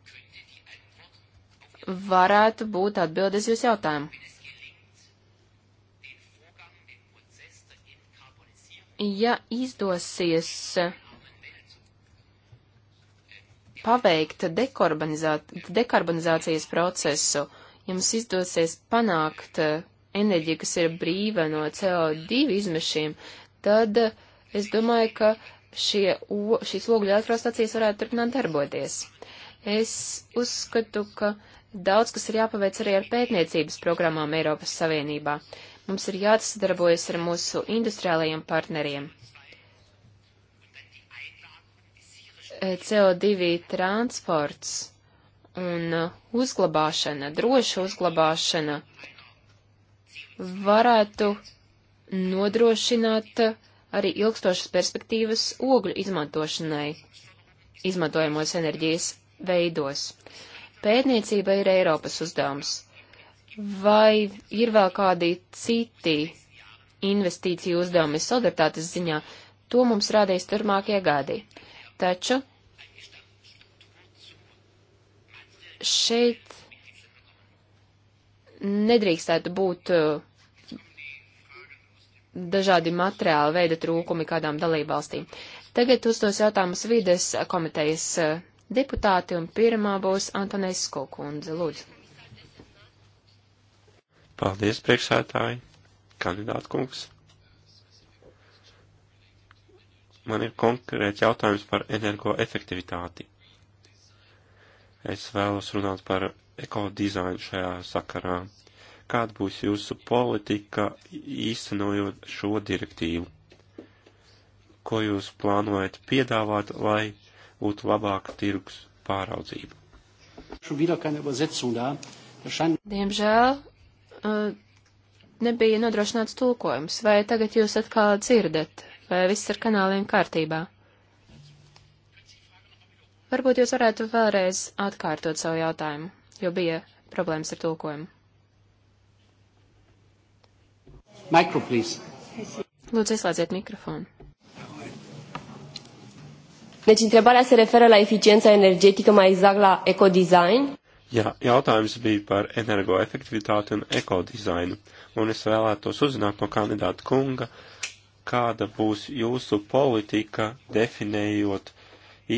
varētu būt atbildes jūs jautājumu. ja izdosies eh, paveikt dekarbonizācijas procesu, jums izdosies panākt eh, enerģiju, kas ir brīva no CO2 izmešiem, tad eh, es domāju, ka šie, o, šīs ogļu elektrostacijas varētu turpināt darboties. Es uzskatu, ka daudz kas ir jāpaveic arī ar pētniecības programmām Eiropas Savienībā. Uh, Mums ir jāsadarbojas ar mūsu industriālajiem partneriem. CO2 transports un uzglabāšana, droša uzglabāšana varētu nodrošināt arī ilgstošas perspektīvas ogļu izmantošanai izmantojamos enerģijas veidos. Pētniecība ir Eiropas uzdevums vai ir vēl kādi citi investīciju uzdevumi solidaritātes ziņā, to mums rādīs turmākie gadi. Taču šeit nedrīkstētu būt uh, dažādi materiāli veida trūkumi kādām dalībvalstīm. Tagad uzdos jautājumus vides komitejas uh, deputāti, un pirmā būs Antonesko kundze. Lūdzu. Paldies, priekšsētāji, kandidāta kungs. Man ir konkrēts jautājums par energoefektivitāti. Es vēlos runāt par ekodizainu šajā sakarā. Kāda būs jūsu politika īstenojot šo direktīvu? Ko jūs plānojat piedāvāt, lai būtu labāka tirgus pāraudzība? Diemžēl Uh, nebija nodrošināts tulkojums. Vai tagad jūs atkal dzirdat? Vai viss ar kanāliem kārtībā? Varbūt jūs varētu vēlreiz atkārtot savu jautājumu, jo bija problēmas ar tulkojumu. Mikro, please. Lūdzu, izslēdziet mikrofonu. Deci, întrebarea se referă la eficiența energetică, mai exact la ecodesign. Ja jautājums bija par energoefektivitāti un ekodizainu, un es vēlētos uzzināt no kandidāta kunga, kāda būs jūsu politika definējot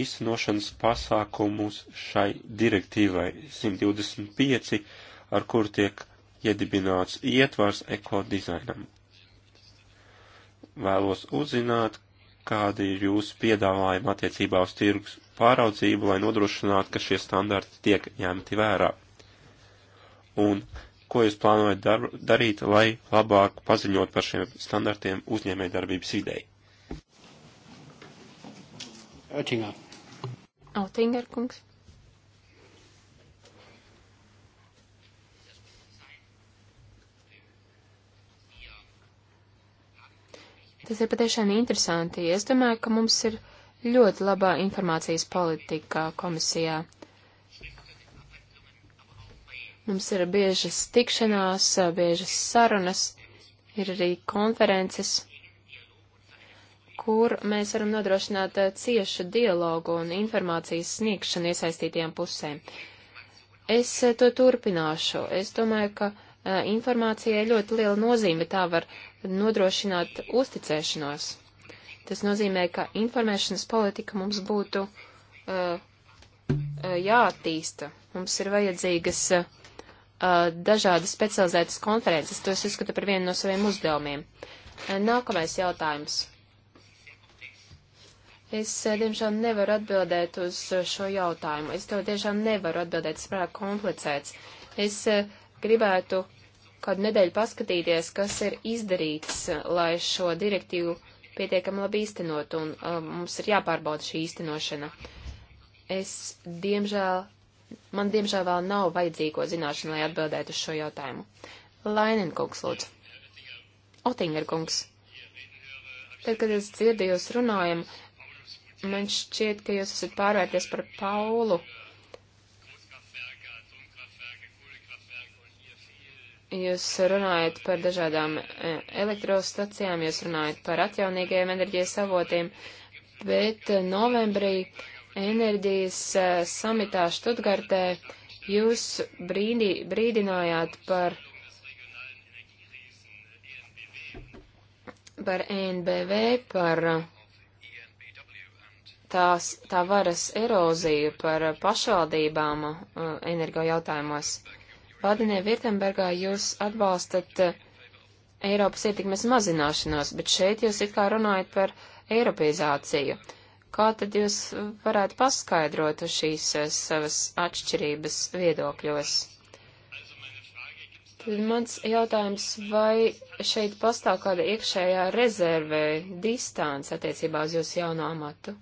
īstenošanas pasākumus šai direktīvai 125, ar kur tiek iedibināts ietvars ekodizainam. Vēlos uzzināt, kādi ir jūsu piedāvājumi attiecībā uz tirgus pāraudzību, lai nodrošinātu, ka šie standarti tiek ņemti vērā. Un ko jūs plānojat dar darīt, lai labāk paziņot par šiem standartiem uzņēmē darbības ideju? Oettinger. Oettinger kungs. Tas ir patiešām interesanti. Es domāju, ka mums ir ļoti labā informācijas politikā komisijā. Mums ir biežas tikšanās, biežas sarunas, ir arī konferences, kur mēs varam nodrošināt ciešu dialogu un informācijas sniegšanu iesaistītajām pusēm. Es to turpināšu. Es domāju, ka eh, informācijai ļoti liela nozīme, tā var nodrošināt uzticēšanos. Tas nozīmē, ka informēšanas politika mums būtu uh, uh jāattīsta. Mums ir vajadzīgas uh, uh dažādas specializētas konferences. To es uzskatu par vienu no saviem uzdevumiem. Uh, nākamais jautājums. Es, diemžēl, nevaru atbildēt uz šo jautājumu. Es to tiešām nevaru atbildēt, tas pārāk komplicēts. Es gribētu kādu nedēļu paskatīties, kas ir izdarīts, lai šo direktīvu uh, pietiekami labi īstenot, un um, mums ir jāpārbauda šī īstenošana. Es, diemžēl, man diemžēl vēl nav vajadzīgo zināšanu, lai atbildētu uz šo jautājumu. Lainen kungs, lūdzu. Otinger kungs. Tad, kad es dzirdu jūs runājam, man šķiet, ka jūs esat pārvērties par Paulu. Uh, Jūs runājat par dažādām e, elektrostacijām, jūs runājat par atjaunīgajiem enerģijas avotiem, bet e, novembrī enerģijas e, samitā Štutgartē jūs brīdī, brīdinājāt par, par ENBV, par tās, tā varas eroziju, par pašvaldībām energo jautājumos. Vādinē Virtembergā jūs atbalstat eh, Eiropas ietekmes mazināšanos, bet šeit jūs it kā runājat par eiropeizāciju. Kā tad jūs varētu paskaidrot šīs eh, savas atšķirības viedokļos? Tad mans jautājums, vai šeit pastāv kāda iekšējā rezervē distance attiecībā uz jūsu jauno amatu?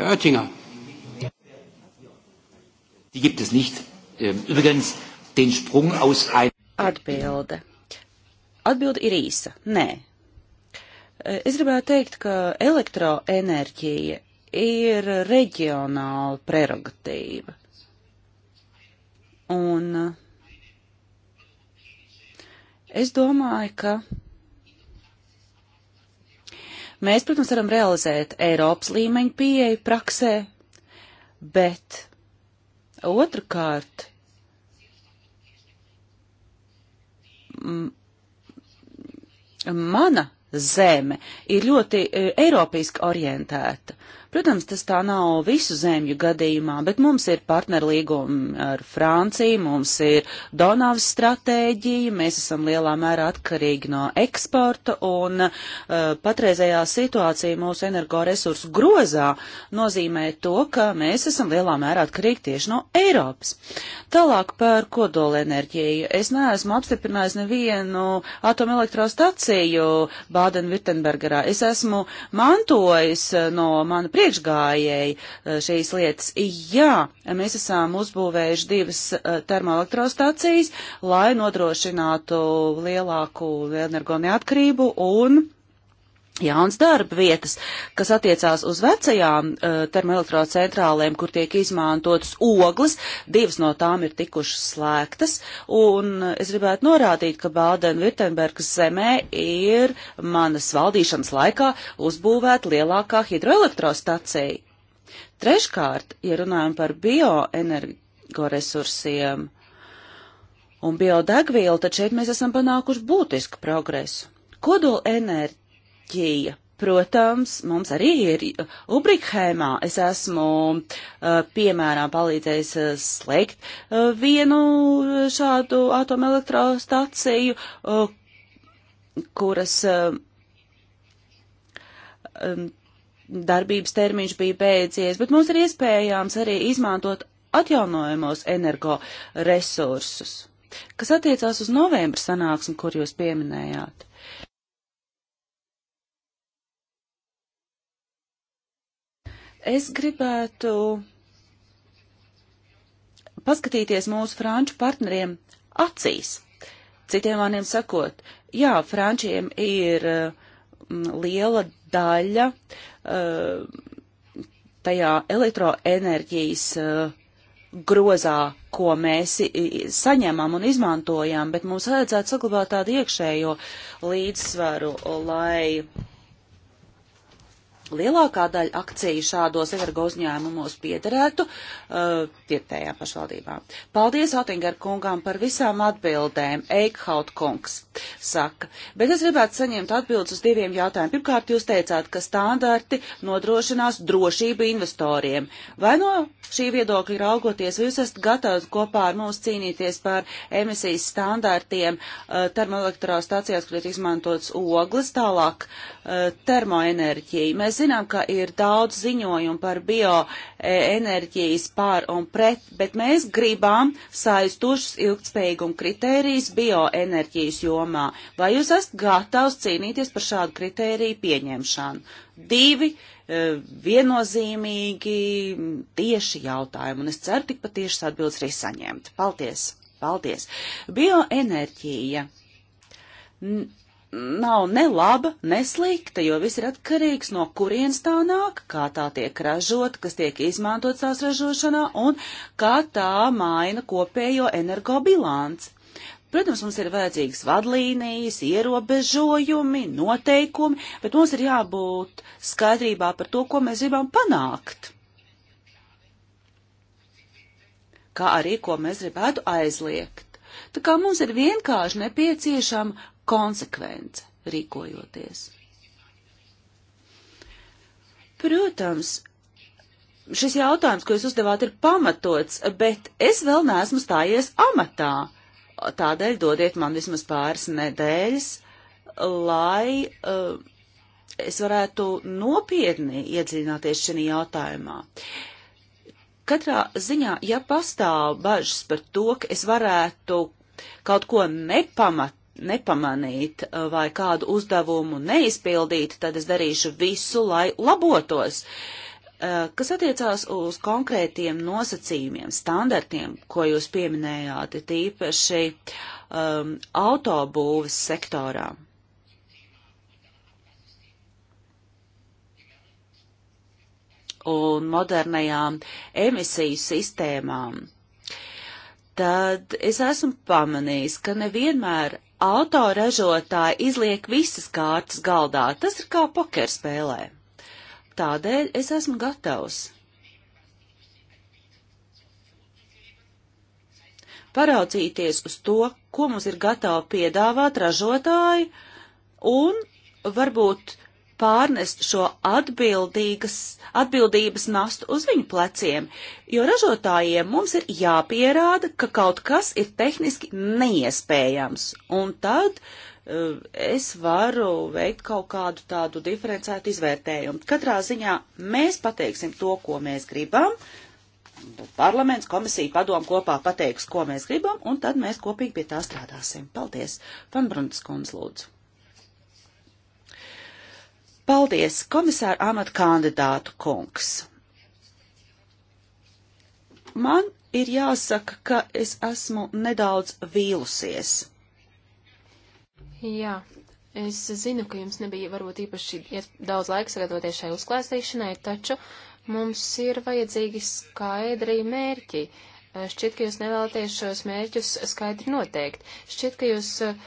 Oettinger. Die gibt es nicht. Ähm, übrigens, den Sprung aus einem. Atbilde. Atbilde ir īsa. Nē. Es gribētu teikt, ka elektroenerģija ir reģionāla prerogatīva. Un es domāju, ka mēs, protams, varam realizēt Eiropas līmeņa pieeju praksē, bet otrkārt mana zeme ir ļoti eh, Eiropiski orientēta. Uh, Protams, tas tā nav visu zemju gadījumā, bet mums ir partnerlīgumi ar Franciju, mums ir Donavas stratēģija, mēs esam lielā mērā atkarīgi no eksporta un uh, patreizējā situācija mūsu energoresursu grozā nozīmē to, ka mēs esam lielā mērā atkarīgi tieši no Eiropas. Tālāk par kodolenerģiju. Es neesmu apstiprinājis nevienu atomelektrostaciju Bādenvirtenbergerā. Es esmu mantojis uh, no mana priekšgājēji eh, šīs lietas. Jā, mēs esam uzbūvējuši divas eh, termoelektrostācijas, lai nodrošinātu lielāku energo neatkarību un jauns darba vietas, kas attiecās uz vecajām uh, eh, termoelektrocentrālēm, kur tiek izmantotas ogles. Divas no tām ir tikušas slēgtas, un eh, es gribētu norādīt, ka Bādena-Virtenbergas zemē ir manas valdīšanas laikā uzbūvēta lielākā hidroelektrostacija. Treškārt, ja runājam par bioenergoresursiem un biodegvielu, tad šeit mēs esam panākuši būtisku progresu. Kodola enerģija Grieķija. Protams, mums arī ir uh, Ubrikhēmā. Es esmu, uh, piemēram, palīdzējis uh, slēgt vienu šādu atomelektrostaciju, kuras um, darbības termiņš bija beidzies, bet mums ir iespējams arī izmantot atjaunojamos energoresursus. Kas attiecās uz novembra sanāksmi, kur jūs pieminējāt? Es gribētu paskatīties mūsu franču partneriem acīs. Citiem vārdiem sakot, jā, frančiem ir m, mm, liela daļa uh, tajā elektroenerģijas uh, grozā, ko mēs saņemam un izmantojam, bet mums vajadzētu saglabāt tādu iekšējo līdzsvaru, lai lielākā daļa akciju šādos energo uzņēmumos piederētu uh, vietējām pašvaldībām. Paldies Otingar kungām par visām atbildēm, Eikhaut kungs saka, bet es gribētu saņemt atbildes uz diviem jautājumiem. Pirmkārt, jūs teicāt, ka standarti nodrošinās drošību investoriem. Vai no šī viedokļa raugoties, vai jūs esat gatavi kopā ar mums cīnīties par emisijas standartiem uh, termoelektrostācijās, kur ir izmantots ogles, tālāk uh, termoenerģija? Mēs zinām, ka ir daudz ziņojumu par bioenerģijas pār un pret, bet mēs gribām saistošus ilgtspējīgumu kritērijus bioenerģijas jomā. Vai jūs esat gatavs cīnīties par šādu kritēriju pieņemšanu? Divi e, viennozīmīgi tieši jautājumi, un es ceru tik patiešas atbildes arī saņemt. Paldies! Paldies! Bioenerģija nav ne laba, ne slikta, jo viss ir atkarīgs no kurienes tā nāk, kā tā tiek ražot, kas tiek izmantot tās ražošanā un kā tā maina kopējo energobilanci. Protams, mums ir vajadzīgas vadlīnijas, ierobežojumi, noteikumi, bet mums ir jābūt skaidrībā par to, ko mēs gribam panākt. Kā arī, ko mēs gribētu aizliegt. Tā kā mums ir vienkārši nepieciešama konsekvence rīkojoties. Protams, šis jautājums, ko jūs uzdevāt, ir pamatots, bet es vēl neesmu stājies amatā. Tādēļ dodiet man vismaz pāris nedēļas, lai uh, es varētu nopietni iedziļināties šajā jautājumā. Katrā ziņā, ja pastāv bažas par to, ka es varētu kaut ko nepamat nepamanīt eh, vai kādu uzdevumu neizpildīt, tad es darīšu visu, lai labotos. Eh, kas attiecās uz konkrētiem nosacījumiem, standartiem, ko jūs pieminējāt, tīpaši um, autobūves sektorā? un modernajām emisiju sistēmām tad es esmu pamanījis, ka nevienmēr autoražotāji izliek visas kārtas galdā. Tas ir kā pokerspēlē. Tādēļ es esmu gatavs paraudzīties uz to, ko mums ir gatavi piedāvāt ražotāji, un varbūt pārnest šo atbildības nastu uz viņu pleciem, jo ražotājiem mums ir jāpierāda, ka kaut kas ir tehniski neiespējams, un tad uh, es varu veikt kaut kādu tādu diferencētu izvērtējumu. Katrā ziņā mēs pateiksim to, ko mēs gribam, parlaments, komisija, padomu kopā pateiks, ko mēs gribam, un tad mēs kopīgi pie tā strādāsim. Paldies! Van Brunts kundz lūdzu. Paldies, komisāra amata kandidātu kungs. Man ir jāsaka, ka es esmu nedaudz vīlusies. Jā, es zinu, ka jums nebija varbūt īpaši daudz laika sagatavoties šai uzklāstīšanai, taču mums ir vajadzīgi skaidri mērķi. Uh, Eh, šķiet, ka jūs nevēlaties šos mērķus skaidri noteikt. Šķiet, ka jūs eh,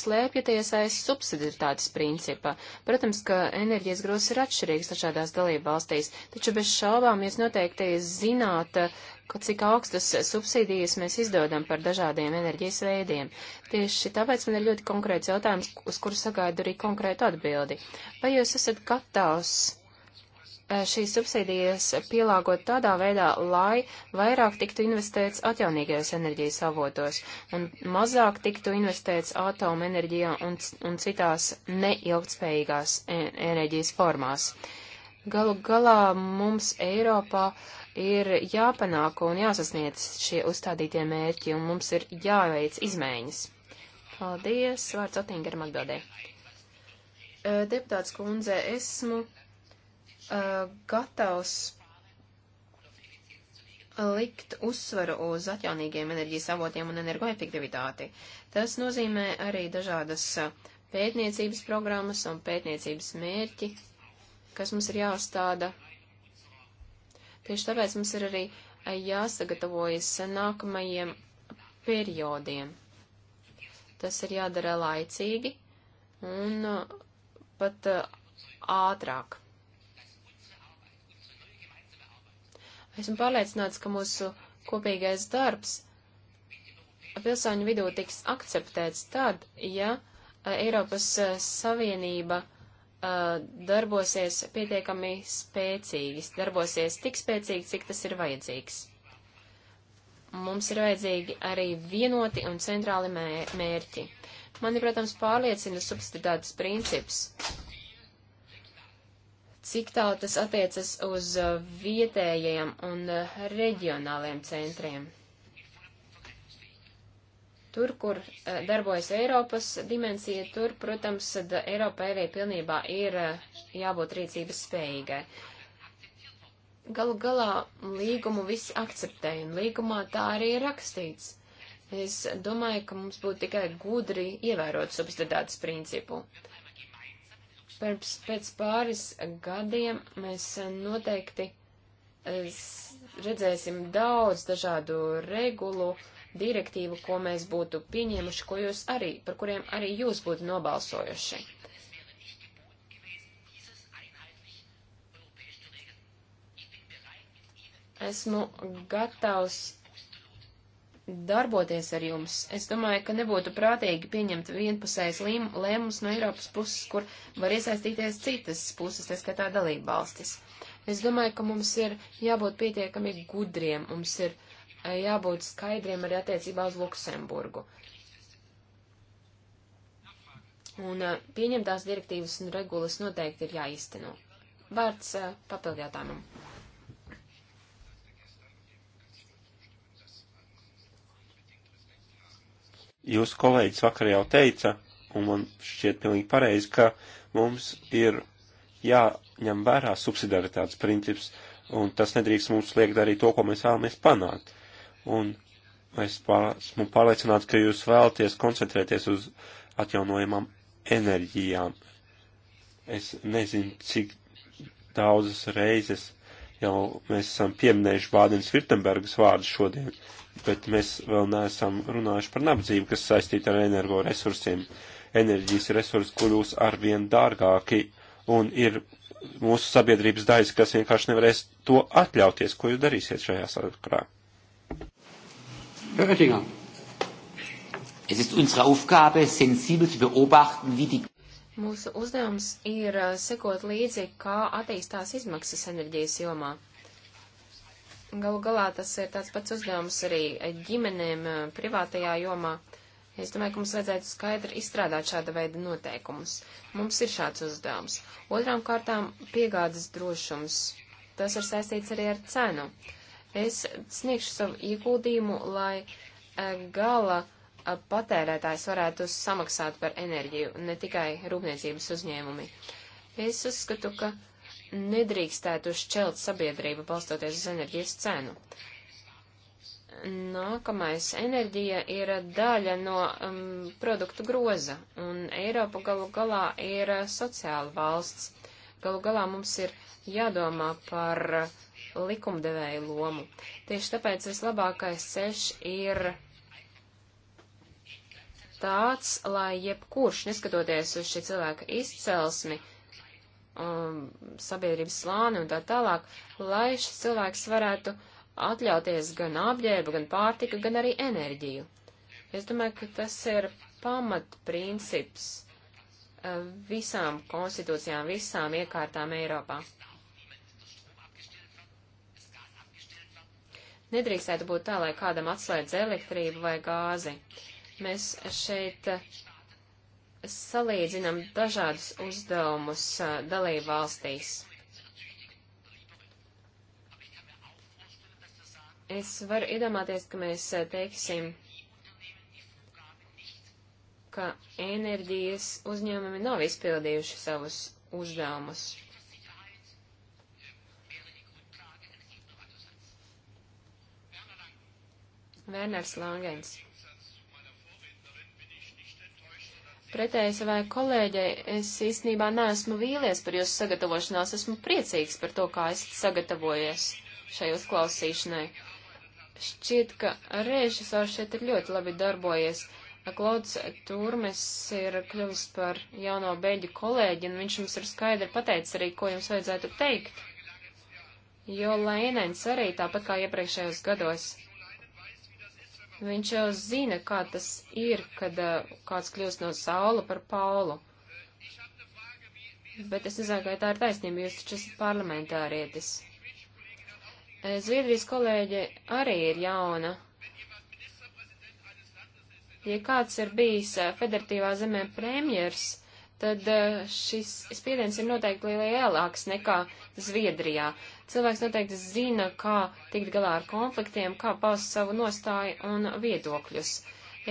slēpjaties aiz subsidiaritātes principa. Protams, ka enerģijas grozs ir atšķirīgs dažādās dalība valstīs, taču bez šaubām jūs noteikti zināt, eh, ka cik augstas subsīdijas mēs izdodam par dažādiem enerģijas veidiem. Tieši tāpēc man ir ļoti konkrēts jautājums, uz kuru sagaidu arī konkrētu atbildi. Vai jūs esat gatavs? Eh, šīs subsīdijas pielāgot tādā veidā, lai vairāk tiktu investēts atjaunīgajos enerģijas avotos un mazāk tiktu investēts atomenerģijā un, un citās neilgtspējīgās e, enerģijas formās. Galu galā mums Eiropā ir jāpanāk un jāsasniedz šie uzstādītie mērķi, un mums ir jāveic izmaiņas. Paldies, vārds Otingaram atbildē. Eh, deputāts kundze, esmu uh, gatavs likt uzsvaru uz atjaunīgiem enerģijas avotiem un energoefektivitāti. Tas nozīmē arī dažādas uh, pētniecības programmas un pētniecības mērķi, kas mums ir jāuzstāda. Tieši tāpēc mums ir arī uh, jāsagatavojas nākamajiem periodiem. Tas ir jādara laicīgi un uh, pat ātrāk. Esmu pārliecināts, ka mūsu kopīgais darbs pilsāņu vidū tiks akceptēts tad, ja Eiropas Savienība darbosies pietiekami spēcīgi, darbosies tik spēcīgi, cik tas ir vajadzīgs. Mums ir vajadzīgi arī vienoti un centrāli mērķi. Mani, protams, pārliecina substitātes princips cik tālu tas attiecas uz uh, vietējiem un uh, reģionāliem centriem. Tur, kur uh, darbojas Eiropas dimensija, tur, protams, Eiropa arī pilnībā ir jābūt rīcības spējīgai. Galu galā līgumu visi akceptē, un līgumā tā arī ir rakstīts. Es domāju, ka mums būtu tikai gudri ievērot subsidētas principu. Uh, Pirms, pēc pāris gadiem mēs noteikti eh, redzēsim daudz dažādu regulu, direktīvu, ko mēs būtu pieņēmuši, ko jūs arī, par kuriem arī jūs būtu nobalsojuši. esmu gatavs darboties ar jums. Es domāju, ka nebūtu prātīgi pieņemt vienpusējas lēmumus no Eiropas puses, kur var iesaistīties citas puses, tā skaitā dalība valstis. Es domāju, ka mums ir jābūt pietiekami gudriem, mums ir eh, jābūt skaidriem arī attiecībā uz Luksemburgu. Un eh, pieņemtās direktīvas un regulas noteikti ir jāizteno. Vārds eh, papildinātājumam. Jūsu kolēģis vakar jau teica, un man šķiet pilnīgi pareizi, ka mums ir jāņem vērā subsidaritātes princips, un tas nedrīkst mums liekt darīt to, ko mēs vēlamies panākt. Un es pār, esmu pārliecināts, ka jūs vēlaties koncentrēties uz atjaunojumām enerģijām. Es nezinu, cik daudzas reizes jau mēs esam pieminējuši Bādens Virtembergas vārdu šodien, bet mēs vēl neesam runājuši par nabadzību, kas saistīta ar energoresursiem. Enerģijas resursi kļūs arvien dārgāki un ir mūsu sabiedrības daļas, kas vienkārši nevarēs to atļauties. Ko jūs darīsiet šajā sakarā? Oettinger. Es ist unsere Aufgabe, sensibel zu beobachten, wie die Mūsu uzdevums ir uh, sekot līdzi, kā attīstās izmaksas enerģijas jomā. Galu galā tas ir tāds pats uzdevums arī ģimenēm eh, privātajā jomā. Es domāju, ka mums vajadzētu skaidri izstrādāt šāda veida noteikumus. Mums ir šāds uzdevums. Otrām kārtām piegādes drošums. Tas ir saistīts arī ar cenu. Es sniegšu savu ieguldījumu, lai eh, gala eh, patērētājs varētu samaksāt par enerģiju, ne tikai rūpniecības uzņēmumi. Es uzskatu, ka nedrīkstētu šķelt sabiedrību balstoties uz enerģijas cenu. Nākamais enerģija ir daļa no um, produktu groza, un Eiropa galu galā ir sociāla valsts. Galu galā mums ir jādomā par likumdevēju lomu. Tieši tāpēc vislabākais ceļš ir tāds, lai jebkurš, neskatoties uz šī cilvēka izcelsmi, uh, um, sabiedrības slāni un tā tālāk, lai šis cilvēks varētu atļauties gan apģērbu, gan pārtika, gan arī enerģiju. Es domāju, ka tas ir pamatprincips uh, visām konstitūcijām, visām iekārtām Eiropā. Nedrīkstētu būt tā, lai kādam atslēdz elektrību vai gāzi. Mēs šeit uh, salīdzinam dažādus uzdevumus dalību valstīs. Es varu iedomāties, ka mēs teiksim, ka enerģijas uzņēmumi nav izpildījuši savus uzdevumus. Vērners Langens. pretēji savai kolēģei, es īstenībā neesmu vīlies par jūsu sagatavošanās, esmu priecīgs par to, kā esat sagatavojies šai uzklausīšanai. Šķiet, ka režisors šeit ir ļoti labi darbojies. Klauds Turmes ir kļuvis par jauno beļģu kolēģi, un viņš mums ir skaidri pateicis arī, ko jums vajadzētu teikt. Jo Lēnens arī, tāpat kā iepriekšējos gados, Viņš jau zina, kā tas ir, kad kāds kļūst no saula par Paulu. Bet es nezinu, vai tā ir taisnība, jūs taču esat parlamentārietis. Zviedrijas kolēģe arī ir jauna. Ja kāds ir bijis federatīvā zemē premjers, tad eh, šis spiediens ir noteikti lielāks nekā Zviedrijā. Cilvēks noteikti zina, kā tikt galā ar konfliktiem, kā paust savu nostāju un viedokļus.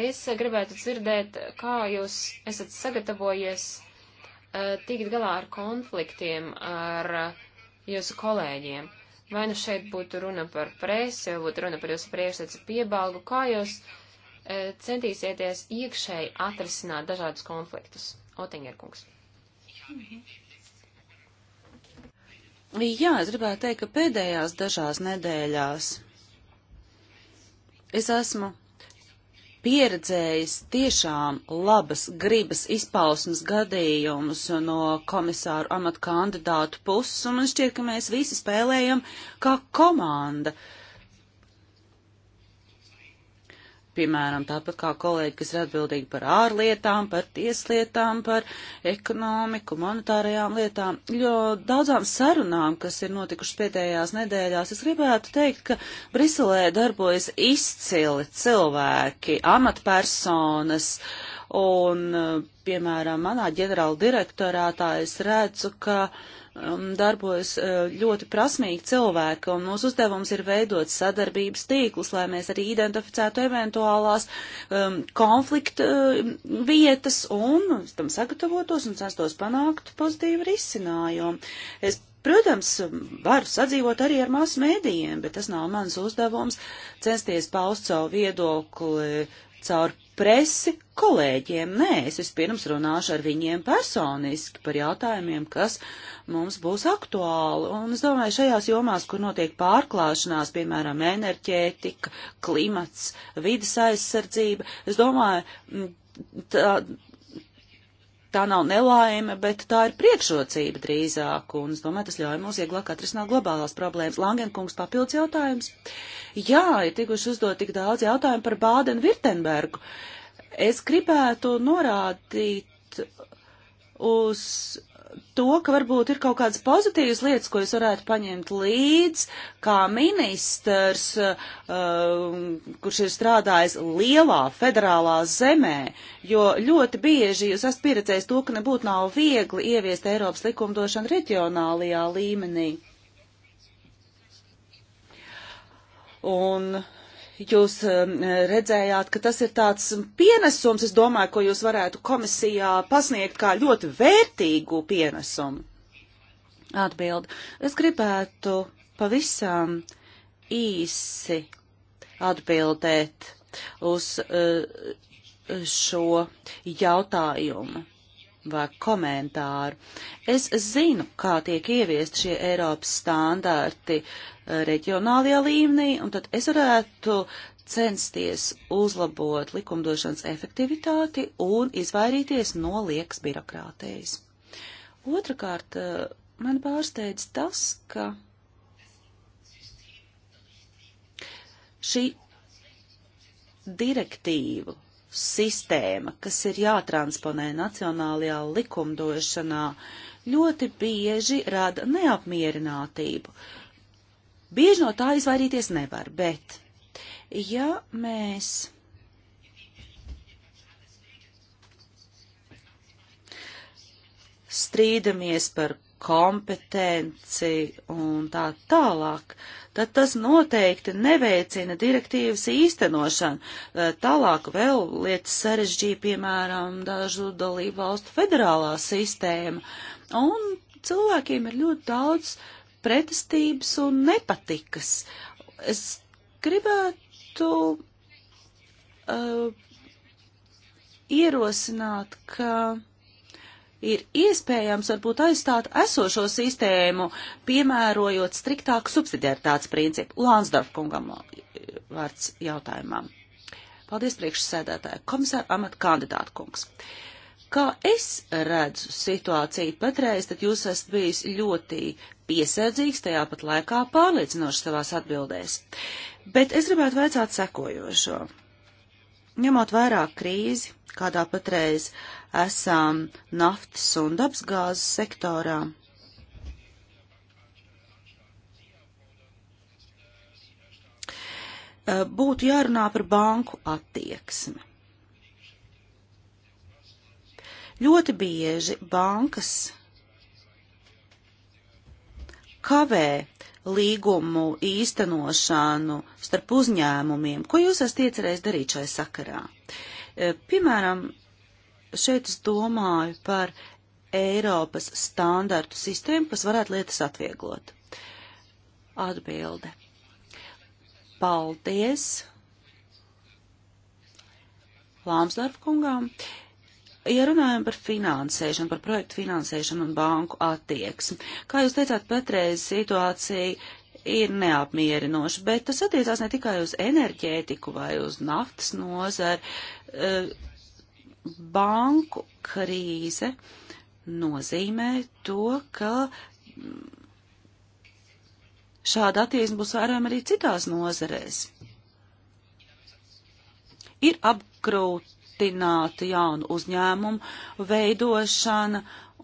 Es gribētu dzirdēt, kā jūs esat sagatavojies uh, tikt galā ar konfliktiem ar uh, jūsu kolēģiem. Vai nu šeit būtu runa par presi, vai būtu runa par jūsu priekšsaci piebalgu, kā jūs uh, centīsieties iekšēji atrisināt dažādus konfliktus? Otingerkungs. Jā, es gribētu teikt, ka pēdējās dažās nedēļās es esmu pieredzējis tiešām labas gribas izpausmas gadījumus no komisāru amatu kandidātu puses, un man šķiet, ka mēs visi spēlējam kā komanda. Uh, piemēram, tāpat kā kolēģi, kas ir atbildīgi par ārlietām, par tieslietām, par ekonomiku, monetārajām lietām, jo daudzām sarunām, kas ir notikušas pēdējās nedēļās, es gribētu teikt, ka Briselē darbojas izcili cilvēki, amatpersonas, un, piemēram, manā ģenerāla direktorātā es redzu, ka uh, Um, darbojas uh, ļoti prasmīgi cilvēki, un mūsu uzdevums ir veidot sadarbības tīklus, lai mēs arī identificētu eventuālās um, konflikta uh, vietas un nu, tam sagatavotos un censtos panākt pozitīvu risinājumu. Es, protams, varu sadzīvot arī ar masu mēdījiem, bet tas nav mans uzdevums censties paust savu viedokli caur presi kolēģiem. Nē, es vispirms runāšu ar viņiem personiski par jautājumiem, kas mums būs aktuāli. Un es domāju, šajās jomās, kur notiek pārklāšanās, piemēram, enerģētika, klimats, vidas aizsardzība, es domāju, tā, tā nav nelaime, bet tā ir priekšrocība drīzāk, un es domāju, tas ļauj mums vieglāk atrisināt globālās problēmas. Langenkungs papildus jautājums. Jā, ir tikuši uzdot tik daudz jautājumu par Bādenu-Virtenbergu. Es gribētu norādīt uz to, ka varbūt ir kaut kādas pozitīvas lietas, ko jūs varētu paņemt līdz, kā ministrs, uh, kurš ir strādājis lielā federālā zemē, jo ļoti bieži jūs esat pieredzējis to, ka nebūtu nav viegli ieviest Eiropas likumdošanu reģionālajā līmenī. Un jūs um, redzējāt, ka tas ir tāds pienesums, es domāju, ko jūs varētu komisijā pasniegt kā ļoti vērtīgu pienesumu. Atbild. Es gribētu pavisam īsi atbildēt uz uh, šo jautājumu vai komentāru. Es zinu, kā tiek ieviest šie Eiropas standarti eh, reģionālajā līmenī, un tad es varētu censties uzlabot likumdošanas efektivitāti un izvairīties no liekas birokrātējas. Otrakārt, eh, man pārsteidz tas, ka šī direktīvu sistēma, kas ir jātransponē nacionālajā likumdošanā, ļoti bieži rada neapmierinātību. Bieži no tā izvairīties nevar, bet ja mēs strīdamies par kompetenci un tā tālāk, tad tas noteikti neveicina direktīvas īstenošanu. Eh, tālāk vēl lietas sarežģīja, piemēram, dažu dalību valstu federālā sistēma, un cilvēkiem ir ļoti daudz pretestības un nepatikas. Es gribētu uh, ierosināt, ka ir iespējams varbūt aizstāt esošo sistēmu, piemērojot striktāku subsidiaritātes principu. Lansdorf kungam vārds jautājumam. Paldies priekšsēdētāji, komisāra amata kandidāta kungs. Kā es redzu situāciju patreiz, tad jūs esat bijis ļoti piesardzīgs, tajā pat laikā pārliecinoši savās atbildēs. Bet es gribētu veicāt sekojošo ņemot vērā krīzi, kādā patreiz esam naftas un dabasgāzes sektorā. Eh, būtu jārunā par banku attieksmi. Ļoti bieži bankas kavē līgumu īstenošanu starp uzņēmumiem. Ko jūs esat iecerējis darīt šai sakarā? Eh, piemēram, Šeit es domāju par Eiropas standartu sistēmu, kas varētu lietas atvieglot. Atbilde. Paldies Lāmsdorf kungām. Ja runājam par finansēšanu, par projektu finansēšanu un banku attieksmi, kā jūs teicāt, patreiz situācija ir neapmierinoša, bet tas attiecās ne tikai uz enerģētiku vai uz naftas nozari. Uh, banku krīze nozīmē to, ka šāda attieksme būs vērojama arī citās nozarēs. Ir apgrūtināta jaunu uzņēmumu veidošana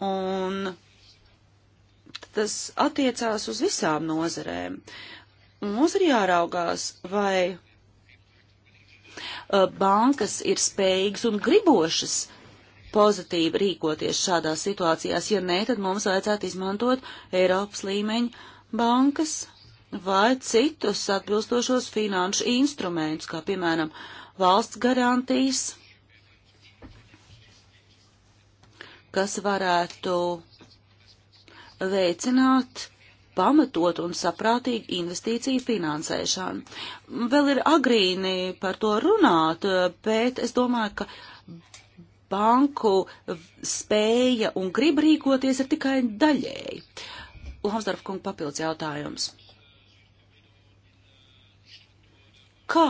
un tas attiecās uz visām nozarēm. Mums ir jāraugās, vai bankas ir spējīgas un gribošas pozitīvi rīkoties šādās situācijās. Ja nē, tad mums vajadzētu izmantot Eiropas līmeņa bankas vai citus atbilstošos finanšu instrumentus, kā piemēram valsts garantijas, kas varētu veicināt pamatot un saprātīgu investīciju finansēšanu. Vēl ir agrīni par to runāt, bet es domāju, ka banku spēja un grib rīkoties ir tikai daļēji. Lamsdorf kunga papildus jautājums. Kā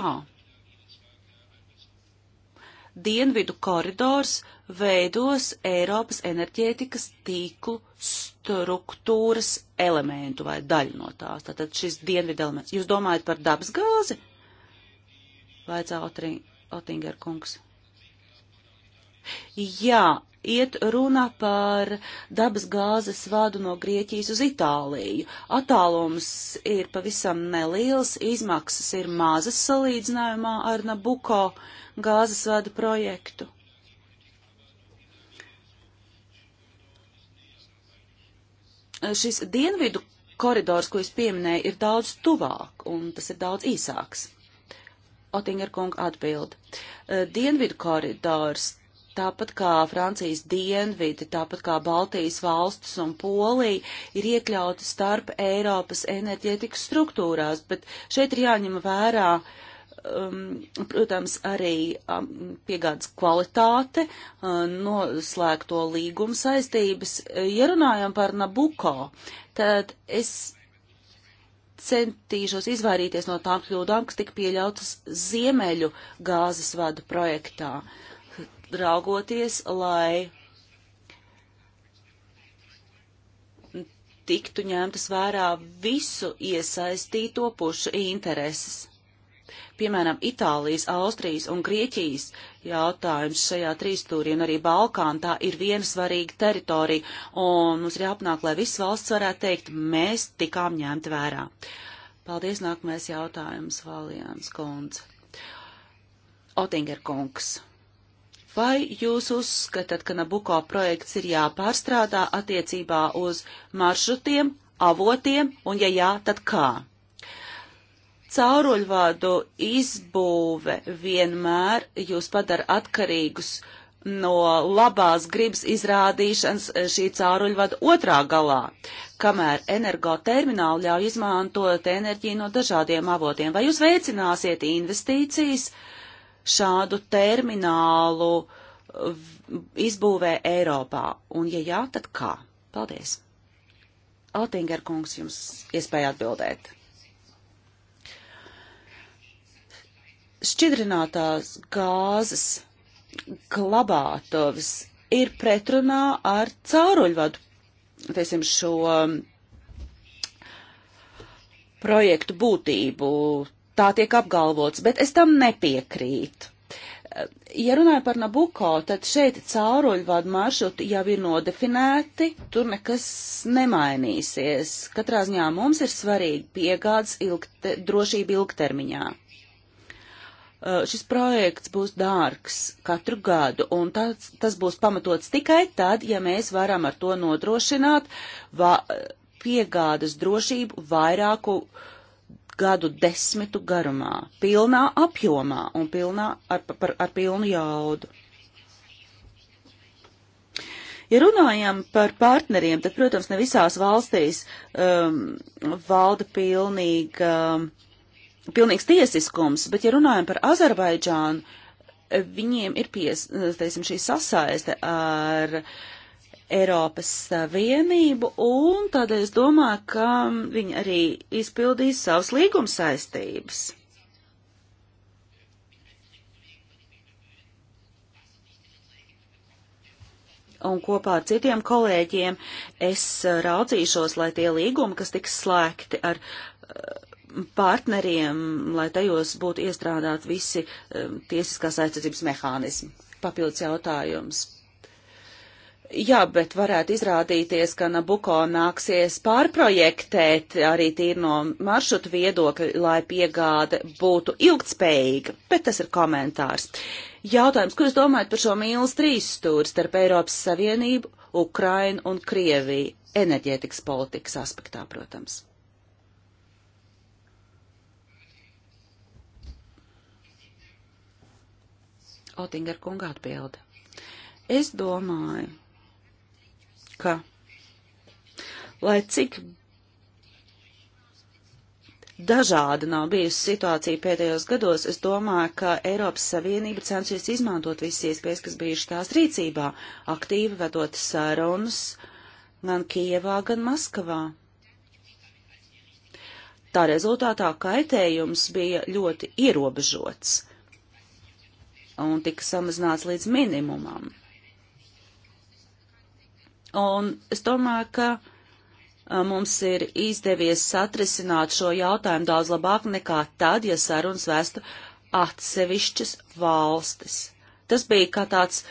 dienvidu koridors veidos Eiropas enerģētikas tīklu struktūras elementu vai daļu no tās. Tātad šis dienvidu elements. Jūs domājat par dabas gāzi? Vajadzā Otinger kungs. Jā, iet runa par dabas gāzes vadu no Grieķijas uz Itāliju. Attālums ir pavisam neliels, izmaksas ir mazas salīdzinājumā ar Nabuko gāzes vadu projektu. Šis dienvidu koridors, ko es pieminēju, ir daudz tuvāk un tas ir daudz īsāks. Otingerkunga atbild. Dienvidu koridors tāpat kā Francijas dienvidi, tāpat kā Baltijas valstis un Polija, ir iekļauti starp Eiropas enerģētikas struktūrās, bet šeit ir jāņem vērā, um, protams, arī um, piegādes kvalitāte, um, noslēgto līgumu saistības. Ja runājam par Nabuko, tad es centīšos izvairīties no tām kļūdām, kas tika pieļautas Ziemeļu gāzes vadu projektā. Uh, raugoties, lai tiktu ņemtas vērā visu iesaistīto pušu intereses. Piemēram, Itālijas, Austrijas un Grieķijas jautājums šajā trīstūrī un arī Balkāna tā ir viena svarīga teritorija, un mums ir jāpanāk, lai viss valsts varētu teikt, mēs tikām ņemt vērā. Paldies, nākamais jautājums, Valjāns Kundze. Otinger Kungs. Vai jūs uzskatāt, ka Nabuko projekts ir jāpārstrādā attiecībā uz maršrutiem, avotiem, un ja jā, tad kā? Cauruļvādu izbūve vienmēr jūs padara atkarīgus no labās gribas izrādīšanas šī cauruļvada otrā galā, kamēr energotermināli ļauj izmantot enerģiju no dažādiem avotiem. Vai jūs veicināsiet investīcijas? Uh, šādu terminālu izbūvē Eiropā? Un, ja jā, tad kā? Paldies! Altingar kungs, jums iespēja atbildēt. Šķidrinātās gāzes glabātovs ir pretrunā ar cauruļvadu, teiksim, šo projektu būtību tā tiek apgalvots, bet es tam nepiekrītu. Ja runāju par Nabuko, tad šeit cauruļvadu maršruti jau ir nodefinēti, tur nekas nemainīsies. Katrā ziņā mums ir svarīgi piegādes ilgte, drošība ilgtermiņā. Uh, šis projekts būs dārgs katru gadu, un tas, tas būs pamatots tikai tad, ja mēs varam ar to nodrošināt va, piegādes drošību vairāku uh, gadu desmitu garumā, pilnā apjomā un pilnā, ar, par, ar pilnu jaudu. Ja runājam par partneriem, tad, protams, ne visās valstīs um, valda pilnīga, um, pilnīgs tiesiskums, bet, ja runājam par Azerbaidžānu, viņiem ir pies, teiksim, šī sasaiste ar uh, Eiropas Savienību, un tad es domāju, ka viņi arī izpildīs savas līguma saistības. Un kopā ar citiem kolēģiem es raudzīšos, lai tie līgumi, kas tiks slēgti ar eh, partneriem, lai tajos būtu iestrādāt visi eh, tiesiskās aizsardzības mehānismi. Papildus jautājums Jā, bet varētu izrādīties, ka Nabuko nāksies pārprojektēt arī tīri no maršrutu viedokļa, lai piegāde būtu ilgtspējīga, bet tas ir komentārs. Jautājums, ko jūs domājat par šo mīlas trīs stūri starp Eiropas Savienību, Ukrainu un Krieviju, enerģētikas politikas aspektā, protams? Otingar kunga atbilda. Es domāju, ka, lai cik dažāda nav bijusi situācija pēdējos gados, es domāju, ka Eiropas Savienība cenšies izmantot visas iespējas, kas bijušas tās rīcībā, aktīvi vedot sarunas gan Kievā, gan Maskavā. Tā rezultātā kaitējums bija ļoti ierobežots un tika samazināts līdz minimumam. Un es domāju, ka mums ir izdevies satrisināt šo jautājumu daudz labāk nekā tad, ja sarunas vēstu atsevišķas valstis. Tas bija kā tāds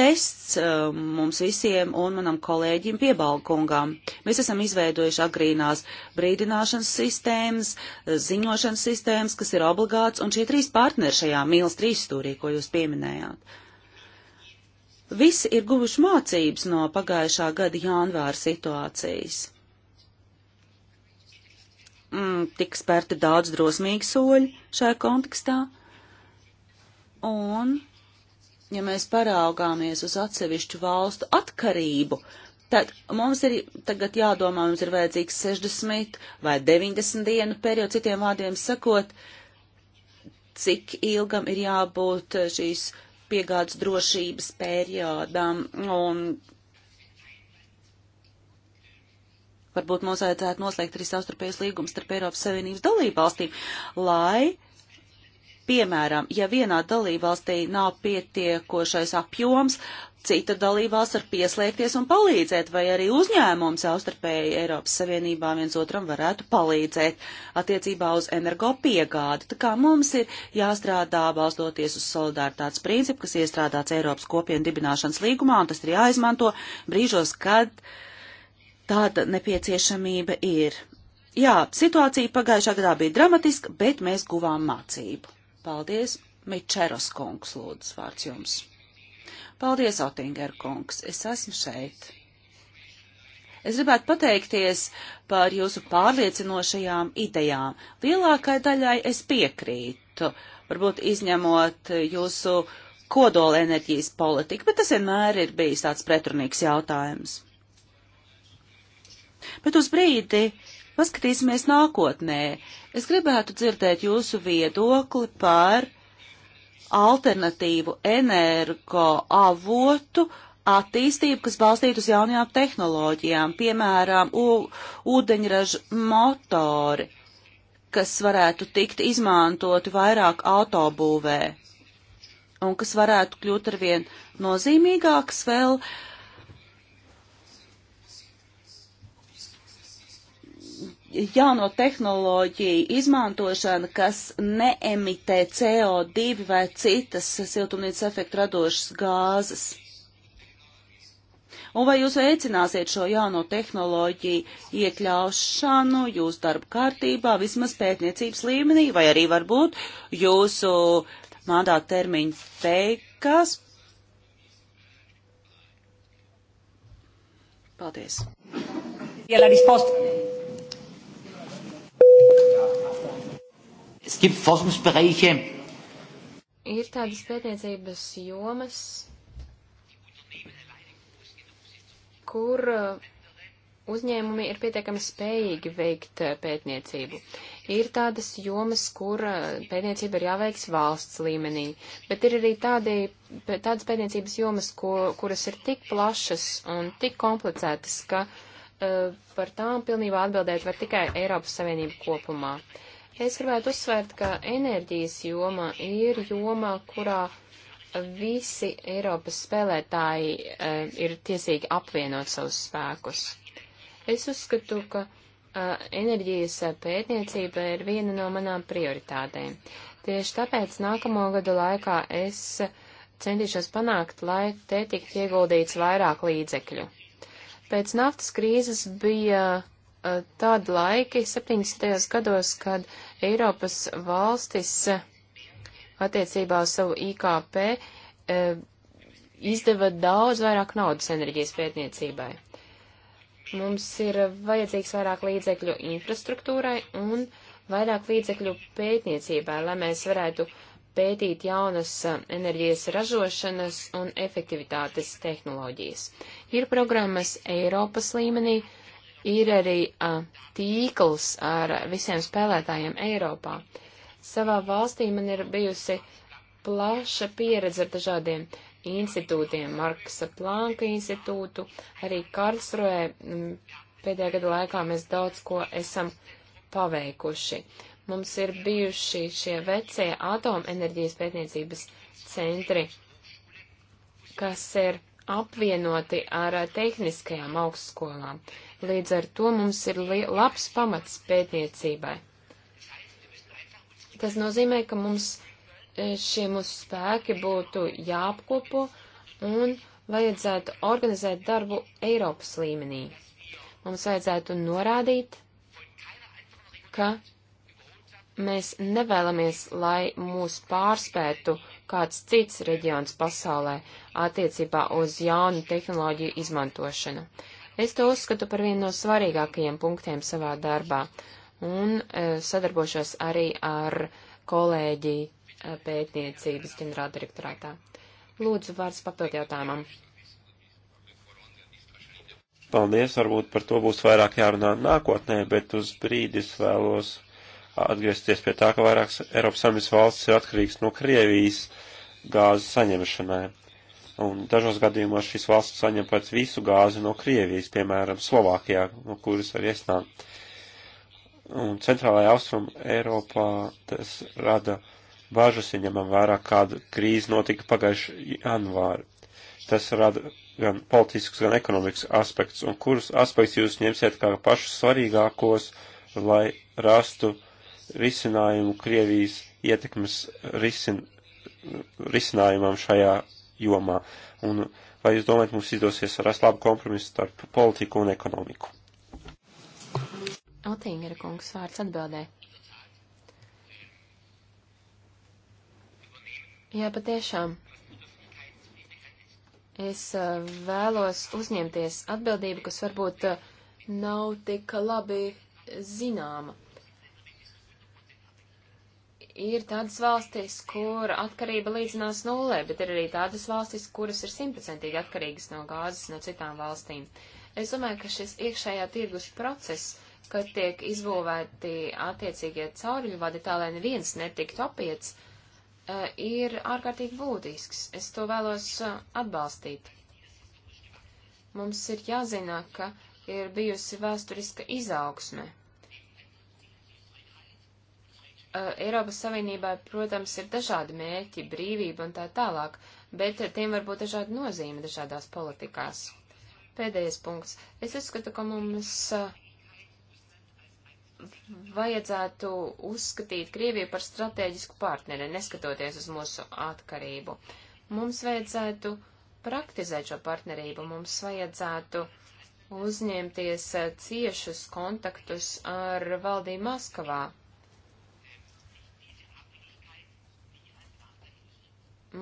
tests mums visiem un manam kolēģim piebalkungām. Mēs esam izveidojuši agrīnās brīdināšanas sistēmas, ziņošanas sistēmas, kas ir obligāts, un šie trīs partneri šajā mīlas trīsstūrī, ko jūs pieminējāt visi ir guvuši mācības no pagājušā gada janvāra situācijas. Mm, tik spērti daudz drosmīgi soļi šajā kontekstā. Un, ja mēs paraugāmies uz atsevišķu valstu atkarību, Tad mums ir tagad jādomā, mums ir vajadzīgs 60 vai 90 dienu periods, citiem vārdiem sakot, cik ilgam ir jābūt šīs piegādes drošības periodam. Un varbūt mums vajadzētu noslēgt arī savstarpējus līgumus starp Eiropas Savienības dalībvalstīm, lai, piemēram, ja vienā dalībvalstī nav pietiekošais apjoms, cita dalībvalsts var pieslēgties un palīdzēt, vai arī uzņēmumi savstarpēji Eiropas Savienībā viens otram varētu palīdzēt attiecībā uz energopiegādi. Tā kā mums ir jāstrādā balstoties uz solidaritātes principu, kas iestrādāts Eiropas kopienu dibināšanas līgumā, un tas ir jāizmanto brīžos, kad tāda nepieciešamība ir. Jā, situācija pagājušā gadā bija dramatiska, bet mēs guvām mācību. Paldies, Mičeros kungs, lūdzu, vārds jums. Paldies, Otinger kungs, es esmu šeit. Es gribētu pateikties par jūsu pārliecinošajām idejām. Lielākai daļai es piekrītu, varbūt izņemot jūsu kodola enerģijas politiku, bet tas vienmēr ir bijis tāds pretrunīgs jautājums. Bet uz brīdi paskatīsimies nākotnē. Es gribētu dzirdēt jūsu viedokli par alternatīvu energo avotu attīstību, kas balstītu uz jaunajām tehnoloģijām, piemēram, ūdeņraža motori, kas varētu tikt izmantoti vairāk autobūvē un kas varētu kļūt arvien nozīmīgāks vēl uh, jauno tehnoloģiju izmantošana, kas neemitē CO2 vai citas siltumnīcas efektu radošas gāzes. Un vai jūs veicināsiet šo jauno tehnoloģiju iekļaušanu jūsu darba kārtībā, vismaz pētniecības līmenī, vai arī varbūt jūsu mandāta termiņa beigas? Paldies! Ja la risposta Es gibt Forschungsbereiche. Ir tādas pētniecības jomas, kur uh, uzņēmumi ir pietiekami spējīgi veikt uh, pētniecību. Ir tādas jomas, kur uh, pētniecība ir jāveiks valsts līmenī, bet ir arī tādi, tādas pētniecības jomas, ko, kuras ir tik plašas un tik komplicētas, ka uh, par tām pilnībā atbildēt var tikai Eiropas Savienība kopumā. Uh, Es gribētu uzsvērt, ka enerģijas joma ir joma, kurā visi Eiropas spēlētāji e, ir tiesīgi apvienot savus spēkus. Es uzskatu, ka e, enerģijas pētniecība ir viena no manām prioritātēm. Tieši tāpēc nākamo gadu laikā es centīšos panākt, lai te tiktu ieguldīts vairāk līdzekļu. Pēc naftas krīzes bija Eh, tādi laiki 70. gados, kad Eiropas valstis eh, attiecībā uz savu IKP eh, izdeva daudz vairāk naudas enerģijas pētniecībai. Mums ir vajadzīgs vairāk līdzekļu infrastruktūrai un vairāk līdzekļu pētniecībai, lai mēs varētu pētīt jaunas enerģijas ražošanas un efektivitātes tehnoloģijas. Ir programmas Eiropas līmenī, ir arī a, tīkls ar visiem spēlētājiem Eiropā. Savā valstī man ir bijusi plaša pieredze ar dažādiem institūtiem, Marksa Planka institūtu, arī Karlsroē pēdējā gada laikā mēs daudz ko esam paveikuši. Mums ir bijuši šie vecie atomenerģijas pētniecības centri, kas ir apvienoti ar eh, tehniskajām augstskolām. Līdz ar to mums ir labs pamats pētniecībai. Tas nozīmē, ka mums eh, šie mūsu spēki būtu jāapkopo un vajadzētu organizēt darbu Eiropas līmenī. Mums vajadzētu norādīt, ka mēs nevēlamies, lai mūs pārspētu uh, kāds cits reģions pasaulē attiecībā uz jaunu tehnoloģiju izmantošanu. Es to uzskatu par vienu no svarīgākajiem punktiem savā darbā un e, sadarbošos arī ar kolēģi e, pētniecības ģenerāldirektorātā. Lūdzu, vārds papildu jautājumam. Paldies, varbūt par to būs vairāk jārunā nākotnē, bet uz brīdis vēlos atgriezties pie tā, ka vairākas Eiropas Savienības valsts ir atkarīgas no Krievijas gāzes saņemšanai. Un dažos gadījumos šīs valsts saņem pēc visu gāzi no Krievijas, piemēram, Slovākijā, no kuras var iesnākt. Un centrālajā austrum Eiropā tas rada bažas, ja ņemam vērā, kāda krīze notika pagājuši janvāri. Tas rada gan politisks, gan ekonomikas aspekts, un kurus aspekts jūs ņemsiet kā pašus svarīgākos, lai rastu risinājumu Krievijas ietekmes risin, risinājumam šajā jomā. Un vai jūs domājat, mums izdosies rast labu kompromisu starp politiku un ekonomiku? Otīngera kungs vārds atbildē. Jā, patiešām. Es eh, vēlos uzņemties atbildību, kas varbūt eh, nav tik labi zināma ir tādas valstis, kur atkarība līdzinās nulē, bet ir arī tādas valstis, kuras ir simtprocentīgi atkarīgas no gāzes no citām valstīm. Es domāju, ka šis iekšējā tirgus process, kad tiek izbūvēti attiecīgie cauruļvadi tā, lai neviens netiktu apiets, eh, ir ārkārtīgi būtisks. Es to vēlos eh, atbalstīt. Mums ir jāzina, ka ir bijusi vēsturiska izaugsme Eh, Eiropas Savienībā, protams, ir dažādi mērķi, brīvība un tā tālāk, bet tiem var būt dažāda nozīme dažādās politikās. Pēdējais punkts. Es uzskatu, ka mums eh, vajadzētu uzskatīt Krieviju par strateģisku partneri, neskatoties uz mūsu atkarību. Mums vajadzētu praktizēt šo partnerību, mums vajadzētu uzņemties eh, ciešus kontaktus ar valdību Maskavā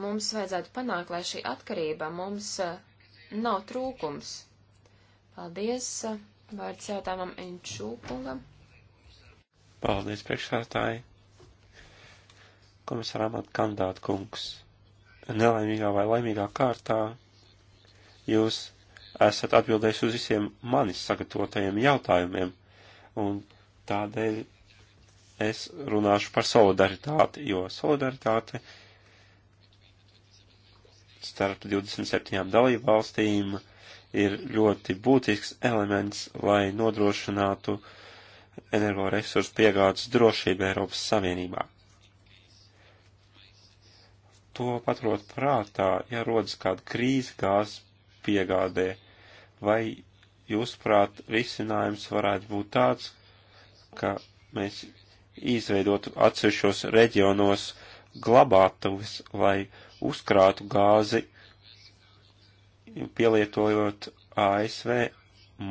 Mums vajadzētu panākt, lai šī atkarība mums eh, nav trūkums. Paldies eh, vārds jautājumam Enčūkungam. Paldies priekšsētāji. Komisāram atkandāt kungs. Nelaimīgā vai laimīgā kārtā jūs esat atbildējis uz visiem manis sagatavotajiem jautājumiem, un tādēļ es runāšu par solidaritāti, jo solidaritāte starp 27 dalību valstīm ir ļoti būtisks elements, lai nodrošinātu energoresursu piegādes drošību Eiropas Savienībā. To paturot prātā, ja rodas kāda krīze gāzes piegādē, vai jūsuprāt risinājums varētu būt tāds, ka mēs izveidotu atsevišķos reģionos glabātuvis, lai uzkrātu gāzi, pielietojot ASV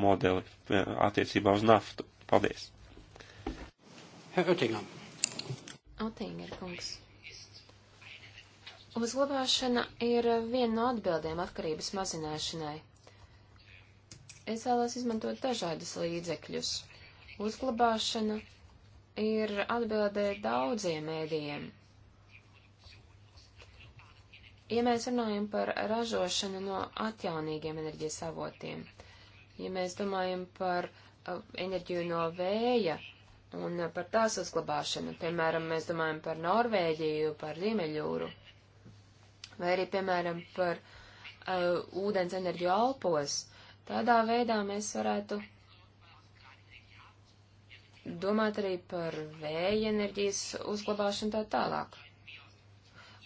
modeli eh, attiecībā uz naftu. Paldies! Oettinger. Oettinger kungs. Uzglabāšana ir viena no atbildēm atkarības mazināšanai. Es vēlos izmantot dažādus līdzekļus. Uzglabāšana ir atbildē daudziem mēdījiem. Ja mēs runājam par ražošanu no atjaunīgiem enerģijas avotiem, ja mēs domājam par uh, enerģiju no vēja un par tās uzglabāšanu, piemēram, mēs domājam par Norvēģiju, par Ziemeļūru, vai arī, piemēram, par uh, ūdens enerģiju Alpos, tādā veidā mēs varētu domāt arī par vēja enerģijas uzglabāšanu tā tālāk.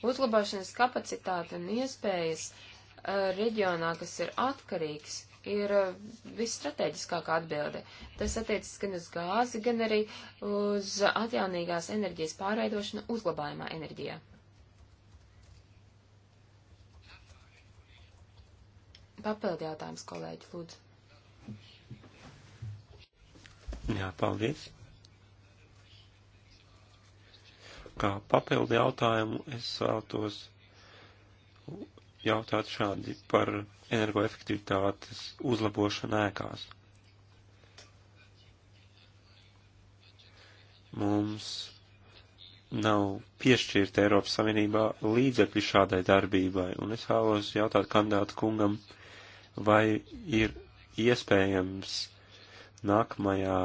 Uzlabošanas kapacitāte un iespējas uh, reģionā, kas ir atkarīgs, ir uh, visstrateģiskākā atbilde. Tas attiecas gan uz gāzi, gan arī uz atjaunīgās enerģijas pārveidošanu uzlabājumā enerģijā. Papildi jautājums, kolēģi, lūdzu. Jā, paldies. Kā papildu jautājumu es vēlētos jautāt šādi par energoefektivitātes uzlabošanu ēkās. Mums nav piešķirta Eiropas Savienībā līdzekļi šādai darbībai, un es vēlos jautāt kandidātu kungam, vai ir iespējams nākamajā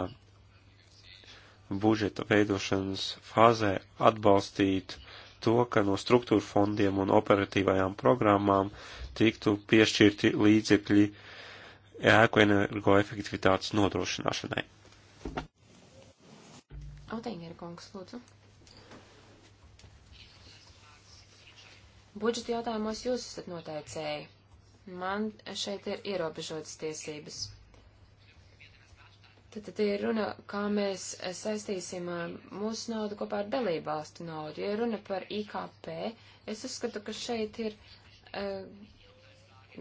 budžeta veidošanas fāzē atbalstīt to, ka no struktūra fondiem un operatīvajām programmām tiktu piešķirti līdzekļi ēku energoefektivitātes nodrošināšanai. Oteņģeri kungs, lūdzu. Budžeta jautājumos jūs esat noteicēji. Man šeit ir ierobežotas tiesības. Tad, tad ir runa, kā mēs saistīsim eh, mūsu naudu kopā ar dalībvalstu naudu. Ja runa par IKP, es uzskatu, ka šeit ir, uh, eh,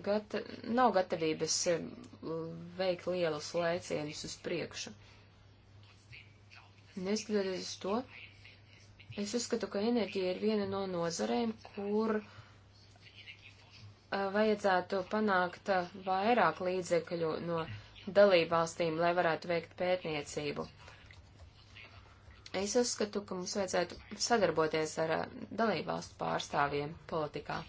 gata, nav gatavības uh, veikt lielus lēcienus uz priekšu. Neskatoties uz to, es uzskatu, ka enerģija ir viena no nozarēm, kur uh, vajadzētu panākt vairāk līdzekļu no. Uh, dalībvalstīm, lai varētu veikt pētniecību. Es uzskatu, ka mums vajadzētu sadarboties ar dalībvalstu pārstāvjiem politikā.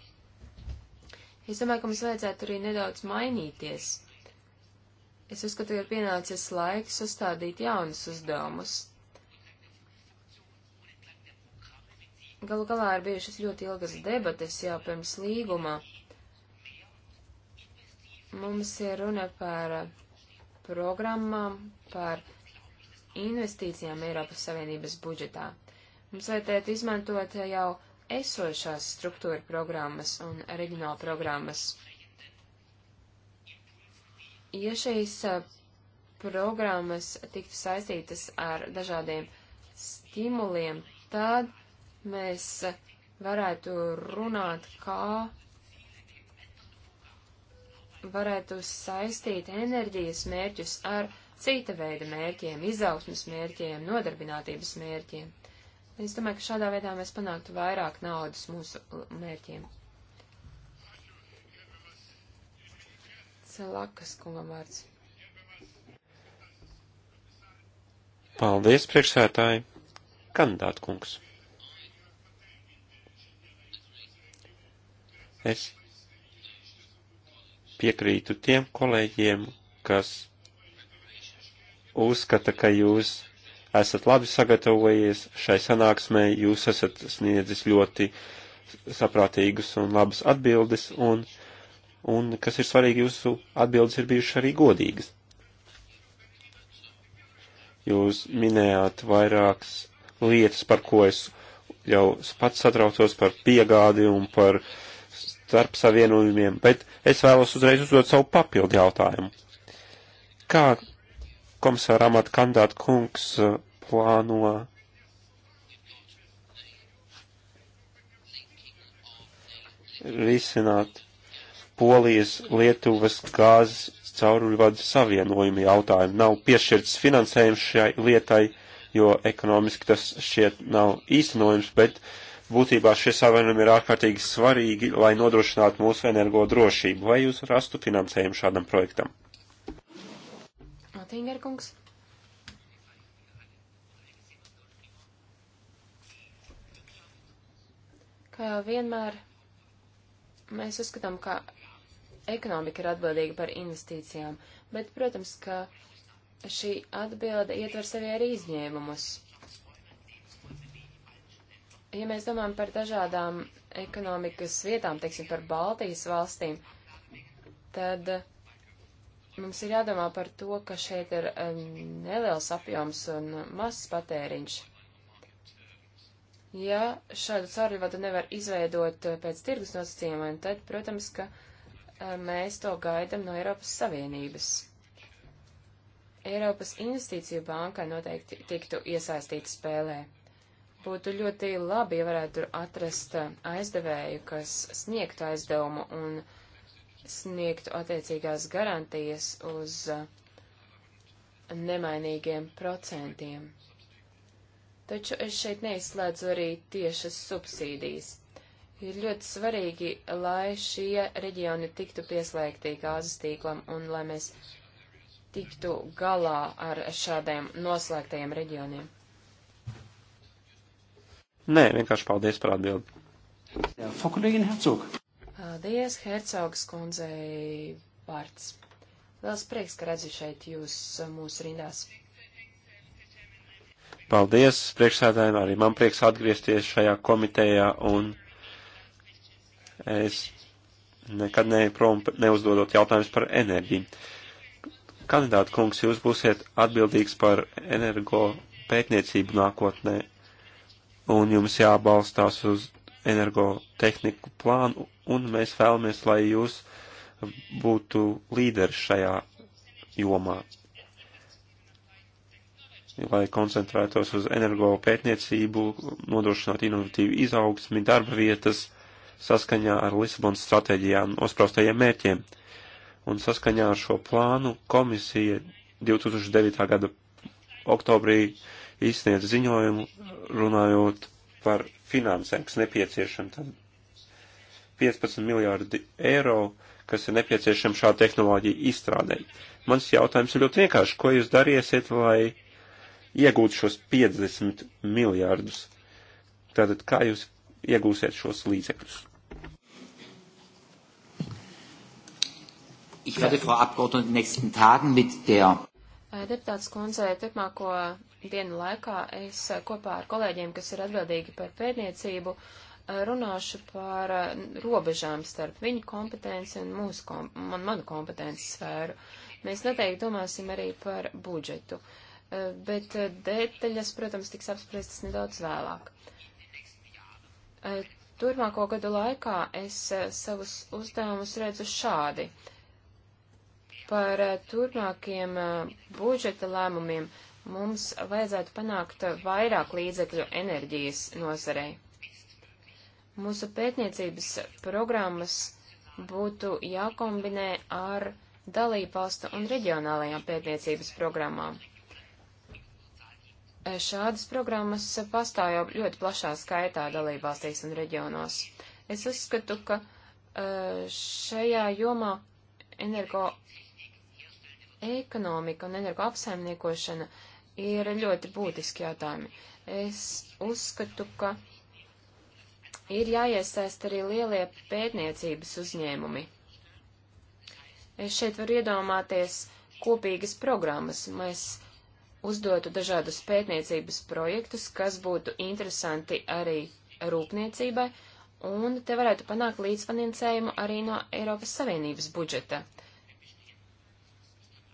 Es domāju, ka mums vajadzētu arī nedaudz mainīties. Es uzskatu, ka ir pienācis laiks uzstādīt jaunus uzdevumus. Galu galā ir bijušas ļoti ilgas debates jau pirms līguma. Mums ir runa par programmām, par investīcijām Eiropas Savienības budžetā. Mums vajadzētu izmantot jau esošās struktūra programmas un reģionāla programmas. Ja šīs programmas tiktu saistītas ar dažādiem stimuliem, tad mēs varētu runāt, kā varētu saistīt enerģijas mērķus ar cita veida mērķiem, izaugsmas mērķiem, nodarbinātības mērķiem. Es domāju, ka šādā veidā mēs panāktu vairāk naudas mūsu mērķiem. Celakas kungam vārds. Paldies, priekšsētāji! Kandāt kungs! Es piekrītu tiem kolēģiem, kas uzskata, ka jūs esat labi sagatavojies šai sanāksmē, jūs esat sniedzis ļoti saprātīgus un labas atbildes, un, un kas ir svarīgi, jūsu atbildes ir bijušas arī godīgas. Jūs minējāt vairākas lietas, par ko es jau pats satraucos par piegādi un par uh, starp savienojumiem, bet es vēlos uzreiz uzdot savu papildu jautājumu. Kā komisāra amata kandidāta kungs uh, plāno risināt Polijas, Lietuvas gāzes cauruļvadu savienojumu jautājumu? Nav piešķirts finansējums šai lietai, jo ekonomiski tas šķiet nav īstenojums, bet uh, Būtībā šie savienojumi ir ārkārtīgi svarīgi, lai nodrošinātu mūsu energo drošību. Vai jūs rastu finansējumu šādam projektam? Otingerkungs. Kā jau vienmēr, mēs uzskatām, ka ekonomika ir atbildīga par investīcijām, bet, protams, ka šī atbilde ietver sevi arī izņēmumus. Ja mēs domājam par dažādām ekonomikas vietām, teiksim, par Baltijas valstīm, tad eh, mums ir jādomā par to, ka šeit ir eh, neliels apjoms un mazs patēriņš. Ja šādu caurvadu nevar izveidot eh, pēc tirgus nosacījumiem, tad, protams, ka mēs to gaidam no Eiropas Savienības. Eiropas Investīciju bankā noteikti tiktu iesaistīta spēlē. Būtu ļoti labi, ja varētu atrast eh, aizdevēju, kas sniegtu aizdevumu un sniegtu attiecīgās garantijas uz eh, nemainīgiem procentiem. Taču es šeit neizslēdzu arī tiešas subsīdijas. Ir ļoti svarīgi, lai šie reģioni tiktu pieslēgti gāzes tīklam un lai mēs tiktu galā ar šādiem noslēgtajiem reģioniem. Nē, vienkārši paldies par atbildi. Fokulīgina Hercog. Paldies, Hercogs kundzei vārds. Liels prieks, ka redzu šeit jūs eh, mūsu rindās. Paldies priekšsēdājiem, arī man prieks atgriezties šajā komitejā un es nekad neju prom neuzdodot jautājumus par enerģiju. Kandidāta kungs, jūs būsiet atbildīgs par energo pētniecību nākotnē un jums jābalstās uz energotehniku plānu, un mēs vēlamies, lai jūs būtu līderi šajā jomā, lai koncentrētos uz energo pētniecību, nodrošinātu inovatīvu izaugsmi, darba vietas saskaņā ar Lisabonas stratēģijām nospraustajiem mērķiem. Un saskaņā ar šo plānu komisija 2009. gada oktobrī uh, izsniedz ziņojumu runājot par finansēm, kas nepieciešama tad 15 miljārdi eiro, kas ir nepieciešama šā tehnoloģija izstrādēji. Mans jautājums ir ļoti vienkārši, ko jūs dariesiet, lai iegūtu šos 50 miljārdus? Tātad, kā jūs iegūsiet šos līdzekļus? Ich werde Frau Abgeordnete in den nächsten Tagen mit der Eh, deputāts kundze, turpmāko dienu laikā es eh, kopā ar kolēģiem, kas ir atbildīgi par pētniecību, eh, runāšu par robežām starp viņu kompetenci un, mūsu kom un manu kompetenci sfēru. Mēs noteikti domāsim arī par budžetu, bet detaļas, protams, tiks apspriestas nedaudz vēlāk. Turmāko gadu laikā es savus uzdevumus redzu šādi. Uh, Par eh, turpmākiem eh, budžeta lēmumiem mums vajadzētu panākt eh, vairāk līdzekļu enerģijas nozarei. Mūsu pētniecības programmas būtu jākombinē ar dalībvalstu un reģionālajām pētniecības programmām. Šādas programmas pastāv jau ļoti plašā skaitā dalībvalstīs un reģionos. Es uzskatu, ka šajā jomā energo Ekonomika un energo apsaimniekošana ir ļoti būtiski jautājumi. Es uzskatu, ka ir jāiesaist arī lielie pētniecības uzņēmumi. Es šeit varu iedomāties kopīgas programmas. Mēs uzdotu dažādus pētniecības projektus, kas būtu interesanti arī rūpniecībai, un te varētu panākt līdzfinansējumu arī no Eiropas Savienības budžeta.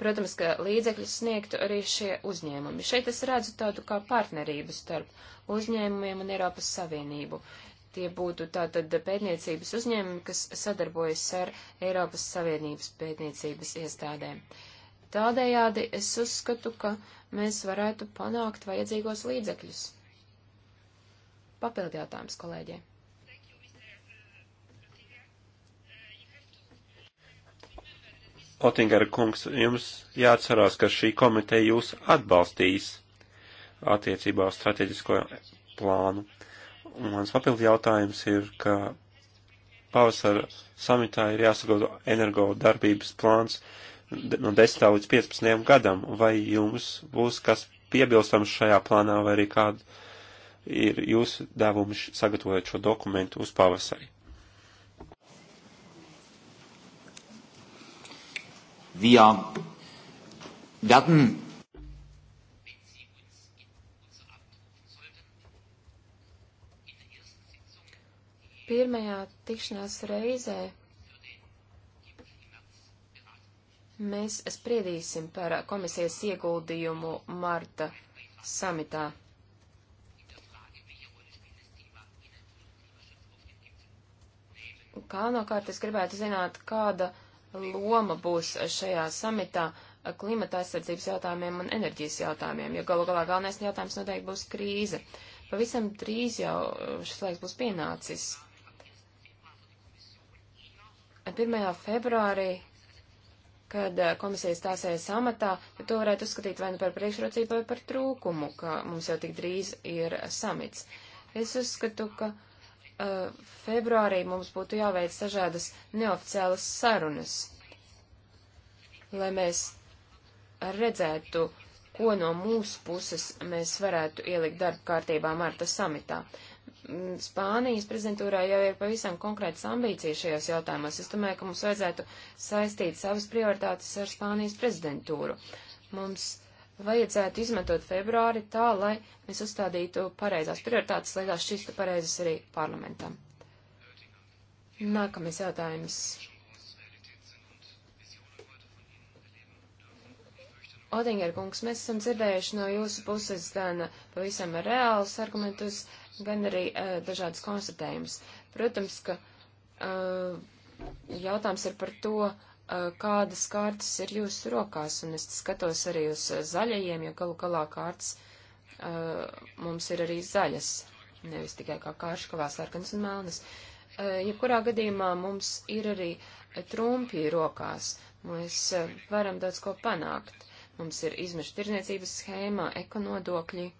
Protams, ka līdzekļus sniegtu arī šie uzņēmumi. Šeit es redzu tādu kā partnerību starp uzņēmumiem un Eiropas Savienību. Tie būtu tātad pētniecības uzņēmumi, kas sadarbojas ar Eiropas Savienības pētniecības iestādēm. Tādējādi es uzskatu, ka mēs varētu panākt vajadzīgos līdzekļus. Papildi jautājums kolēģiem. Otingara kungs, jums jāatcerās, ka šī komiteja jūs atbalstīs attiecībā uz strateģisko plānu. Un mans papildu jautājums ir, ka pavasara samitā ir jāsagaudo energo darbības plāns no 10. līdz 15. gadam, vai jums būs kas piebilstams šajā plānā, vai arī kāda ir jūsu devumi sagatavojot šo dokumentu uz pavasari. Wir werden Pirmajā tikšanās reizē mēs spriedīsim par komisijas ieguldījumu Marta samitā. Galvenokārt es gribētu zināt, kāda loma būs šajā samitā klimata aizsardzības jautājumiem un enerģijas jautājumiem, jo galu galā galvenais jautājums noteikti būs krīze. Pavisam drīz jau šis laiks būs pienācis. 1. februārī kad komisija stāsies amatā, ja to varētu uzskatīt vai nu par priekšrocību vai par trūkumu, ka mums jau tik drīz ir samits. Es uzskatu, ka Eh, februārī mums būtu jāveic dažādas neoficiālas sarunas, lai mēs redzētu, ko no mūsu puses mēs varētu ielikt darba kārtībā Marta samitā. Mm, Spānijas prezidentūrā jau ir pavisam konkrētas ambīcijas šajos jautājumos. Es domāju, ka mums vajadzētu saistīt savas prioritātes ar Spānijas prezidentūru. Mums vajadzētu izmantot februāri tā, lai mēs uzstādītu pareizās prioritātes, lai tās šķistu pareizas arī parlamentam. Nākamais jautājums. Odinger kungs, mēs esam dzirdējuši no jūsu puses gan pavisam reālus argumentus, gan arī uh, dažādas konstatējumus. Protams, ka uh, jautājums ir par to, uh, Eh, kādas kārtas ir jūsu rokās, un es skatos arī uz eh, zaļajiem, jo galu galā kārtas uh, mums ir arī zaļas, nevis tikai kā kārškavās sarkanas un melnas. Uh, jebkurā ja gadījumā mums ir arī trumpi rokās, mēs uh, varam daudz ko panākt. Mums ir izmešu tirniecības schēma, ekonodokļi,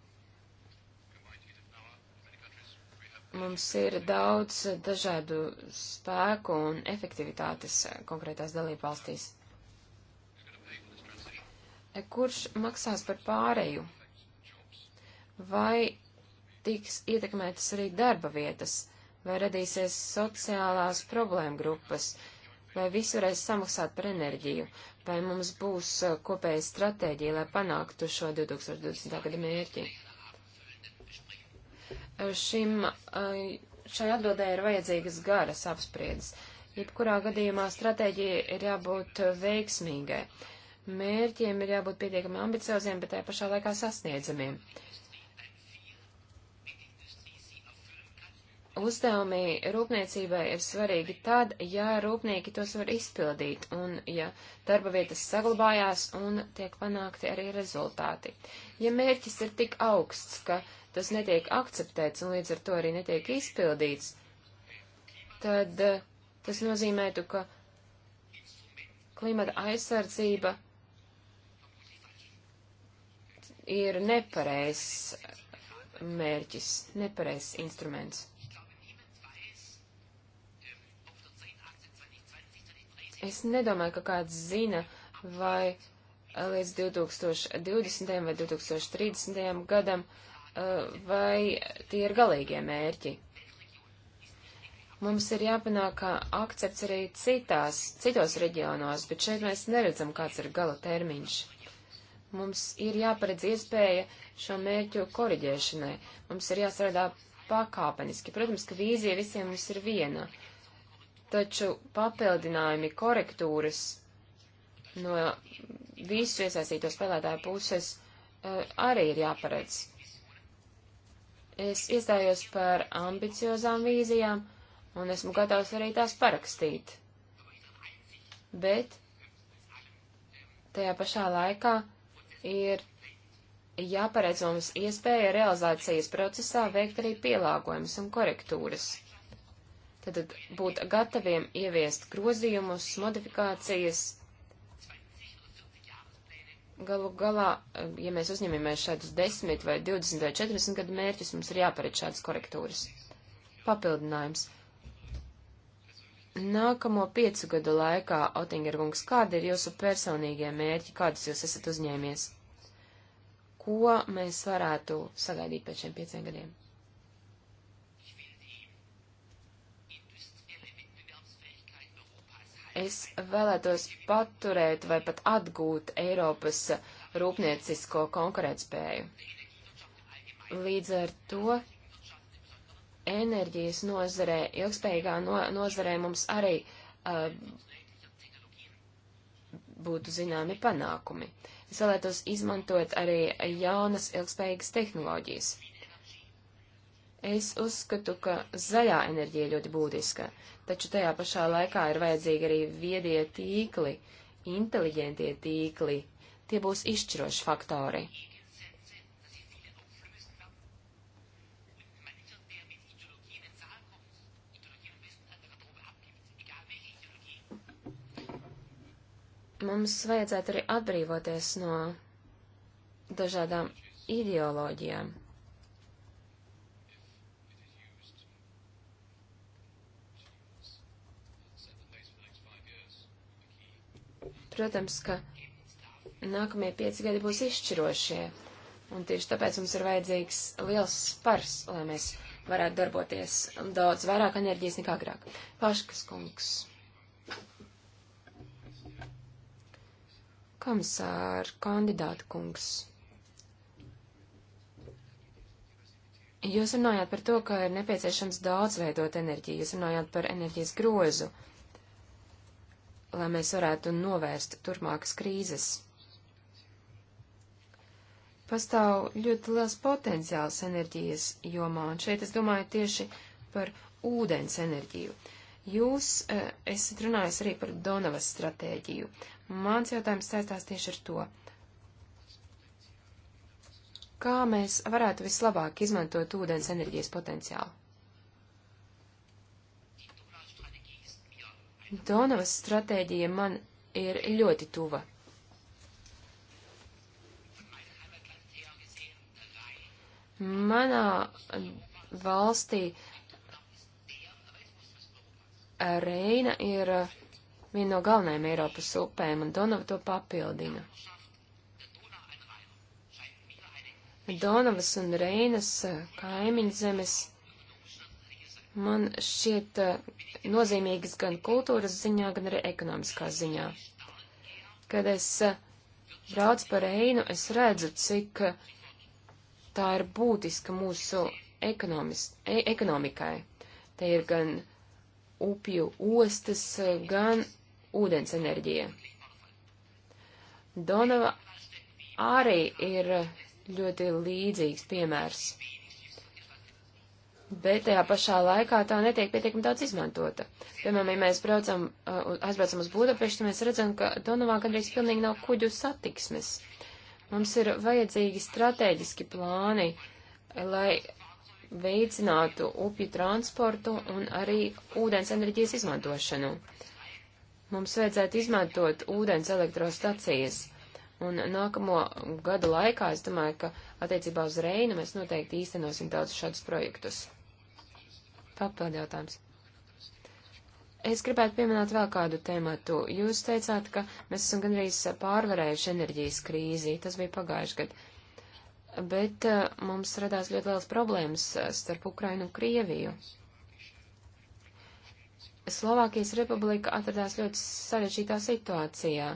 Mums ir daudz dažādu spēku un efektivitātes konkrētās dalībvalstīs. E, kurš maksās par pāreju? Vai tiks ietekmētas arī darba vietas, vai radīsies sociālās problēma grupas, vai visi varēs samaksāt par enerģiju, vai mums būs e, kopēja stratēģija, lai panāktu šo 2020. gada mērķi? šim, eh, šai atbildē ir vajadzīgas garas apspriedas. Jebkurā gadījumā stratēģija ir jābūt veiksmīgai. Mērķiem ir jābūt pietiekami ambicioziem, bet tajā pašā laikā sasniedzamiem. Uzdevumi rūpniecībai ir svarīgi tad, ja rūpnieki tos var izpildīt un ja darba vietas saglabājās un tiek panākti arī rezultāti. Ja mērķis ir tik augsts, ka uh, tas netiek akceptēts un līdz ar to arī netiek izpildīts, tad eh, tas nozīmētu, ka klimata aizsardzība ir nepareizs mērķis, nepareizs instruments. Es nedomāju, ka kāds zina, vai eh, līdz 2020. vai 2030. gadam uh, Eh, vai tie ir galīgie mērķi. Mums ir jāpanāk akcepts arī citās, citos reģionos, bet šeit mēs neredzam, kāds ir gala termiņš. Mums ir jāparedz iespēja šo mērķu koriģēšanai. Mums ir jāstrādā pakāpeniski. Protams, ka vīzija visiem mums ir viena, taču papildinājumi, korektūras no visu iesaistīto spēlētāju puses eh, arī ir jāparedz. Es iestājos par ambiciozām vīzijām, un esmu gatavs arī tās parakstīt. Bet tajā pašā laikā ir jāparedz mums iespēja realizācijas procesā veikt arī pielāgojumus un korektūras. Tad būt gataviem ieviest grozījumus, modifikācijas, Galu galā, eh, ja mēs uzņemamies šādus 10 vai 20 vai 40 gadu mērķus, mums ir jāparedz šādas korektūras. Papildinājums. Nākamo piecu gadu laikā, Otingergungs, kādi ir jūsu personīgie mērķi, kādus jūs esat uzņēmies? Ko mēs varētu sagaidīt pēc šiem pieciem gadiem? Es vēlētos paturēt vai pat atgūt Eiropas rūpniecisko konkurētspēju. Līdz ar to enerģijas nozarē, ilgspējīgā no, nozarē mums arī uh, būtu zināmi panākumi. Es vēlētos izmantot arī jaunas ilgspējīgas tehnoloģijas. Es uzskatu, ka zaļā enerģija ir ļoti būtiska, taču tajā pašā laikā ir vajadzīgi arī viedie tīkli, inteliģentie tīkli. Tie būs izšķiroši faktori. Mums vajadzētu arī atbrīvoties no dažādām ideoloģijām. Protams, ka nākamie pieci gadi būs izšķirošie, un tieši tāpēc mums ir vajadzīgs liels spars, lai mēs varētu darboties daudz vairāk enerģijas nekā agrāk. Paškas kungs. Komisāra kandidāta kungs. Jūs runājāt par to, ka ir nepieciešams daudz veidot enerģiju, jūs runājāt par enerģijas grozu. Uh, lai mēs varētu novērst turpmākas krīzes. Pastāv ļoti liels potenciāls enerģijas jomā, un šeit es domāju tieši par ūdens enerģiju. Jūs eh, esat runājis arī par Donavas stratēģiju. Mans jautājums saistās tieši ar to. Kā mēs varētu vislabāk izmantot ūdens enerģijas potenciālu? Donavas stratēģija man ir ļoti tuva. Manā valstī Reina ir uh, viena no galvenajām Eiropas upēm, un Donava to papildina. Donavas un Reinas uh, kaimiņu zemes man šķiet eh, nozīmīgas gan kultūras ziņā, gan arī ekonomiskā ziņā. Kad es eh, braucu par Einu, es redzu, cik eh, tā ir būtiska mūsu ekonomis, e ekonomikai. Te ir gan upju ostas, gan ūdens enerģija. Donava arī ir ļoti līdzīgs piemērs bet tajā pašā laikā tā netiek pietiekami daudz izmantota. Piemēram, ja mēs braucam, uh, aizbraucam uz Budapeštu, mēs redzam, ka Donavā gandrīz pilnīgi nav kuģu satiksmes. Mums ir vajadzīgi strateģiski plāni, lai veicinātu upju transportu un arī ūdens enerģijas izmantošanu. Mums vajadzētu izmantot ūdens elektrostacijas. Un nākamo gadu laikā, es domāju, ka attiecībā uz Reinu mēs noteikti īstenosim daudz šādus projektus. Papildu jautājums. Es gribētu pieminēt vēl kādu tēmatu. Jūs teicāt, ka mēs esam gandrīz pārvarējuši enerģijas krīzi, tas bija pagājuši gadu. Bet eh, mums radās ļoti liels problēmas eh, starp Ukrainu un Krieviju. Slovākijas republika atradās ļoti sarežģītā situācijā.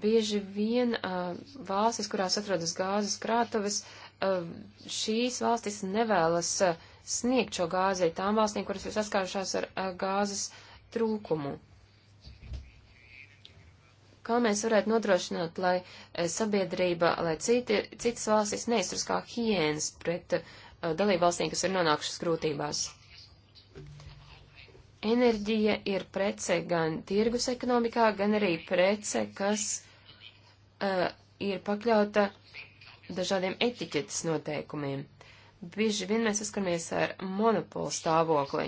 bieži vien uh, valstis, kurās atrodas gāzes krātuves, uh, šīs valstis nevēlas uh, sniegt šo gāzi tām valstīm, kuras ir saskārušās ar uh, gāzes trūkumu. Kā mēs varētu nodrošināt, lai uh, sabiedrība, lai citi, citas valstis neizturas kā hienas pret uh, dalību valstīm, kas ir nonākušas grūtībās? enerģija ir prece gan tirgus ekonomikā, gan arī prece, kas uh, ir pakļauta dažādiem etiķetes noteikumiem. Bieži vien mēs saskaramies ar monopolu stāvokli.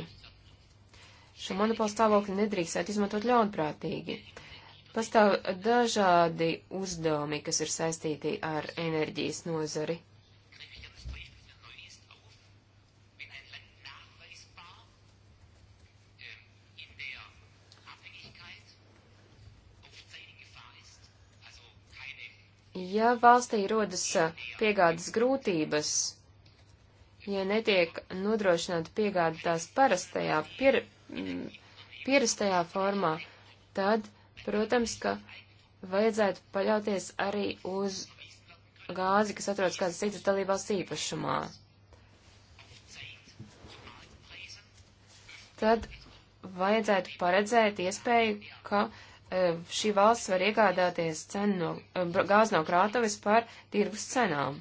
Šo monopolu stāvokli nedrīkstētu izmantot ļaunprātīgi. Pastāv dažādi uzdevumi, kas ir saistīti ar enerģijas nozari. Ja valstī rodas piegādas grūtības, ja netiek nodrošināta piegāda tās parastajā, pier, pierastajā formā, tad, protams, ka vajadzētu paļauties arī uz gāzi, kas atrodas kādas citas dalībās īpašumā. Tad vajadzētu paredzēt iespēju, ka uh, E, šī valsts var iegādāties cenu no, e, gāzi no krātuves par tirgus cenām.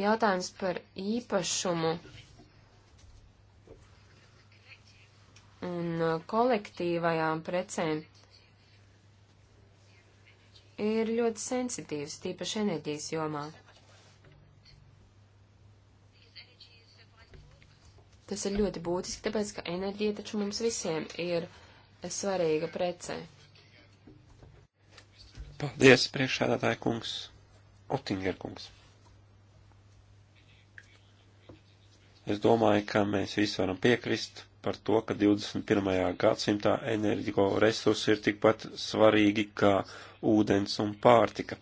Jautājums par īpašumu un e, kolektīvajām precēm ir ļoti sensitīvs, tīpaši enerģijas jomā. Tas ir ļoti būtiski, tāpēc, ka enerģija taču mums visiem ir svarīga precē. Paldies, priekšādātāja kungs, Otinger kungs. Es domāju, ka mēs visi varam piekrist par to, ka 21. gadsimtā enerģiko resursi ir tikpat svarīgi kā ūdens un pārtika.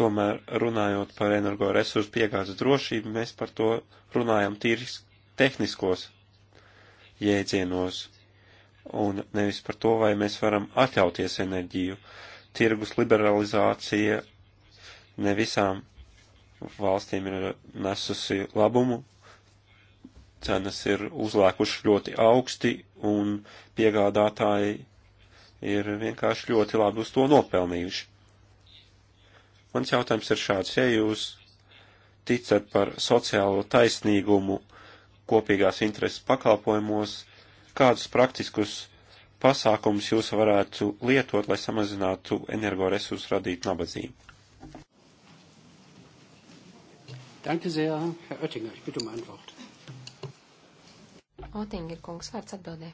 Tomēr, runājot par energo resursu piegādes drošību, mēs par to runājam tīri tehniskos jēdzienos un nevis par to, vai mēs varam atļauties enerģiju. Tirgus liberalizācija ne visām valstīm ir nesusi labumu, cenas ir uzlēkušas ļoti augsti un piegādātāji ir vienkārši ļoti labi uz to nopelnījuši. Mans jautājums ir šāds, ja jūs ticat par sociālo taisnīgumu kopīgās intereses pakalpojumos, kādus praktiskus pasākumus jūs varētu lietot, lai samazinātu energoresursu radītu nabadzību? Danke sehr, Herr Oettinger. Ich bitte um Antwort. Otinger kungs, vārds atbildē.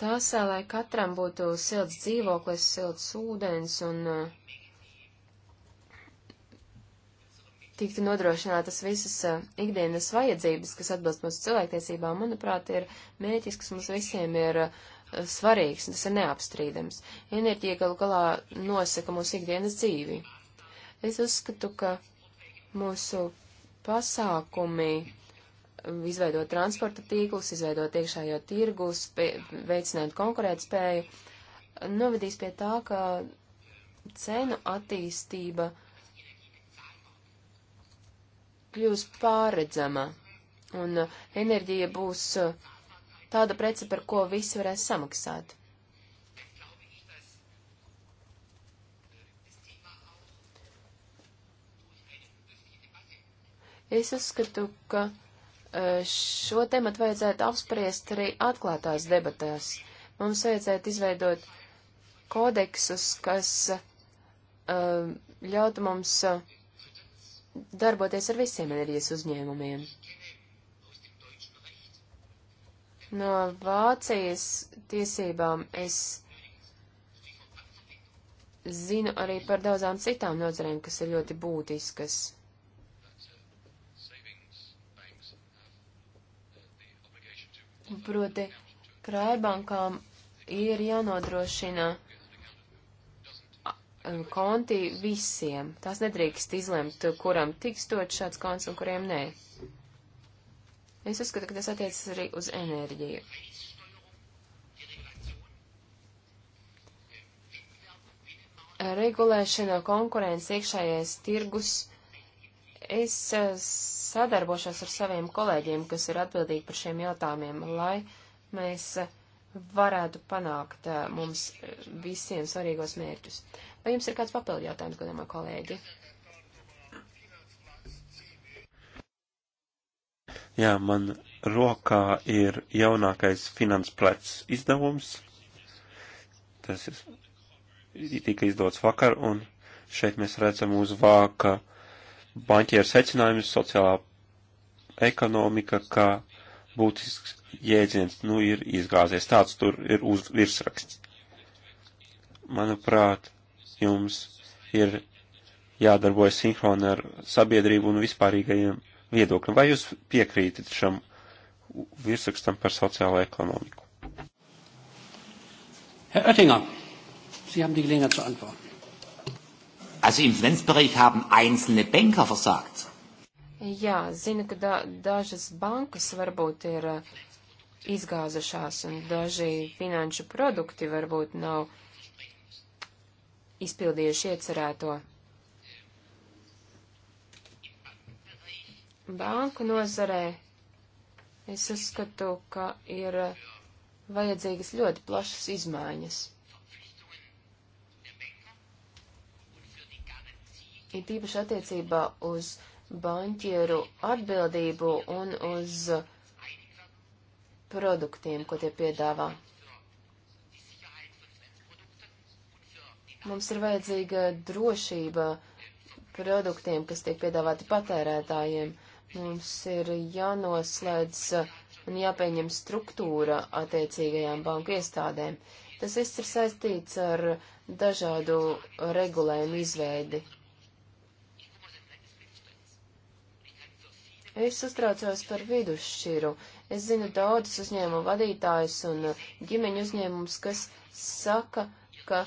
Tas, lai katram būtu silts dzīvoklis, silts ūdens un uh, tiktu nodrošinātas visas eh, ikdienas vajadzības, kas atbilst mūsu cilvēktiesībām, manuprāt, ir mērķis, kas mums visiem ir eh, svarīgs, un tas ir neapstrīdams. Enerģija galu galā nosaka mūsu ikdienas dzīvi. Es uzskatu, ka mūsu pasākumi eh, izveidot transporta tīklus, izveidot iekšējo tirgu, veicināt konkurētspēju, novedīs pie tā, ka cenu attīstība uh, kļūs pārredzama, un uh, enerģija būs uh, tāda prece, par ko visi varēs samaksāt. Es uzskatu, ka uh, šo tematu vajadzētu apspriest arī atklātās debatēs. Mums vajadzētu izveidot kodeksus, kas ļautu mums uh, darboties ar visiem enerģijas uzņēmumiem. No Vācijas tiesībām es zinu arī par daudzām citām nozarēm, kas ir ļoti būtiskas. Proti, krājbankām ir jānodrošina Um, konti visiem. Tās nedrīkst izlemt, kuram tiks dot šāds konts un kuriem nē. Es uzskatu, ka tas attiecas arī uz enerģiju. Regulēšana, konkurence, iekšējais tirgus. Es uh, sadarbošos ar saviem kolēģiem, kas ir atbildīgi par šiem jautājumiem, lai mēs uh, varētu panākt uh, mums visiem svarīgos mērķus. Vai jums ir kāds papildu jautājums, godamā kolēģi? Jā, man rokā ir jaunākais finansplets izdevums. Tas ir tika izdots vakar, un šeit mēs redzam uz vāka banķieru secinājumus sociālā ekonomika, kā būtisks jēdziens, nu, ir izgāzies. Tāds tur ir uz virsraksts. Manuprāt, jums ir jādarbojas sinhroni ar sabiedrību un vispārīgajiem viedokļiem. Vai jūs piekrītat šam virsrakstam par sociālo ekonomiku? Herr Oettinger, Sie haben die Gelegenheit zu antworten. Also im Flensbereich haben einzelne Banker versagt. Jā, zinu, ka da, dažas bankas varbūt ir uh, izgāzušās un daži finanšu produkti varbūt nav izpildījuši iecerēto. Banku nozarē es uzskatu, ka ir vajadzīgas ļoti plašas izmaiņas. Ir tīpaši attiecībā uz banķieru atbildību un uz produktiem, ko tie piedāvā. Mums ir vajadzīga drošība produktiem, kas tiek piedāvāti patērētājiem. Mums ir jānoslēdz un jāpieņem struktūra attiecīgajām banku iestādēm. Tas viss ir saistīts ar dažādu regulējumu izveidi. Es uztraucos par vidusšķiru. Es zinu daudzus uzņēmumu vadītājus un ģimeņu uzņēmumus, kas saka, ka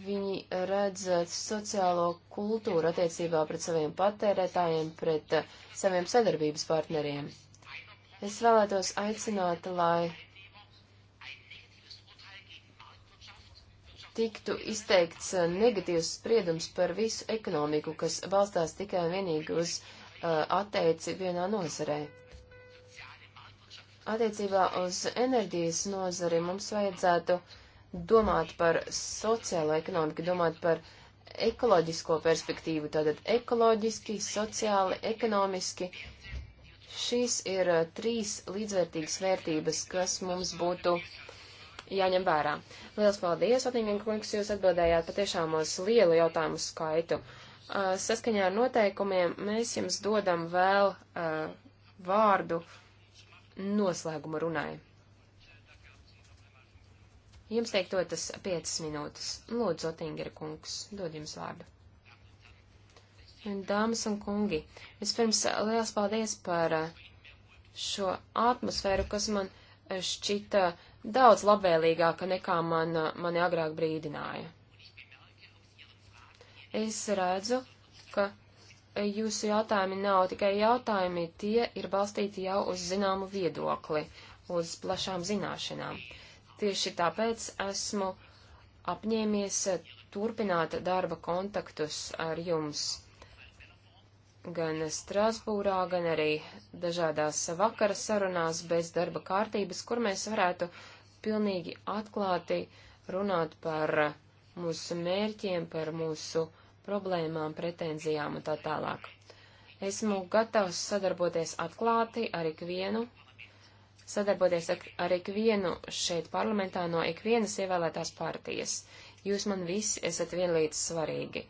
viņi redz sociālo kultūru attiecībā pret saviem patērētājiem, pret eh, saviem sadarbības partneriem. Es vēlētos aicināt, lai tiktu izteikts eh, negatīvs spriedums par visu ekonomiku, kas balstās tikai un vienīgi uz uh, atteici vienā nozarē. Attiecībā uz enerģijas nozari mums vajadzētu uh, domāt par sociālo ekonomiku, domāt par ekoloģisko perspektīvu, tātad ekoloģiski, sociāli, ekonomiski. Šīs ir eh, trīs līdzvērtīgas vērtības, kas mums būtu jāņem vērā. Lielas paldies, Vatīņiem kungs, jūs atbildējāt patiešām uz lielu jautājumu skaitu. Eh, saskaņā ar noteikumiem mēs jums dodam vēl uh, vārdu noslēguma runai. Jums tiek dotas piecas minūtes. Lūdzu, Otingera kungs, dod jums vārdu. Dāmas un kungi, vispirms eh, liels paldies par eh, šo atmosfēru, kas man eh, šķita daudz labvēlīgāka nekā man, mani agrāk brīdināja. Es redzu, ka jūsu jautājumi nav tikai jautājumi, tie ir balstīti jau uz zināmu viedokli, uz plašām zināšanām. Uh, Tieši tāpēc esmu apņēmies turpināt darba kontaktus ar jums gan Strasbūrā, gan arī dažādās vakara sarunās bez darba kārtības, kur mēs varētu pilnīgi atklāti runāt par mūsu mērķiem, par mūsu problēmām, pretenzijām un tā tālāk. Esmu gatavs sadarboties atklāti ar ikvienu sadarboties ar, ar ikvienu šeit parlamentā no ikvienas ievēlētās partijas. Jūs man visi esat vienlīdz svarīgi.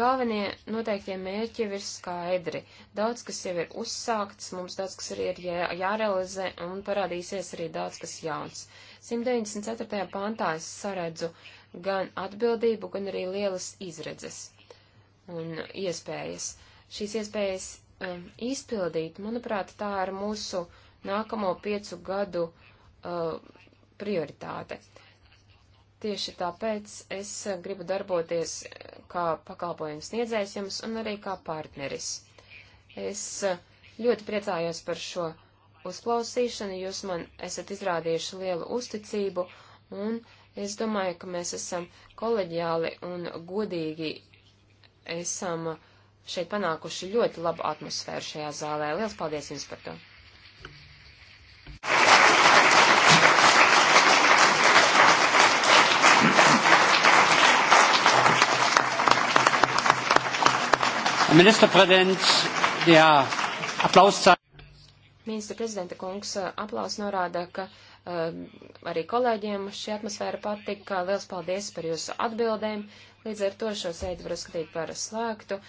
Galvenie noteiktie mērķi ir skaidri. Daudz, kas jau ir uzsākts, mums daudz, kas arī ir jā, jārealizē, un parādīsies arī daudz, kas jauns. 194. pāntā es saredzu gan atbildību, gan arī lielas izredzes un iespējas. Šīs iespējas um, izpildīt, manuprāt, tā ir mūsu uh, nākamo piecu gadu uh, prioritāte. Tieši tāpēc es uh, gribu darboties uh, kā pakalpojums sniedzējs jums un arī kā partneris. Es uh, ļoti priecājos par šo uzklausīšanu, jūs man esat izrādījuši lielu uzticību un es domāju, ka mēs esam koleģiāli un godīgi esam šeit panākuši ļoti labu atmosfēru šajā zālē. Liels paldies jums par to! Herr Ministerpräsident, der Applaus zeigt. Ministra prezidenta kungs aplaus norāda, ka uh, arī kolēģiem šī atmosfēra patika. Liels paldies par jūsu atbildēm. Līdz ar to šo sēdi var uzskatīt par slēgtu.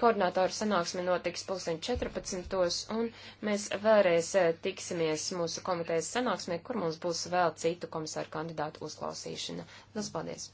Koordinātoru sanāksme notiks pulksten 14. un mēs vēlreiz eh, tiksimies mūsu komitejas sanāksmē, kur mums būs vēl citu komisāru kandidātu uzklausīšana. Lielas paldies!